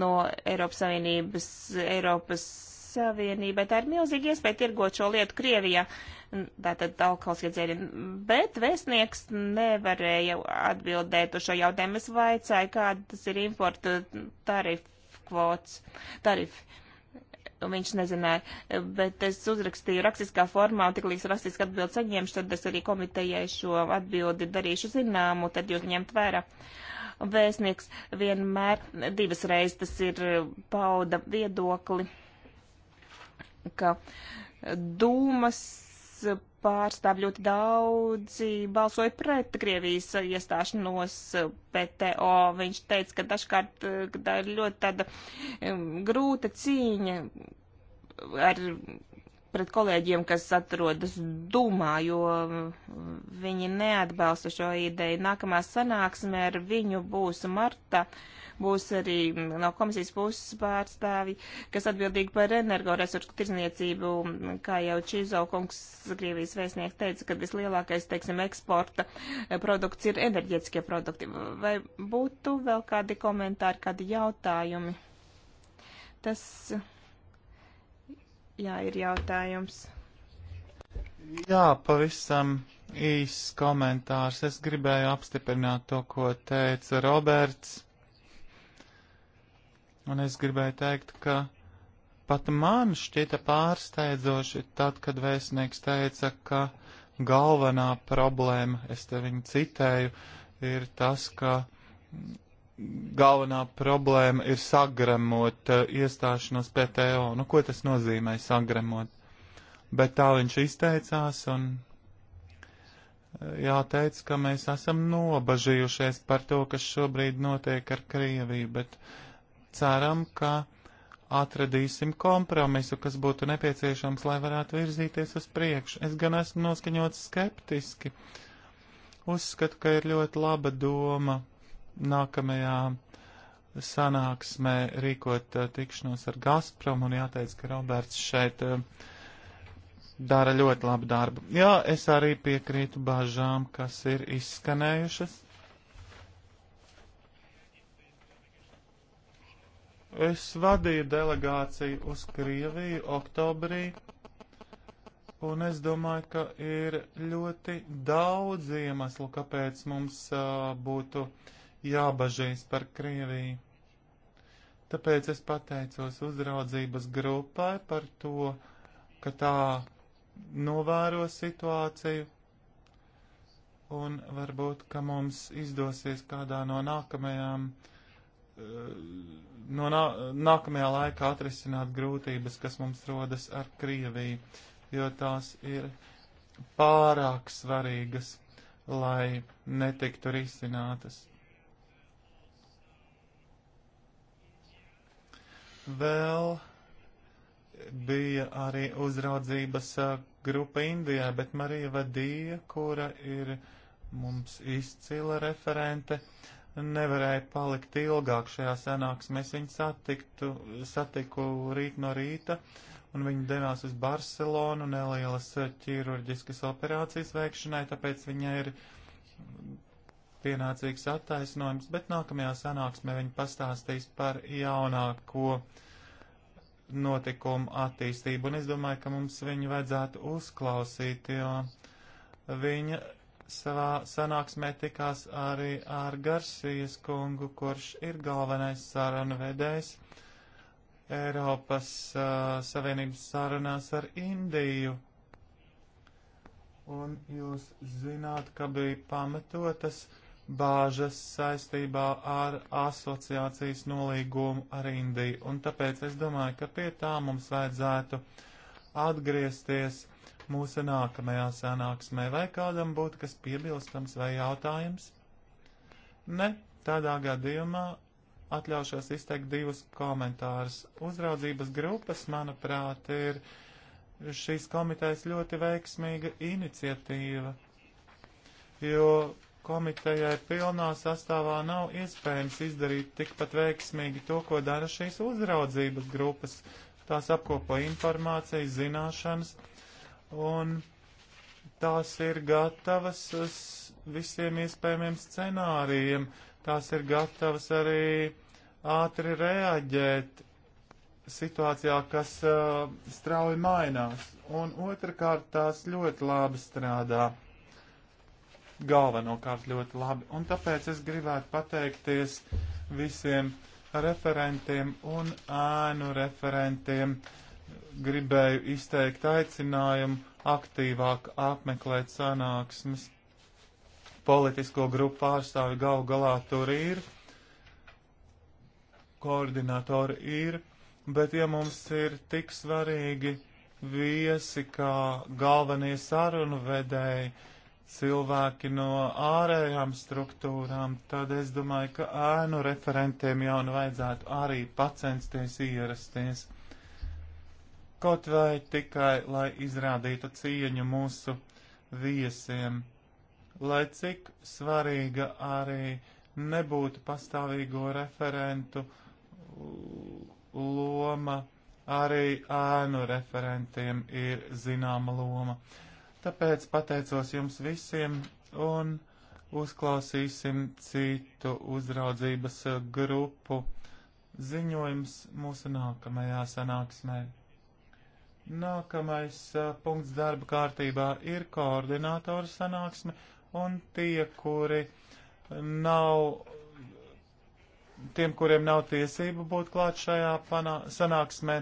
[SPEAKER 3] no Eiropas Savienības, Eiropas Savienībai. Tā ir milzīga iespēja tirgot šo lietu Krievijā, tātad alkohols iedzērienu. Bet vēstnieks nevarēja atbildēt uz šo jautājumu. Es vaicāju, kādas ir importa tarifu kvots, tarifi. Viņš nezināja, bet es uzrakstīju rakstiskā formā, un tiklīdz rakstiski atbildi saņemšu, tad es arī komitejai šo atbildi darīšu zināmu, tad jūs ņemt vērā. Uh, vēstnieks vienmēr divas reizes ir pauda viedokli ka Dūmas pārstāv ļoti daudzi balsoja pret Krievijas iestāšanos PTO. Viņš teica, ka dažkārt ka tā ir ļoti tāda grūta cīņa ar pret kolēģiem, kas atrodas Dumā, jo viņi neatbalsta šo ideju. Nākamā sanāksme ar viņu būs marta. Uh, Būs arī no komisijas puses pārstāvi, kas atbildīgi par energoresursu tirzniecību. Kā jau Čizaukungs, Krievijas vēstnieks, teica, ka vislielākais, teiksim, eksporta produkts ir enerģētiskie produkti. Vai būtu vēl kādi komentāri, kādi jautājumi? Tas. Jā, ir jautājums.
[SPEAKER 1] Jā, pavisam īss komentārs. Es gribēju apstiprināt to, ko teica Roberts. Un es gribēju teikt, ka pat man šķita pārsteidzoši tad, kad vēstnieks teica, ka galvenā problēma, es te viņu citēju, ir tas, ka galvenā problēma ir sagremot eh, iestāšanos PTO. Nu, ko tas nozīmē sagremot? Bet tā viņš izteicās un eh, jāteic, ka mēs esam nobažījušies par to, kas šobrīd notiek ar Krieviju, bet uh, ceram, ka atradīsim kompromisu, kas būtu nepieciešams, lai varētu virzīties uz priekšu. Es gan esmu noskaņots skeptiski. Uzskatu, ka ir ļoti laba doma nākamajā sanāksmē rīkot uh, tikšanos ar Gazprom un jāteic, ka Roberts šeit uh, dara ļoti labu darbu. Jā, es arī piekrītu bažām, kas ir izskanējušas Es vadīju delegāciju uz Krieviju oktobrī, un es domāju, ka ir ļoti daudz iemeslu, kāpēc mums uh, būtu jābažīs par Krieviju. Tāpēc es pateicos uzraudzības grupai par to, ka tā novēro situāciju, un varbūt, ka mums izdosies kādā no nākamajām uh, Eh, no nā, nākamajā laikā atrisināt grūtības, kas mums rodas ar Krieviju, jo tās ir pārāk svarīgas, lai netiktu risinātas. Vēl bija arī uzraudzības eh, grupa Indijā, bet Marija Vadīja, kura ir mums izcila referente, uh, nevarēja palikt ilgāk šajā sanāksmē. Es viņu satiktu, satiku rīt no rīta, un viņi devās uz Barcelonu nelielas ķirurģiskas operācijas veikšanai, tāpēc viņai ir pienācīgs attaisnojums, bet nākamajā sanāksmē viņi pastāstīs par jaunāko notikumu attīstību, un es domāju, ka mums viņu vajadzētu uzklausīt, jo viņa savā sanāksmē tikās arī ar Garcijas kungu, kurš ir galvenais sarunu vedējs Eiropas uh, Savienības sarunās ar Indiju. Un jūs zināt, ka bija pamatotas bāžas saistībā ar asociācijas nolīgumu ar Indiju. Un tāpēc es domāju, ka pie tā mums vajadzētu atgriezties mūsu nākamajā sanāksmē. Vai kādam būtu kas piebilstams vai jautājums? Ne, tādā gadījumā atļaušos izteikt divus komentārus. Uzraudzības grupas, manuprāt, ir šīs komitejas ļoti veiksmīga iniciatīva, jo komitejai pilnā sastāvā nav iespējams izdarīt tikpat veiksmīgi to, ko dara šīs uzraudzības grupas. Tās apkopo informāciju, zināšanas, un tās ir gatavas uz visiem iespējamiem scenārijiem. Tās ir gatavas arī ātri reaģēt situācijā, kas uh, strauji mainās. Un otrkārt, tās ļoti labi strādā. Galvenokārt ļoti labi. Un tāpēc es gribētu pateikties visiem referentiem un ēnu referentiem. Uh, gribēju izteikt aicinājumu aktīvāk apmeklēt sanāksmes. Politisko grupu pārstāvi gal galā tur ir, koordinatori ir, bet ja mums ir tik svarīgi viesi kā galvenie sarunu vedēji, cilvēki no ārējām struktūrām, tad es domāju, ka ēnu referentiem jau nu vajadzētu arī pacensties ierasties kaut vai tikai, lai izrādītu cieņu mūsu viesiem, lai cik svarīga arī nebūtu pastāvīgo referentu loma, arī ēnu referentiem ir zināma loma. Tāpēc pateicos jums visiem un uzklausīsim citu uzraudzības grupu ziņojums mūsu nākamajā sanāksmē. Nākamais a, punkts darba kārtībā ir koordinātora sanāksme, un tie, kuri nav, tiem, kuriem nav tiesību būt klāt šajā panā, sanāksmē,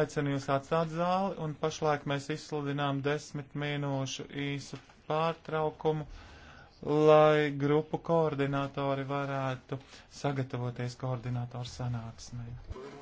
[SPEAKER 1] aicinu jūs atstāt zāli, un pašlaik mēs izsludinām desmit minūšu īsu pārtraukumu, lai grupu koordinātori varētu sagatavoties koordinātoru sanāksmē.